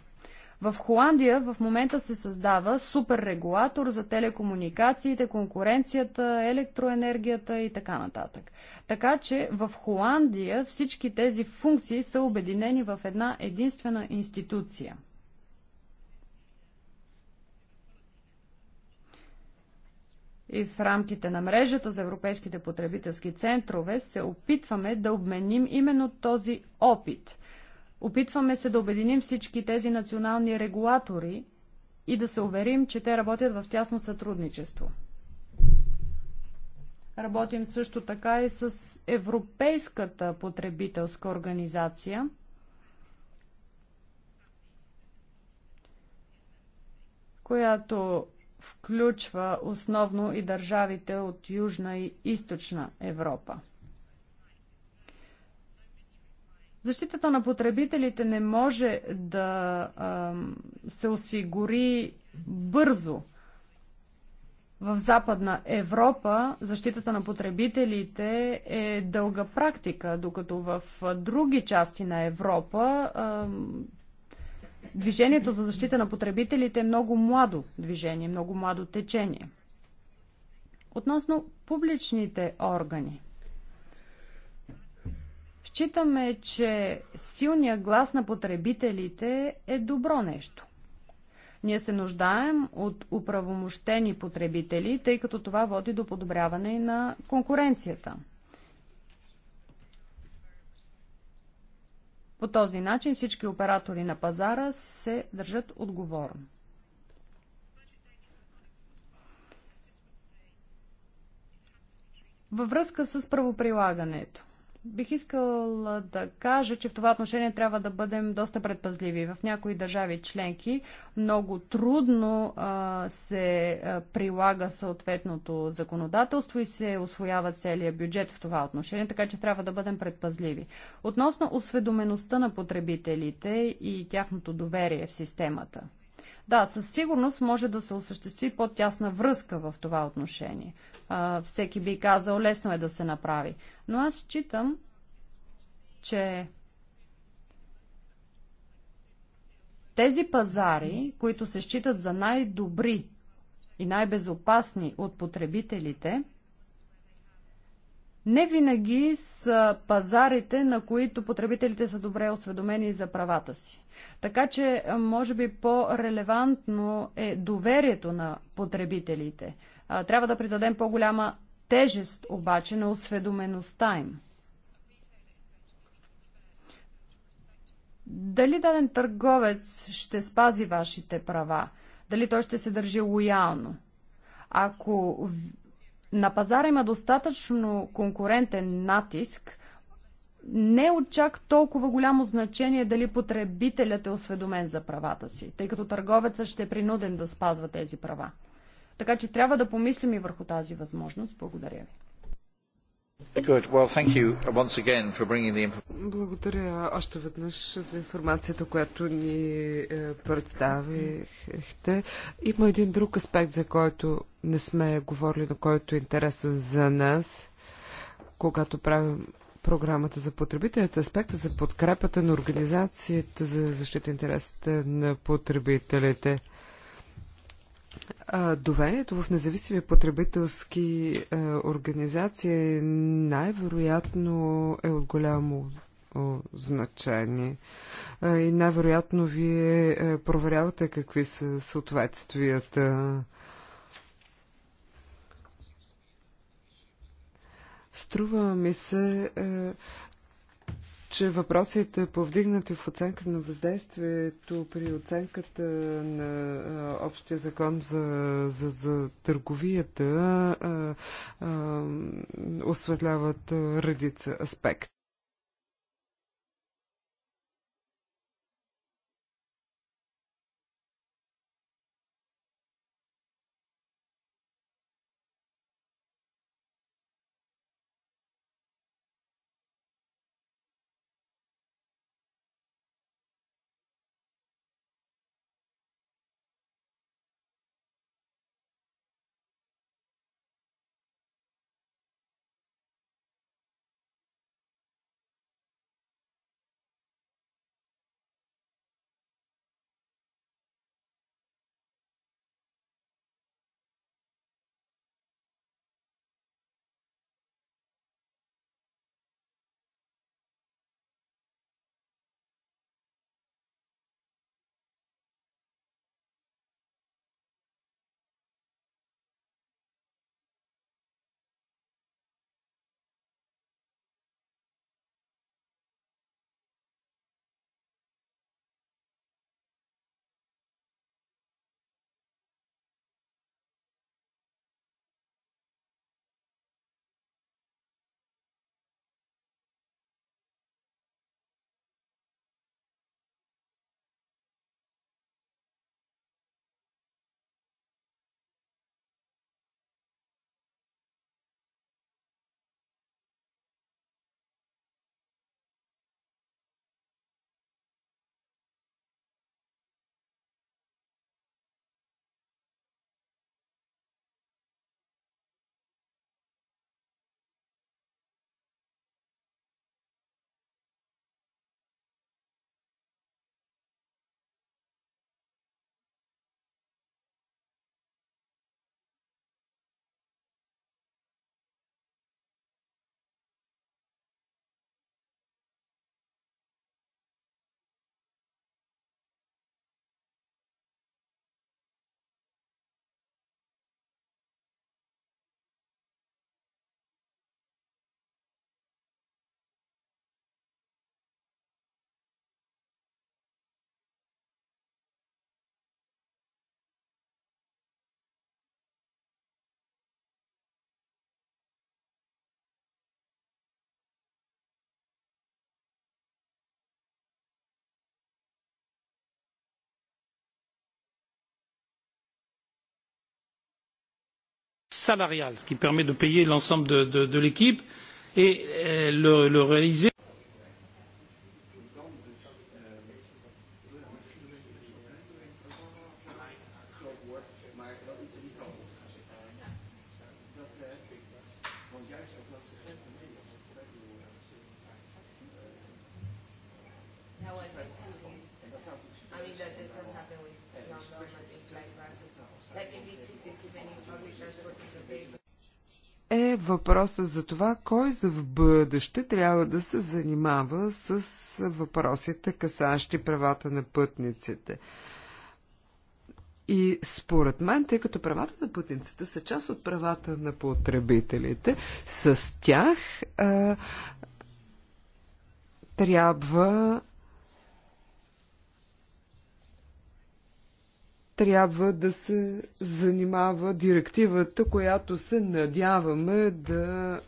В Холандия в момента се създава суперрегулатор за телекомуникациите, конкуренцията, електроенергията и така нататък. Така че в Холандия всички тези функции са обединени в една единствена институция – и в рамките на мрежата за европейските потребителски центрове се опитваме да обменим именно този опит. Опитваме се да обединим всички тези национални регулатори и да се уверим, че те работят в тясно сътрудничество. Работим също така и с Европейската потребителска организация. която включва основно и държавите от Южна и Източна Европа. Защитата на потребителите не може да а, се осигури бързо. В Западна Европа защитата на потребителите е дълга практика, докато в други части на Европа а, Движението за защита на потребителите е много младо движение, много младо течение. Относно публичните органи. Считаме, че силният глас на потребителите е добро нещо. Ние се нуждаем от управомощени потребители, тъй като това води до подобряване на конкуренцията. По този начин всички оператори на пазара се държат отговорно. Във връзка с правоприлагането. Бих искала да кажа, че в това отношение трябва да бъдем доста предпазливи. В някои държави членки много трудно а, се прилага съответното законодателство и се освоява целият бюджет в това отношение, така че трябва да бъдем предпазливи. Относно осведомеността на потребителите и тяхното доверие в системата. Да, със сигурност може да се осъществи по-тясна връзка в това отношение. А, всеки би казал, лесно е да се направи. Но аз считам, че тези пазари, които се считат за най-добри и най-безопасни от потребителите, не винаги са пазарите, на които потребителите са добре осведомени за правата си. Така че, може би по-релевантно е доверието на потребителите. Трябва да придадем по-голяма тежест обаче на осведомеността им. Дали даден търговец ще спази вашите права? Дали той ще се държи лоялно? Ако на пазара има достатъчно конкурентен натиск, не очак толкова голямо значение дали потребителят е осведомен за правата си, тъй като търговецът ще е принуден да спазва тези права. Така че трябва да помислим и върху тази възможност. Благодаря ви. Well, Благодаря още веднъж за информацията, която ни е, представихте. Има един друг аспект, за който не сме говорили, на който е интересен за нас, когато правим програмата за потребителите, аспекта за подкрепата на организацията за защита интересите на потребителите. Доверието в независими потребителски организации най-вероятно е от голямо значение. И най-вероятно вие проверявате какви са съответствията. Струва ми се, е, че въпросите, повдигнати в оценка на въздействието при оценката на а, общия закон за, за, за търговията, а, а, осветляват редица аспект. salariale, ce qui permet de payer l'ensemble de, l'équipe et le, réaliser въпроса за това, кой за в бъдеще трябва да се занимава с въпросите, касащи правата на пътниците. И според мен, тъй като правата на пътниците са част от правата на потребителите, с тях а, трябва трябва да се занимава директивата, която се надяваме да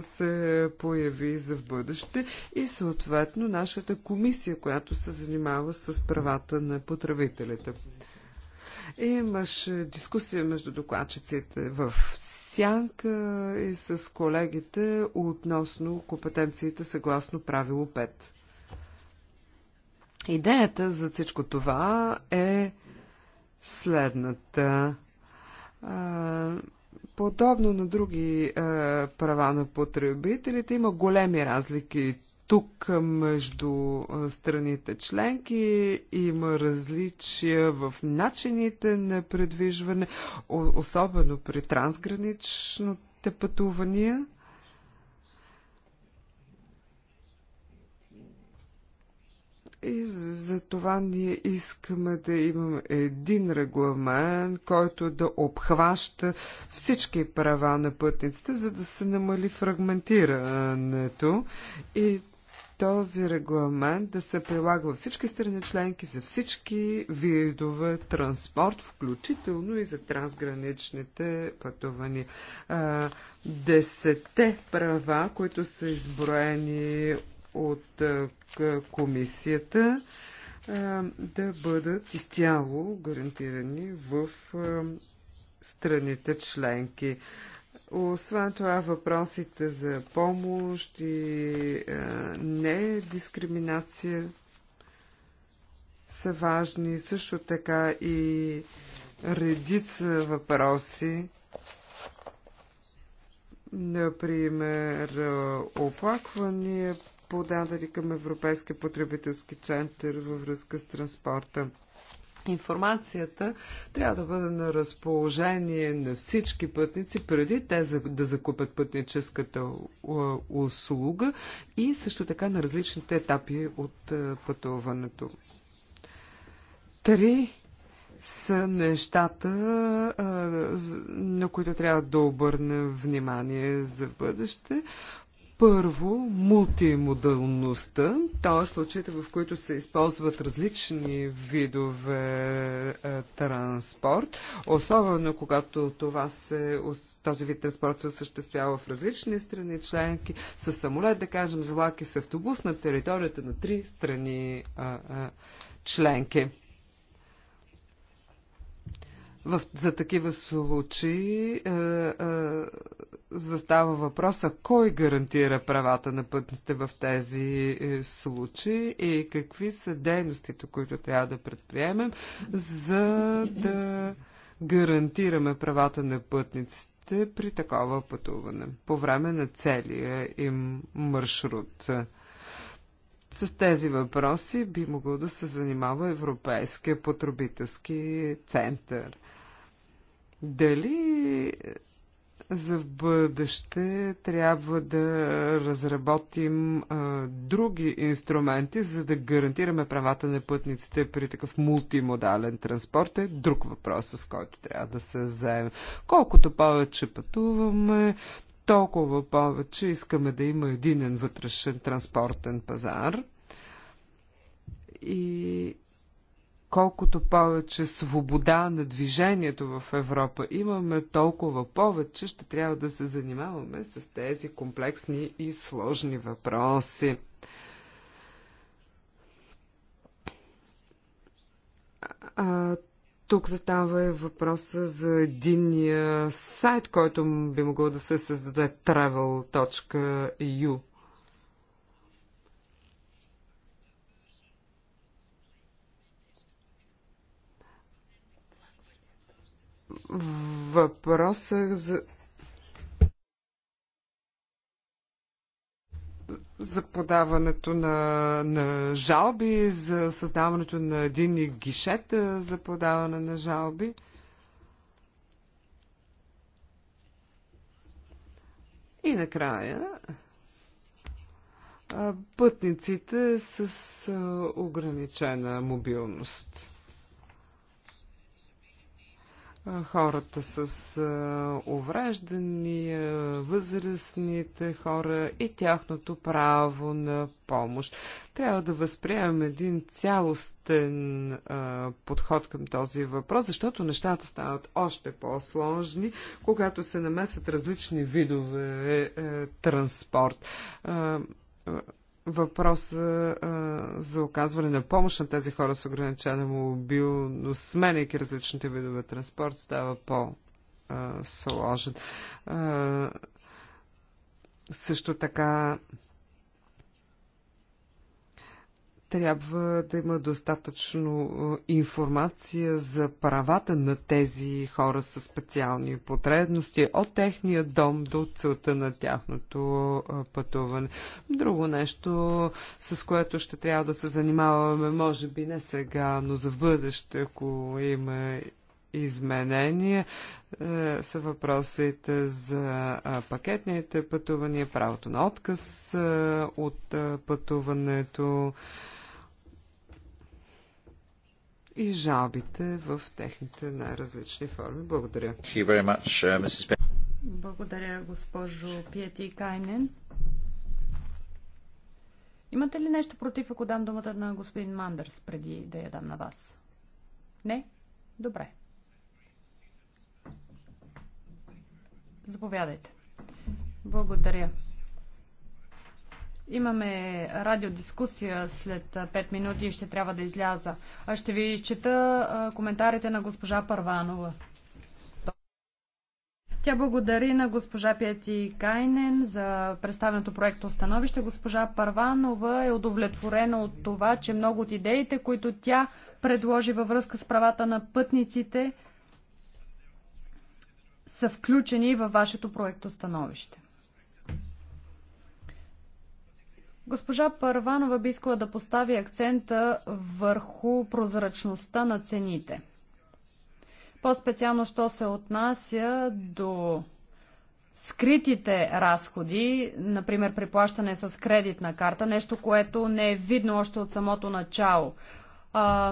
се появи за в бъдеще и съответно нашата комисия, която се занимава с правата на потребителите. Имаше дискусия между докладчиците в Сянка и с колегите относно компетенциите съгласно правило 5. Идеята за всичко това е следната. Подобно на други права на потребителите, има големи разлики тук между страните членки има различия в начините на предвижване, особено при трансграничните пътувания. И за това ние искаме да имаме един регламент, който да обхваща всички права на пътниците, за да се намали фрагментирането. И този регламент да се прилага във всички страни членки за всички видове транспорт, включително и за трансграничните пътувания. Десете права, които са изброени от комисията да бъдат изцяло гарантирани в страните членки. Освен това, въпросите за помощ и не дискриминация са важни. Също така и редица въпроси, например оплаквания Подадали към Европейския потребителски център във връзка с транспорта. Информацията трябва да бъде на разположение на всички пътници, преди те да закупят пътническата услуга и също така на различните етапи от пътуването. Три са нещата, на които трябва да обърнем внимание за бъдеще. Първо, мултимодалността, т.е. случаите, в които се използват различни видове е, транспорт, особено когато това се, този вид транспорт се осъществява в различни страни членки, с самолет, да кажем, с влаки, с автобус на територията на три страни е, е, членки в, за такива случаи е, е, застава въпроса кой гарантира правата на пътниците в тези е, случаи и какви са дейностите, които трябва да предприемем, за да гарантираме правата на пътниците при такова пътуване по време на целия им маршрут. С тези въпроси би могъл да се занимава Европейския потребителски център. Дали за бъдеще трябва да разработим а, други инструменти, за да гарантираме правата на пътниците при такъв мултимодален транспорт е друг въпрос, с който трябва да се вземем. Колкото повече пътуваме, толкова повече искаме да има единен вътрешен транспортен пазар. И колкото повече свобода на движението в Европа имаме, толкова повече ще трябва да се занимаваме с тези комплексни и сложни въпроси. А, тук застава и въпроса за единния сайт, който би могъл да се създаде travel.eu. въпроса за за подаването на, на жалби, за създаването на един гишет за подаване на жалби. И накрая пътниците с ограничена мобилност хората с увреждания, възрастните хора и тяхното право на помощ. Трябва да възприемем един цялостен подход към този въпрос, защото нещата стават още по-сложни, когато се намесят различни видове е, е, транспорт въпроса за оказване на помощ на тези хора с ограничена мобилност, сменяйки различните видове транспорт, става по-сложен. Също така трябва да има достатъчно е, информация за правата на тези хора с специални потребности, от техния дом до целта на тяхното е, пътуване. Друго нещо, с което ще трябва да се занимаваме, може би не сега, но за бъдеще, ако има изменения е, са въпросите за пакетните пътувания, правото на отказ от пътуването и жалбите в техните най-различни форми. Благодаря. Uh, Благодаря, госпожо Пиети Кайнен. Имате ли нещо против, ако дам думата на господин Мандърс, преди да я дам на вас? Не? Добре. Заповядайте. Благодаря. Имаме радиодискусия след 5 минути и ще трябва да изляза. А ще ви изчета коментарите на госпожа Парванова. Тя благодари на госпожа Пети Кайнен за представеното проект становище. Госпожа Парванова е удовлетворена от това, че много от идеите, които тя предложи във връзка с правата на пътниците, са включени във вашето проект становище. Госпожа Парванова би искала да постави акцента върху прозрачността на цените. По-специално, що се отнася до скритите разходи, например при плащане с кредитна карта, нещо, което не е видно още от самото начало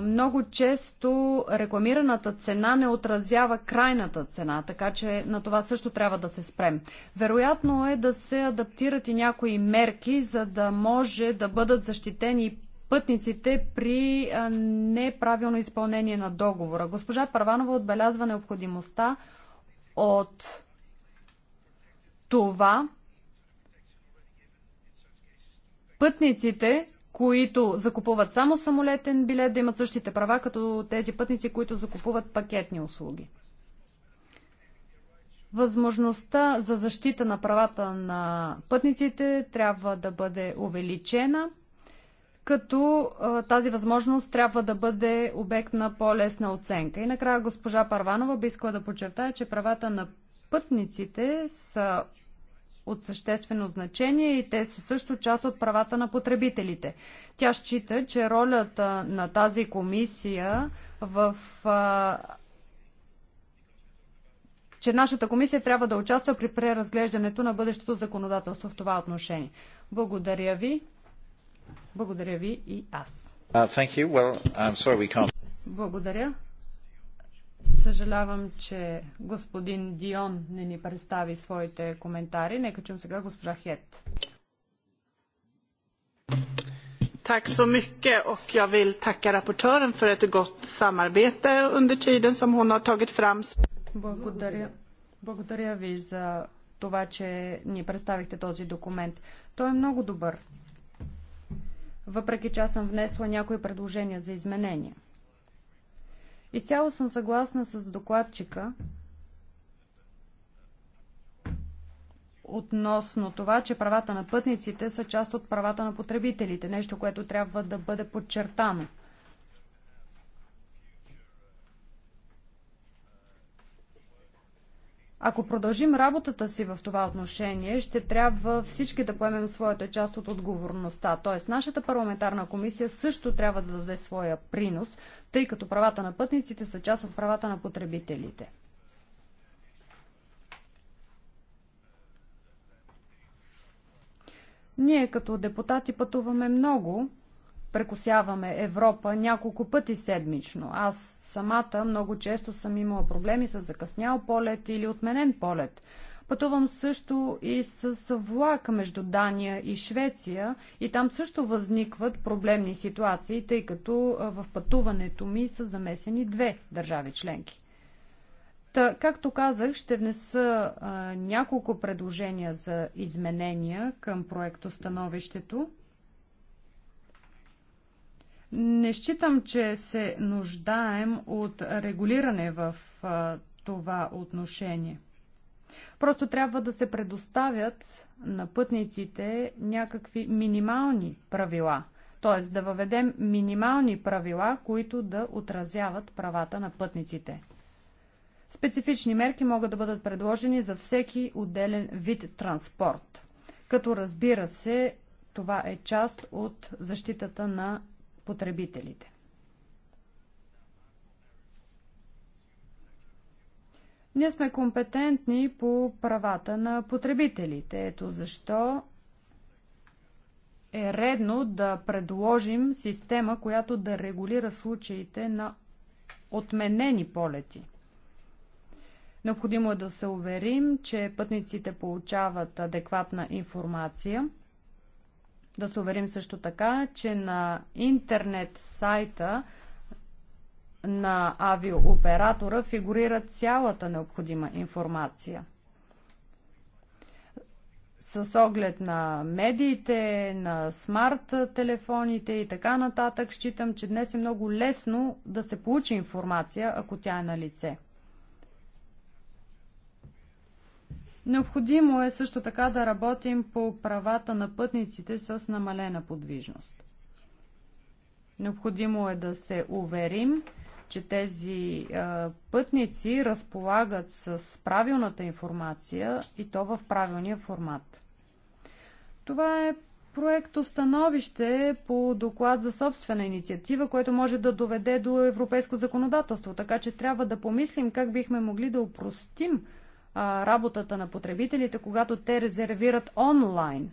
много често рекламираната цена не отразява крайната цена, така че на това също трябва да се спрем. Вероятно е да се адаптират и някои мерки, за да може да бъдат защитени пътниците при неправилно изпълнение на договора. Госпожа Парванова отбелязва необходимостта от това пътниците които закупуват само самолетен билет, да имат същите права, като тези пътници, които закупуват пакетни услуги. Възможността за защита на правата на пътниците трябва да бъде увеличена, като тази възможност трябва да бъде обект на по-лесна оценка. И накрая госпожа Парванова би искала да подчертая, че правата на пътниците са от съществено значение и те са също част от правата на потребителите. Тя счита, че ролята на тази комисия в че нашата комисия трябва да участва при преразглеждането на бъдещото законодателство в това отношение. Благодаря ви. Благодаря ви и аз. Uh, Благодаря. Съжалявам, че господин Дион не ни представи своите коментари. Нека чум сега госпожа Хет. Tack så mycket och jag vill tacka rapportören för ett gott samarbete under tiden som hon har tagit fram. Благодаря. ви за това, че ни представихте този документ. Той е много добър. Въпреки че аз съм внесла някои предложения за изменения. Изцяло съм съгласна с докладчика относно това, че правата на пътниците са част от правата на потребителите, нещо, което трябва да бъде подчертано – Ако продължим работата си в това отношение, ще трябва всички да поемем своята част от отговорността. Тоест, нашата парламентарна комисия също трябва да даде своя принос, тъй като правата на пътниците са част от правата на потребителите. Ние като депутати пътуваме много, прекосяваме Европа няколко пъти седмично. Аз самата много често съм имала проблеми с закъснял полет или отменен полет. Пътувам също и с влак между Дания и Швеция и там също възникват проблемни ситуации, тъй като в пътуването ми са замесени две държави членки. Та, както казах, ще внеса а, няколко предложения за изменения към проекто становището не считам, че се нуждаем от регулиране в а, това отношение. Просто трябва да се предоставят на пътниците някакви минимални правила, т.е. да въведем минимални правила, които да отразяват правата на пътниците. Специфични мерки могат да бъдат предложени за всеки отделен вид транспорт, като разбира се, това е част от защитата на потребителите. Ние сме компетентни по правата на потребителите. Ето защо е редно да предложим система, която да регулира случаите на отменени полети. Необходимо е да се уверим, че пътниците получават адекватна информация – да се уверим също така, че на интернет сайта на авиооператора фигурира цялата необходима информация. С оглед на медиите, на смарт телефоните и така нататък, считам, че днес е много лесно да се получи информация, ако тя е на лице. Необходимо е също така да работим по правата на пътниците с намалена подвижност. Необходимо е да се уверим, че тези пътници разполагат с правилната информация и то в правилния формат. Това е проект становище по доклад за собствена инициатива, което може да доведе до европейско законодателство, така че трябва да помислим как бихме могли да упростим а, работата на потребителите, когато те резервират онлайн.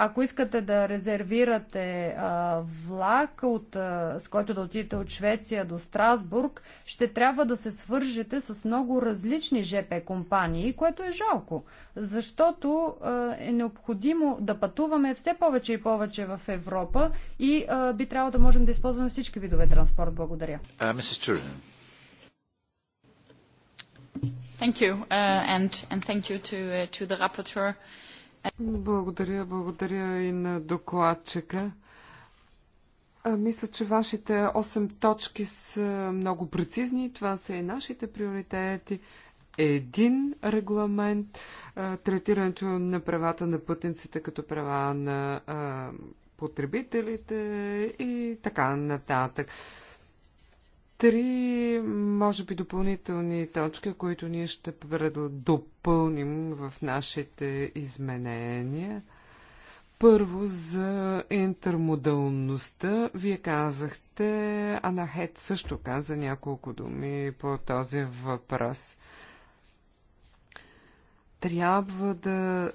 Ако искате да резервирате а, влак, от, а, с който да отидете от Швеция до Страсбург, ще трябва да се свържете с много различни ЖП компании, което е жалко, защото а, е необходимо да пътуваме все повече и повече в Европа и а, би трябвало да можем да използваме всички видове транспорт. Благодаря. Uh, Thank you, uh, and, and thank you to, uh, to the rapporteur. Благодаря, благодаря и на докладчика. Мисля, че вашите 8 точки са много прецизни. Това са и нашите приоритети. Един регламент, третирането на правата на пътниците като права на потребителите и така нататък три, може би, допълнителни точки, които ние ще допълним в нашите изменения. Първо за интермодалността. Вие казахте, Хет също каза няколко думи по този въпрос. Трябва да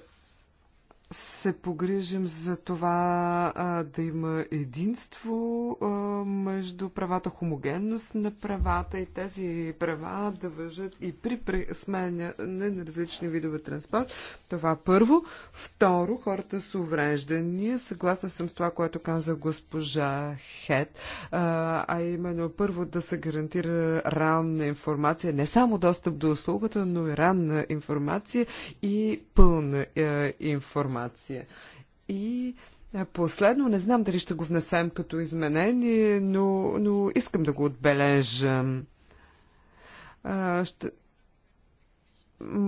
се погрижим за това а, да има единство а, между правата, хомогенност на правата и тези права да въжат и при сменяне на различни видове транспорт. Това първо. Второ, хората с увреждания. Съгласна съм с това, което каза госпожа Хет, а, а именно първо да се гарантира ранна информация, не само достъп до услугата, но и ранна информация и пълна а, информация информация. И е, последно, не знам дали ще го внесем като изменение, но, но искам да го отбележа. Е, ще...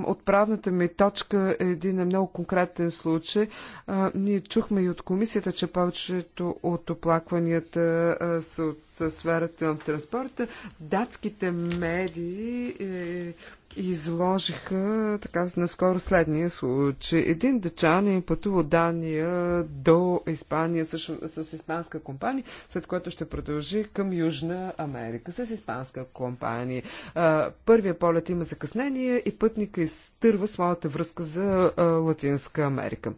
Отправната ми точка е един много конкретен случай. А, е, ние чухме и от комисията, че повечето от оплакванията а, са от сферата на транспорта. Датските медии е, изложиха така наскоро следния случай. Един дъчан пътува е пътувал Дания до Испания с, с испанска компания, след което ще продължи към Южна Америка с испанска компания. първия полет има закъснение и пътника изтърва своята връзка за Латинска Америка.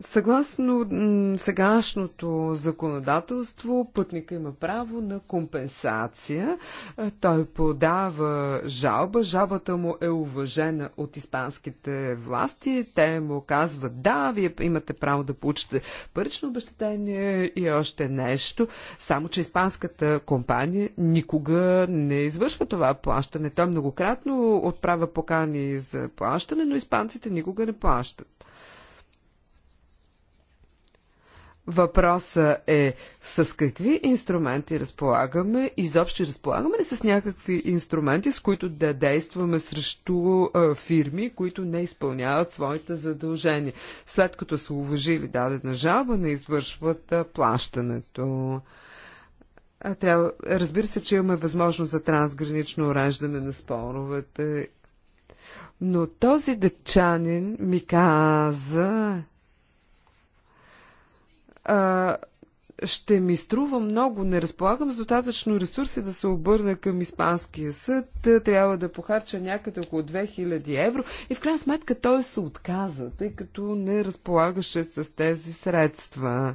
Съгласно сегашното законодателство, пътника има право на компенсация. Е, той подава жалба. Жалбата му е уважена от испанските власти. Те му казват, да, вие имате право да получите парично обещетение и още нещо. Само, че испанската компания никога не извършва това плащане. Той многократно отправя покани за плащане, но испанците никога не плащат. Въпросът е с какви инструменти разполагаме, изобщо разполагаме ли с някакви инструменти, с които да действаме срещу а, фирми, които не изпълняват своите задължения, след като са уважили дадена жалба, не извършват а, плащането. А, трябва, разбира се, че имаме възможност за трансгранично уреждане на споровете. Но този дъчанин ми каза, ще ми струва много. Не разполагам с достатъчно ресурси да се обърна към Испанския съд. Трябва да похарча някъде около 2000 евро. И в крайна сметка той се отказа, тъй като не разполагаше с тези средства.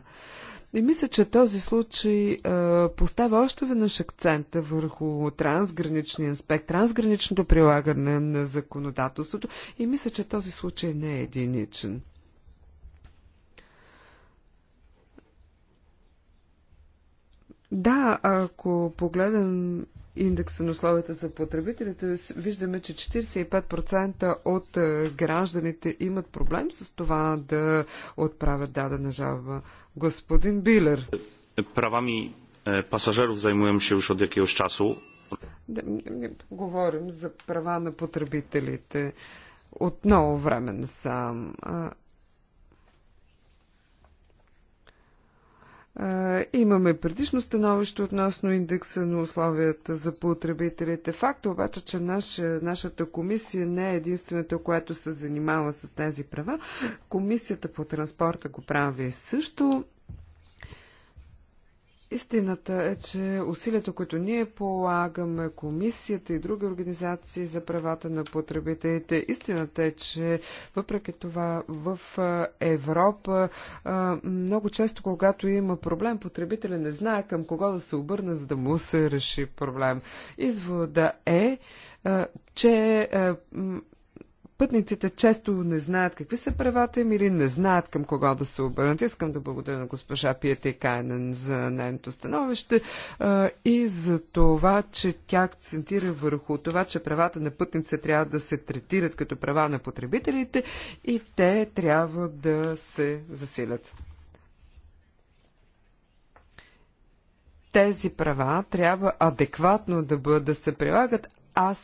И мисля, че този случай а, поставя още веднъж акцента върху трансграничния аспект, трансграничното прилагане на законодателството. И мисля, че този случай не е единичен. Да, ако погледам индекса на условията за потребителите, виждаме, че 45% от е, гражданите имат проблем с това да отправят дадена жалба. Господин Билер. Правами е, пасажиров займуем се уж от якогось часу. Да, говорим за права на потребителите. Отново време не сам. Имаме предишно становище относно индекса на условията за потребителите. Факт е обаче, че наша, нашата комисия не е единствената, която се занимава с тези права. Комисията по транспорта го прави също. Истината е, че усилията, които ние полагаме, комисията и други организации за правата на потребителите, истината е, че въпреки това в Европа много често, когато има проблем, потребителя не знае към кого да се обърне, за да му се реши проблем. Извода е, че Пътниците често не знаят какви са правата им или не знаят към кого да се обърнат. Искам да благодаря на госпожа Пиете Кайнен за нейното становище а, и за това, че тя акцентира върху това, че правата на пътниците трябва да се третират като права на потребителите и те трябва да се засилят. тези права трябва адекватно да бъдат да се прилагат, аз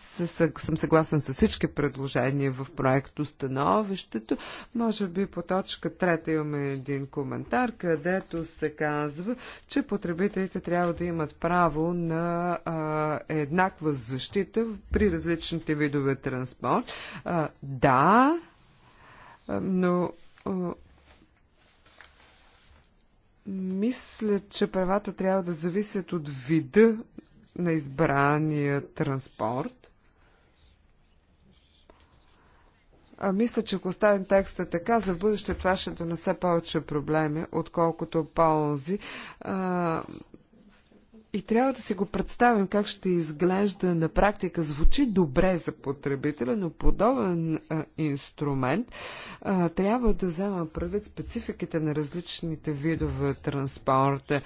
съм съгласен с всички предложения в проекто становището. Може би по точка трета имаме един коментар, където се казва, че потребителите трябва да имат право на а, еднаква защита при различните видове транспорт. А, да, но мисля, че правата трябва да зависят от вида на избрания транспорт. А, мисля, че ако оставим текста така, за бъдеще това ще донесе повече проблеми, отколкото ползи. А, и трябва да си го представим как ще изглежда на практика. Звучи добре за потребителя, но подобен а, инструмент а, трябва да взема правит спецификите на различните видове транспорта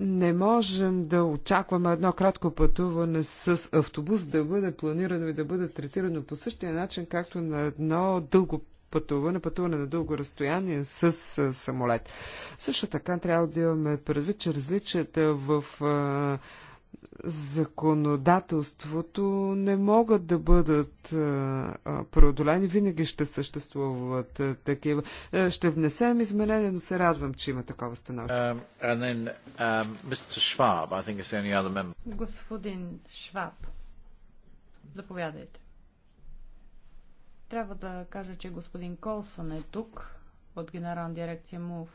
не можем да очакваме едно кратко пътуване с автобус да бъде планирано и да бъде третирано по същия начин, както на едно дълго пътуване, пътуване на дълго разстояние с самолет. Също така трябва да имаме предвид, че различията в законодателството не могат да бъдат преодолени. Винаги ще съществуват такива. Ще внесем изменения, но се радвам, че има такова становище. Um, um, Господин Шваб, заповядайте. Трябва да кажа, че господин Колсън е тук от генерална дирекция МУВ.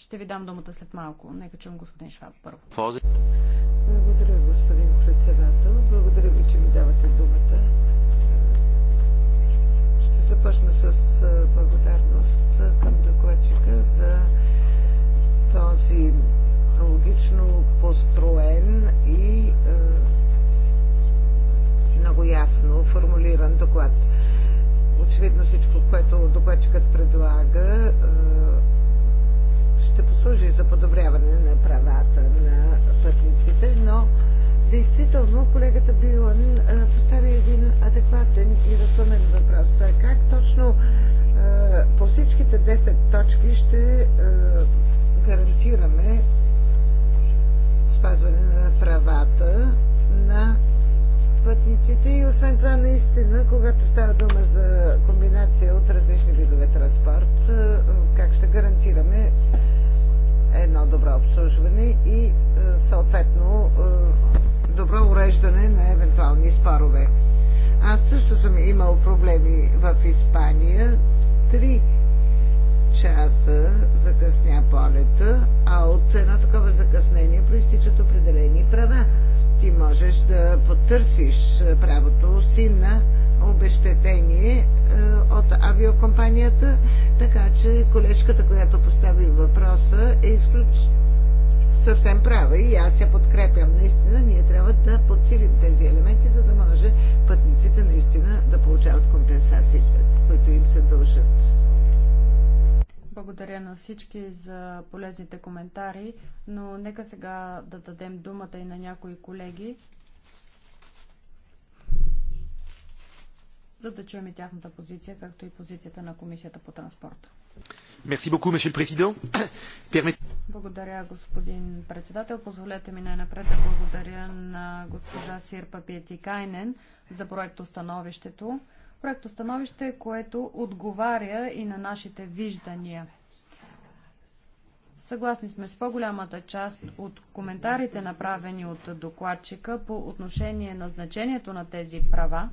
Ще ви дам думата след малко. Нека чум господин Шваб първо. Благодаря, господин председател. Благодаря ви, че ми давате думата. Ще започна с благодарност към докладчика за този логично построен и е, много ясно формулиран доклад. Очевидно всичко, което докладчикът предлага, е, ще послужи за подобряване на правата на пътниците, но действително колегата Билан постави един адекватен и разумен въпрос. Как точно по всичките 10 точки ще гарантираме спазване на правата на пътниците и освен това наистина, когато става дума за комбинация от различни видове транспорт, е, как ще гарантираме едно добро обслужване и е, съответно е, добро уреждане на евентуални спорове. Аз също съм имал проблеми в Испания. Три часа закъсня полета, а от едно такова закъснение проистичат определени права. Ти можеш да потърсиш правото си на обещетение е, от авиокомпанията, така че колежката, която постави въпроса, е изключ... съвсем права и аз я подкрепям. Наистина, ние трябва да подсилим тези елементи, за да може пътниците наистина да получават компенсациите, които им се дължат. Благодаря на всички за полезните коментари, но нека сега да дадем думата и на някои колеги, за да чуем и тяхната позиция, както и позицията на Комисията по транспорта. Благодаря, господин председател. Позволете ми най-напред да благодаря на госпожа Сирпа Пиетикайнен за проекто становището проектостановище, което отговаря и на нашите виждания. Съгласни сме с по-голямата част от коментарите, направени от докладчика по отношение на значението на тези права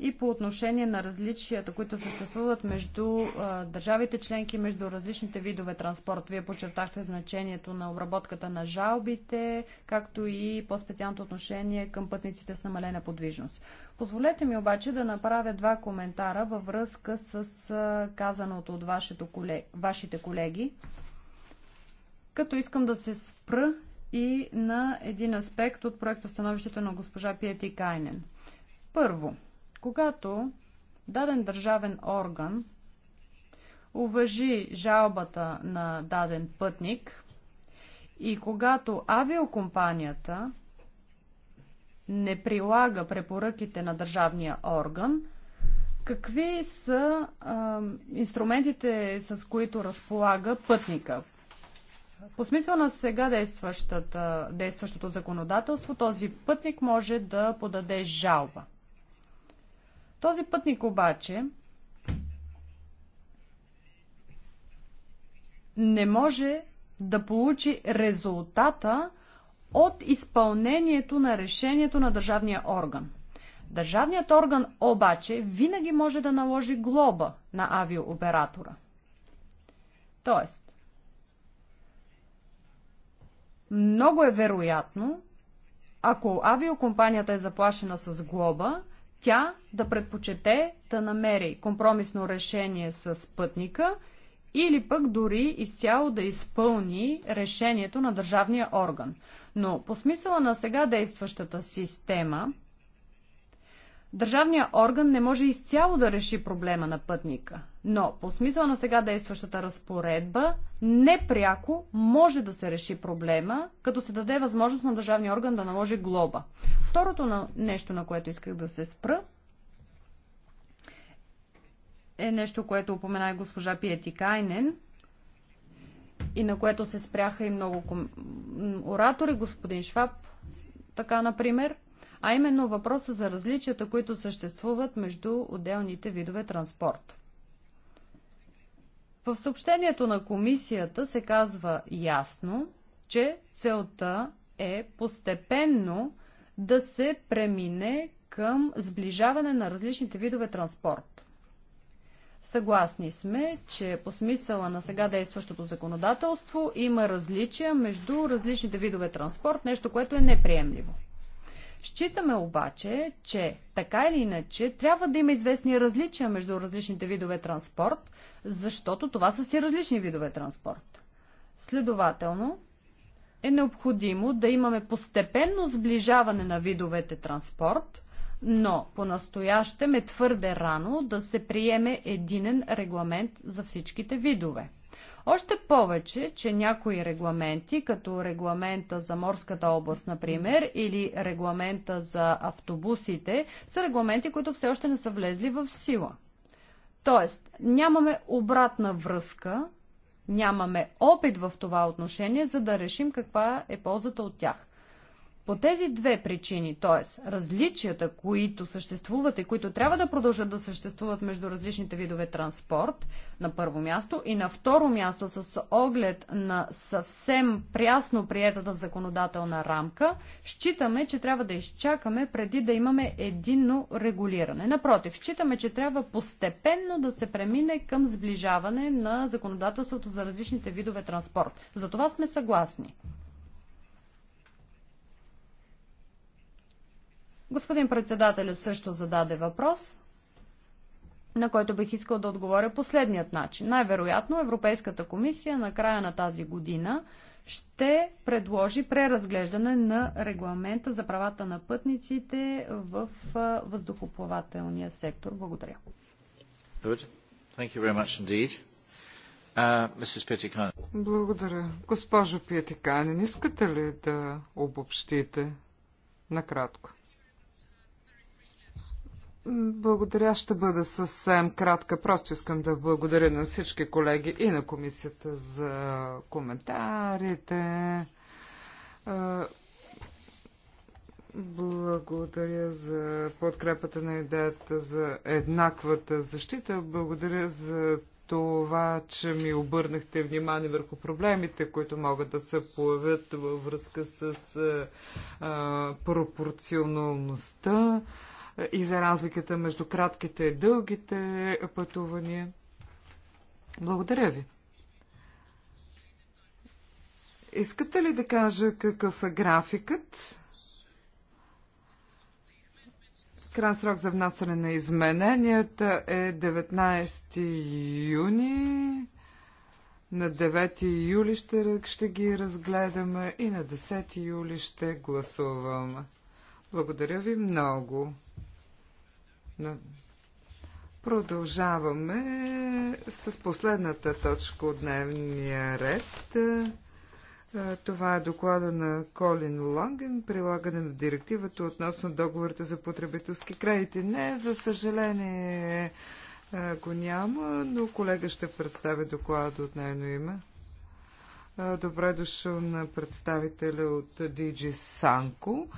и по отношение на различията, които съществуват между а, държавите членки, между различните видове транспорт. Вие подчертахте значението на обработката на жалбите, както и по-специалното отношение към пътниците с намалена подвижност. Позволете ми обаче да направя два коментара във връзка с а, казаното от колег... вашите колеги, като искам да се спра и на един аспект от проекта становището на госпожа Пиети Кайнен. Първо, когато даден държавен орган уважи жалбата на даден пътник и когато авиокомпанията не прилага препоръките на държавния орган, какви са а, инструментите, с които разполага пътника? По смисъл на сега действащото законодателство, този пътник може да подаде жалба. Този пътник обаче не може да получи резултата от изпълнението на решението на държавния орган. Държавният орган обаче винаги може да наложи глоба на авиооператора. Тоест, много е вероятно, ако авиокомпанията е заплашена с глоба, тя да предпочете да намери компромисно решение с пътника или пък дори изцяло да изпълни решението на държавния орган. Но по смисъла на сега действащата система, държавният орган не може изцяло да реши проблема на пътника. Но по смисъл на сега действащата разпоредба, непряко може да се реши проблема, като се даде възможност на държавния орган да наложи глоба. Второто на... нещо, на което исках да се спра, е нещо, което упомена и госпожа Пиети Кайнен и на което се спряха и много ком... оратори, господин Шваб, така например, а именно въпроса за различията, които съществуват между отделните видове транспорт. В съобщението на комисията се казва ясно, че целта е постепенно да се премине към сближаване на различните видове транспорт. Съгласни сме, че по смисъла на сега действащото законодателство има различия между различните видове транспорт, нещо, което е неприемливо. Считаме обаче, че така или иначе трябва да има известни различия между различните видове транспорт, защото това са си различни видове транспорт. Следователно, е необходимо да имаме постепенно сближаване на видовете транспорт, но по-настоящем е твърде рано да се приеме единен регламент за всичките видове. Още повече, че някои регламенти, като регламента за морската област, например, или регламента за автобусите, са регламенти, които все още не са влезли в сила. Тоест, нямаме обратна връзка, нямаме опит в това отношение, за да решим каква е ползата от тях. По тези две причини, т.е. различията, които съществуват и които трябва да продължат да съществуват между различните видове транспорт, на първо място, и на второ място, с оглед на съвсем прясно приетата законодателна рамка, считаме, че трябва да изчакаме преди да имаме единно регулиране. Напротив, считаме, че трябва постепенно да се премине към сближаване на законодателството за различните видове транспорт. За това сме съгласни. Господин председателят също зададе въпрос, на който бих искал да отговоря последният начин. Най-вероятно Европейската комисия на края на тази година ще предложи преразглеждане на регламента за правата на пътниците в въздухоплавателния сектор. Благодаря. Uh, Благодаря. Госпожо Пиетикани, искате ли да обобщите накратко? Благодаря, ще бъда съвсем кратка. Просто искам да благодаря на всички колеги и на комисията за коментарите. Благодаря за подкрепата на идеята за еднаквата защита. Благодаря за това, че ми обърнахте внимание върху проблемите, които могат да се появят във връзка с пропорционалността и за разликата между кратките и дългите пътувания. Благодаря ви. Искате ли да кажа какъв е графикът? Крайен срок за внасяне на измененията е 19 юни. На 9 юли ще, ще ги разгледаме и на 10 юли ще гласуваме. Благодаря ви много. Продължаваме с последната точка от дневния ред. Е, е, това е доклада на Колин Лонген. прилагане на директивата относно договорите за потребителски кредити. Не, за съжаление е, го няма, но колега ще представи доклада от нейно име. Добре дошъл на представителя от Диджи Санко,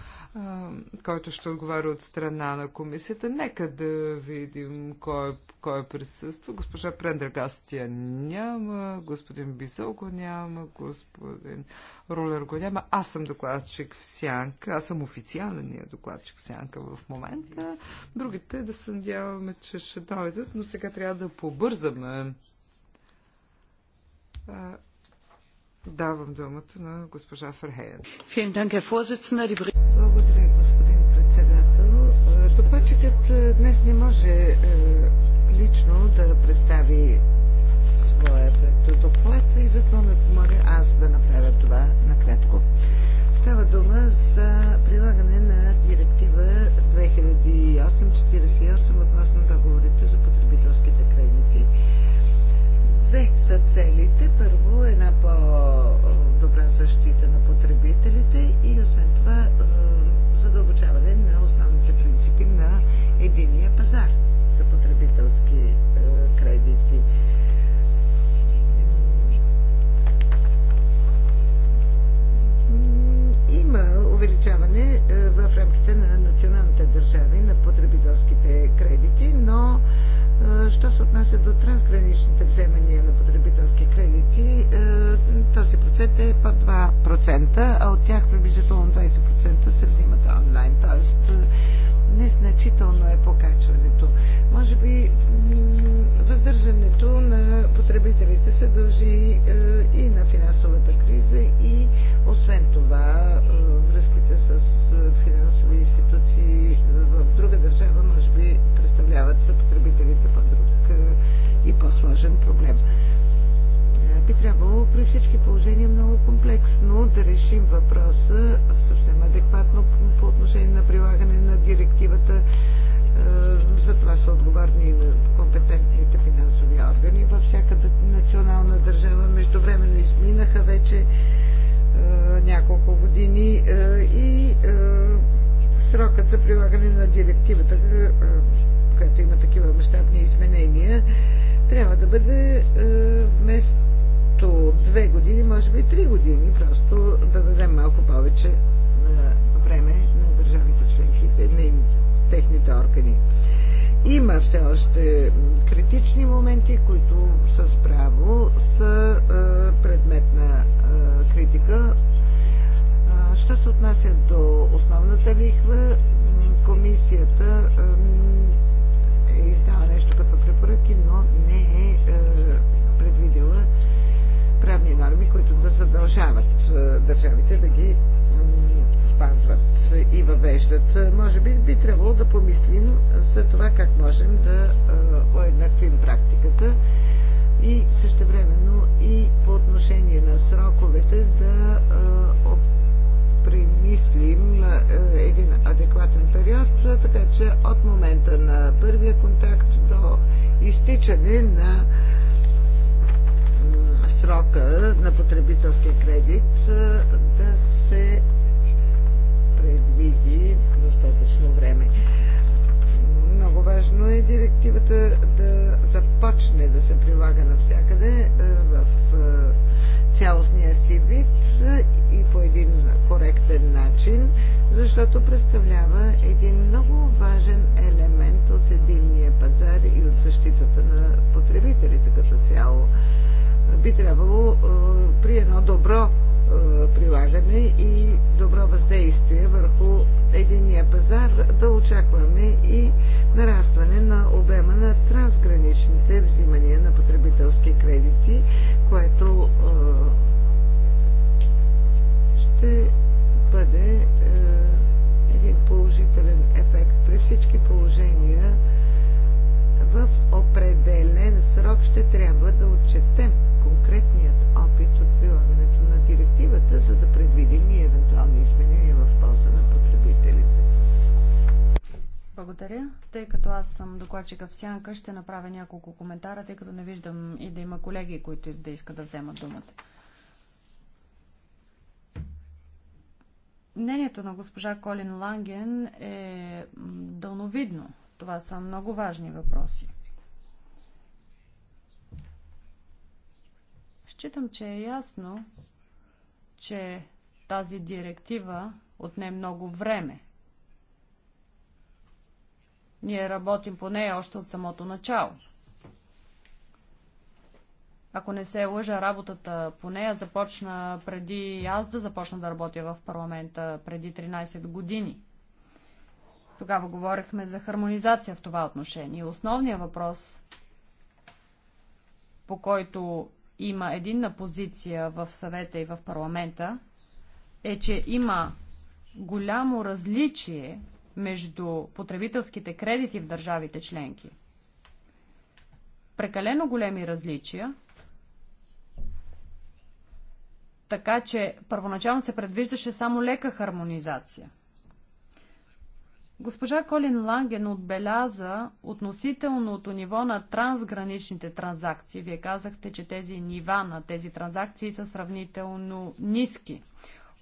който ще отговаря от страна на комисията. Нека да видим кой, кой е присъства. Госпожа Прендергастия няма, господин Бисъл го няма, господин Рулер го няма. Аз съм докладчик в Сянка. Аз съм официалният докладчик в Сянка в момента. Другите да се надяваме, че ще дойдат, но сега трябва да побързаме Давам думата на госпожа Фархея. Благодаря, господин председател. Е, докладчикът е, днес не може е, лично да представи своя доклад и затова ме помага аз да направя това накратко. Става дума за прилагане на директива 2008-48 относно договорите за потребителските кредити Две са целите. Първо, една по-добра защита на потребителите и освен това е, задълбочаване на основните принципи на единия пазар за потребителски увеличаване е, в рамките на националните държави на потребителските кредити, но е, що се отнася до трансграничните вземания на потребителски кредити, е, този процент е под 2%, а от тях приблизително 20% се взимат онлайн. Тоест, незначително е покачването. Може би Въздържането на потребителите се дължи е, и на финансовата криза и освен това е, връзките с е, финансови институции в друга държава може би представляват за потребителите по-друг и по-сложен проблем. Би трябвало при всички положения много комплексно да решим въпроса съвсем адекватно по отношение на прилагане на директивата е, за това са отговорни и компетентните финансови органи във всяка национална държава. Междувременно изминаха вече е, няколко години е, и срокът за прилагане на директивата, която има такива мащабни изменения, трябва да бъде вместо две години, може би три години, просто да дадем малко повече време на държавите членки, на техните органи. Има все още критични моменти, които с право са е, предмет на е, критика. Е, що се отнася до основната лихва, комисията е издала нещо като препоръки, но не е предвидела правни норми, които да задължават държавите да ги спазват и въвеждат. Може би би трябвало да помислим за това как можем да уеднаквим практиката и същевременно и по отношение на сроковете да примислим един адекватен период, така че от момента на първия контакт до изтичане на срока на потребителския кредит да се предвиди достатъчно време. Много важно е директивата да започне да се прилага навсякъде е, в е, цялостния си вид е, и по един коректен начин, защото представлява един много важен елемент от единния пазар и от защитата на потребителите като цяло. Би трябвало при едно добро прилагане и добро въздействие върху единния пазар, да очакваме и нарастване на обема на трансграничните взимания на потребителски кредити, което ще бъде един положителен ефект при всички положения в определен срок ще трябва да отчетем конкретният опит директивата, за да предвидим и евентуални изменения в полза на потребителите. Благодаря. Тъй като аз съм докладчика в Сянка, ще направя няколко коментара, тъй като не виждам и да има колеги, които да искат да вземат думата. Мнението на госпожа Колин Ланген е дълновидно. Това са много важни въпроси. Считам, че е ясно, че тази директива отне много време. Ние работим по нея още от самото начало. Ако не се лъжа, работата по нея започна преди аз да започна да работя в парламента преди 13 години. Тогава говорихме за хармонизация в това отношение. Основният въпрос, по който има единна позиция в съвета и в парламента, е, че има голямо различие между потребителските кредити в държавите членки. Прекалено големи различия, така че първоначално се предвиждаше само лека хармонизация – Госпожа Колин Ланген отбеляза относителното ниво на трансграничните транзакции. Вие казахте, че тези нива на тези транзакции са сравнително ниски.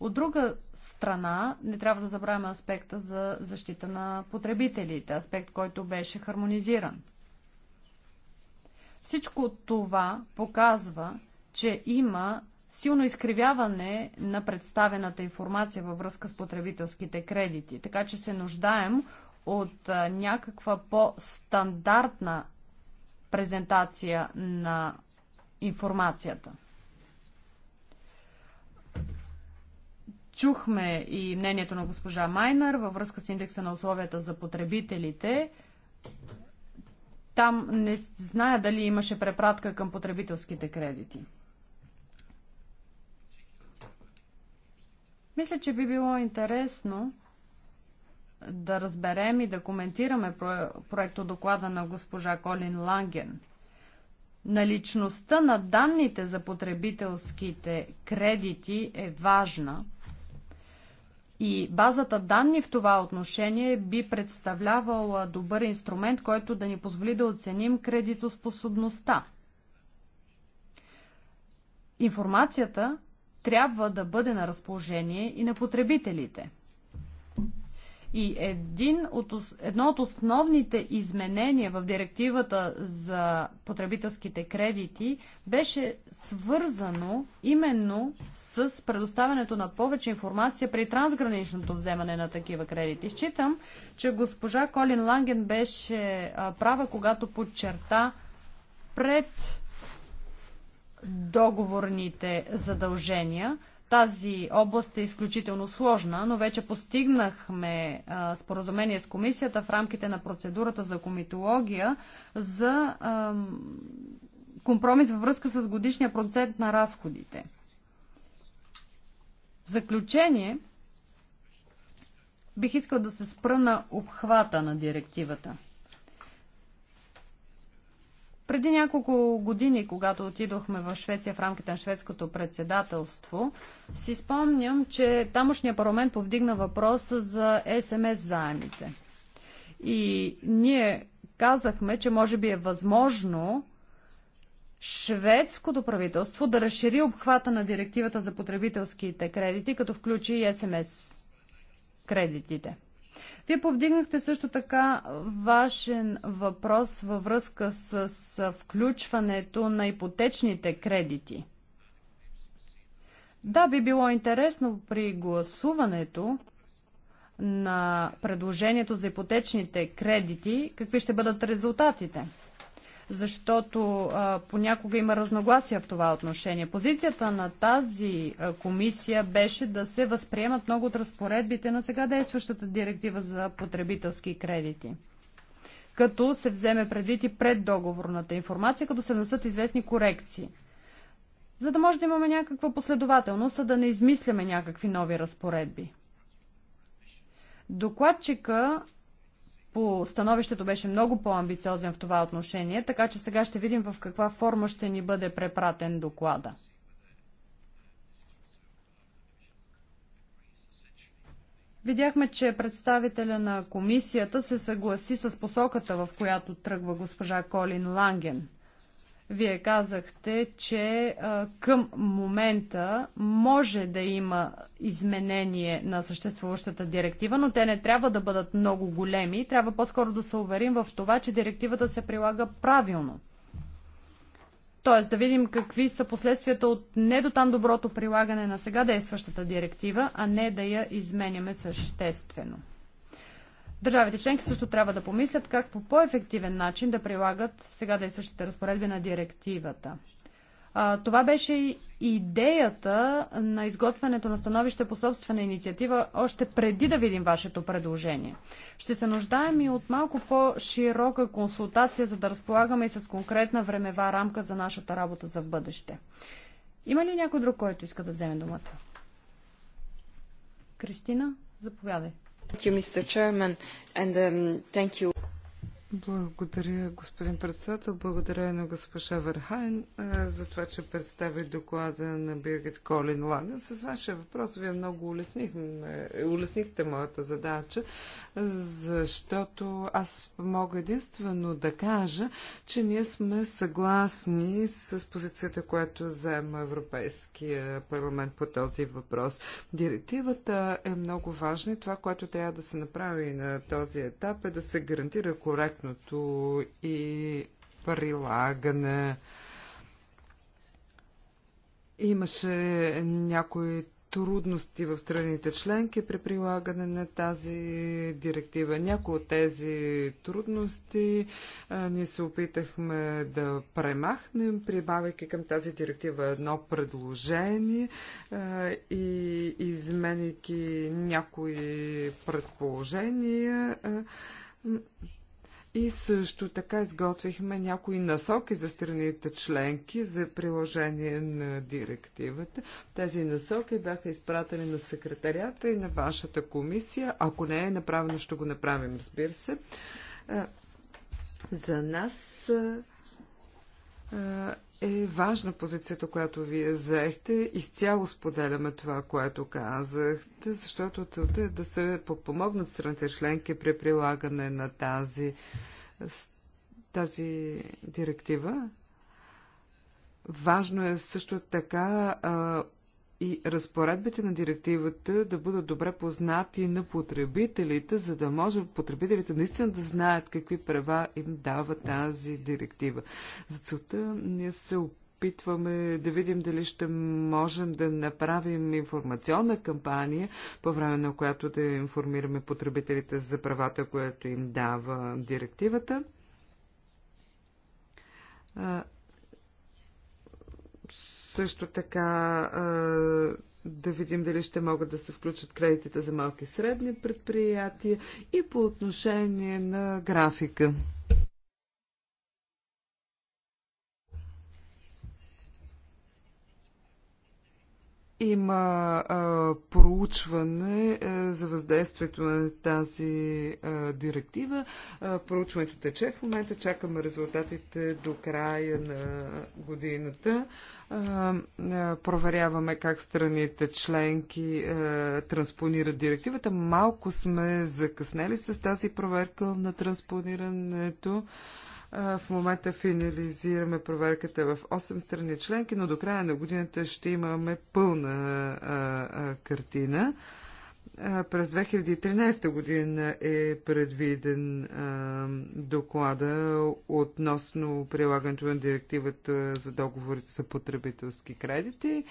От друга страна, не трябва да забравяме аспекта за защита на потребителите, аспект, който беше хармонизиран. Всичко това показва, че има силно изкривяване на представената информация във връзка с потребителските кредити. Така че се нуждаем от някаква по-стандартна презентация на информацията. Чухме и мнението на госпожа Майнер във връзка с индекса на условията за потребителите. Там не зная дали имаше препратка към потребителските кредити. Мисля, че би било интересно да разберем и да коментираме проекто доклада на госпожа Колин Ланген. Наличността на данните за потребителските кредити е важна и базата данни в това отношение би представлявала добър инструмент, който да ни позволи да оценим кредитоспособността. Информацията трябва да бъде на разположение и на потребителите. И един от, едно от основните изменения в директивата за потребителските кредити беше свързано именно с предоставянето на повече информация при трансграничното вземане на такива кредити. Считам, че госпожа Колин Ланген беше права, когато подчерта пред договорните задължения. Тази област е изключително сложна, но вече постигнахме споразумение с комисията в рамките на процедурата за комитология за компромис във връзка с годишния процент на разходите. В заключение, бих искал да се спра на обхвата на директивата – преди няколко години, когато отидохме в Швеция в рамките на шведското председателство, си спомням, че тамошния парламент повдигна въпроса за СМС заемите. И ние казахме, че може би е възможно шведското правителство да разшири обхвата на директивата за потребителските кредити, като включи и СМС кредитите. Вие повдигнахте също така вашен въпрос във връзка с включването на ипотечните кредити. Да, би било интересно при гласуването на предложението за ипотечните кредити, какви ще бъдат резултатите защото а, понякога има разногласия в това отношение. Позицията на тази а, комисия беше да се възприемат много от разпоредбите на сега действащата директива за потребителски кредити като се вземе предвид и преддоговорната информация, като се внесат известни корекции. За да може да имаме някаква последователност, а да не измисляме някакви нови разпоредби. Докладчика по становището беше много по-амбициозен в това отношение, така че сега ще видим в каква форма ще ни бъде препратен доклада. Видяхме, че представителя на комисията се съгласи с посоката, в която тръгва госпожа Колин Ланген – вие казахте, че а, към момента може да има изменение на съществуващата директива, но те не трябва да бъдат много големи. Трябва по-скоро да се уверим в това, че директивата се прилага правилно. Тоест да видим какви са последствията от не до там доброто прилагане на сега действащата директива, а не да я изменяме съществено. Държавите членки също трябва да помислят как по по-ефективен начин да прилагат сега действащите разпоредби на директивата. А, това беше и идеята на изготвянето на становище по собствена инициатива още преди да видим вашето предложение. Ще се нуждаем и от малко по-широка консултация, за да разполагаме и с конкретна времева рамка за нашата работа за бъдеще. Има ли някой друг, който иска да вземе думата? Кристина, заповядай. Thank you, Mr. Chairman, and um, thank you. Благодаря, господин председател. Благодаря на госпожа Верхайн за това, че представи доклада на Биргет Колин Лаген. С вашия въпрос вие много улеснихме, улеснихте моята задача, защото аз мога единствено да кажа, че ние сме съгласни с позицията, която заема Европейския парламент по този въпрос. Директивата е много важна и това, което трябва да се направи на този етап е да се гарантира коректно съответното и прилагане. Имаше някои трудности в страните членки при прилагане на тази директива. Някои от тези трудности а, ние се опитахме да премахнем, прибавяйки към тази директива едно предложение а, и изменяйки някои предположения. А, и също така изготвихме някои насоки за страните членки за приложение на директивата. Тези насоки бяха изпратени на секретарията и на вашата комисия. Ако не е направено, ще го направим, разбира се. За нас е важна позицията, която вие заехте. Изцяло споделяме това, което казахте, защото целта е да се подпомогнат страните членки при прилагане на тази, тази директива. Важно е също така а, и разпоредбите на директивата да бъдат добре познати на потребителите, за да може потребителите наистина да знаят какви права им дава тази директива. За целта ние се опитваме да видим дали ще можем да направим информационна кампания, по време на която да информираме потребителите за правата, което им дава директивата също така да видим дали ще могат да се включат кредитите за малки и средни предприятия и по отношение на графика. Има а, проучване а, е, за въздействието на тази а, директива. А, проучването тече в момента. Чакаме резултатите до края на годината. А, а, проверяваме как страните членки а, транспонират директивата. Малко сме закъснели с тази проверка на транспонирането. А, в момента финализираме проверката в 8 страни членки, но до края на годината ще имаме пълна картина. През 2013 година е предвиден доклада относно прилагането на директивата за договорите за потребителски кредити.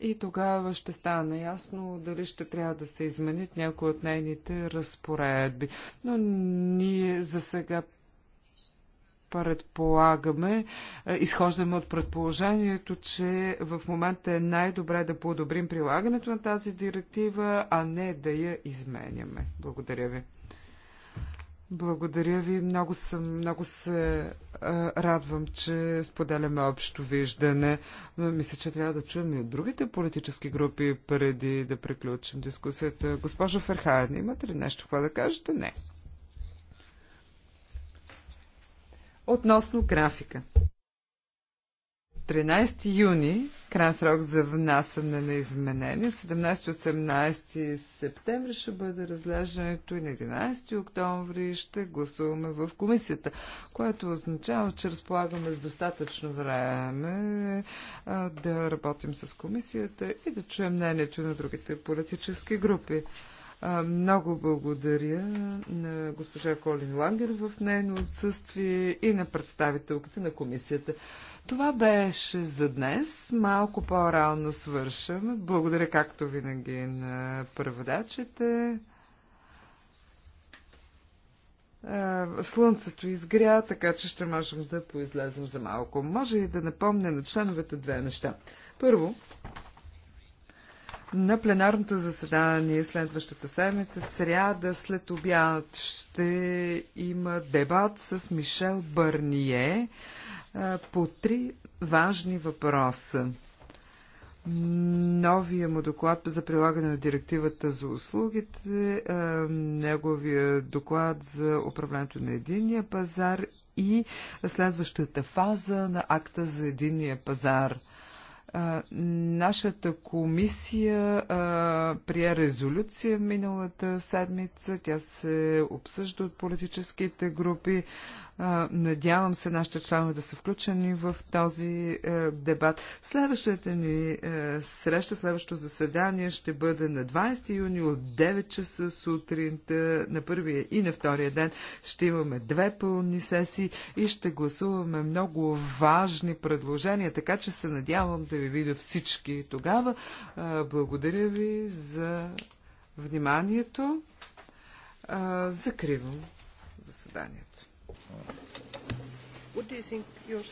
И тогава ще стане ясно дали ще трябва да се изменят някои от нейните разпоредби. Но ние за сега предполагаме, е, изхождаме от предположението, че в момента е най-добре да подобрим прилагането на тази директива, а не да я изменяме. Благодаря ви. Благодаря ви. Много, съм, много се а, е, радвам, че споделяме общо виждане. Но мисля, че трябва да чуем и от другите политически групи преди да приключим дискусията. Госпожо Ферхайен, имате ли нещо какво да кажете? Не. Относно графика. 13 юни, крайен срок за внасяне на изменения, 17-18 септември ще бъде разглеждането и на 11 октомври ще гласуваме в комисията, което означава, че разполагаме с достатъчно време а, да работим с комисията и да чуем мнението на другите политически групи. Много благодаря на госпожа Колин Лангер в нейно отсъствие и на представителката на комисията. Това беше за днес. Малко по-рано свършваме. Благодаря, както винаги, на преводачите. Слънцето изгря, така че ще можем да поизлезем за малко. Може и да напомня на членовете две неща. Първо, на пленарното заседание следващата седмица, сряда след обяд, ще има дебат с Мишел Бърние по три важни въпроса. Новия му доклад за прилагане на директивата за услугите, неговия доклад за управлението на единния пазар и следващата фаза на акта за единния пазар – Нашата комисия прие резолюция миналата седмица. Тя се обсъжда от политическите групи. Надявам се нашите членове да са включени в този е, дебат. Следващата ни е, среща, следващото заседание ще бъде на 20 юни от 9 часа сутринта. На първия и на втория ден ще имаме две пълни сесии и ще гласуваме много важни предложения, така че се надявам да ви видя всички тогава. Е, благодаря ви за вниманието. Закривам заседанието. What do you think yourself?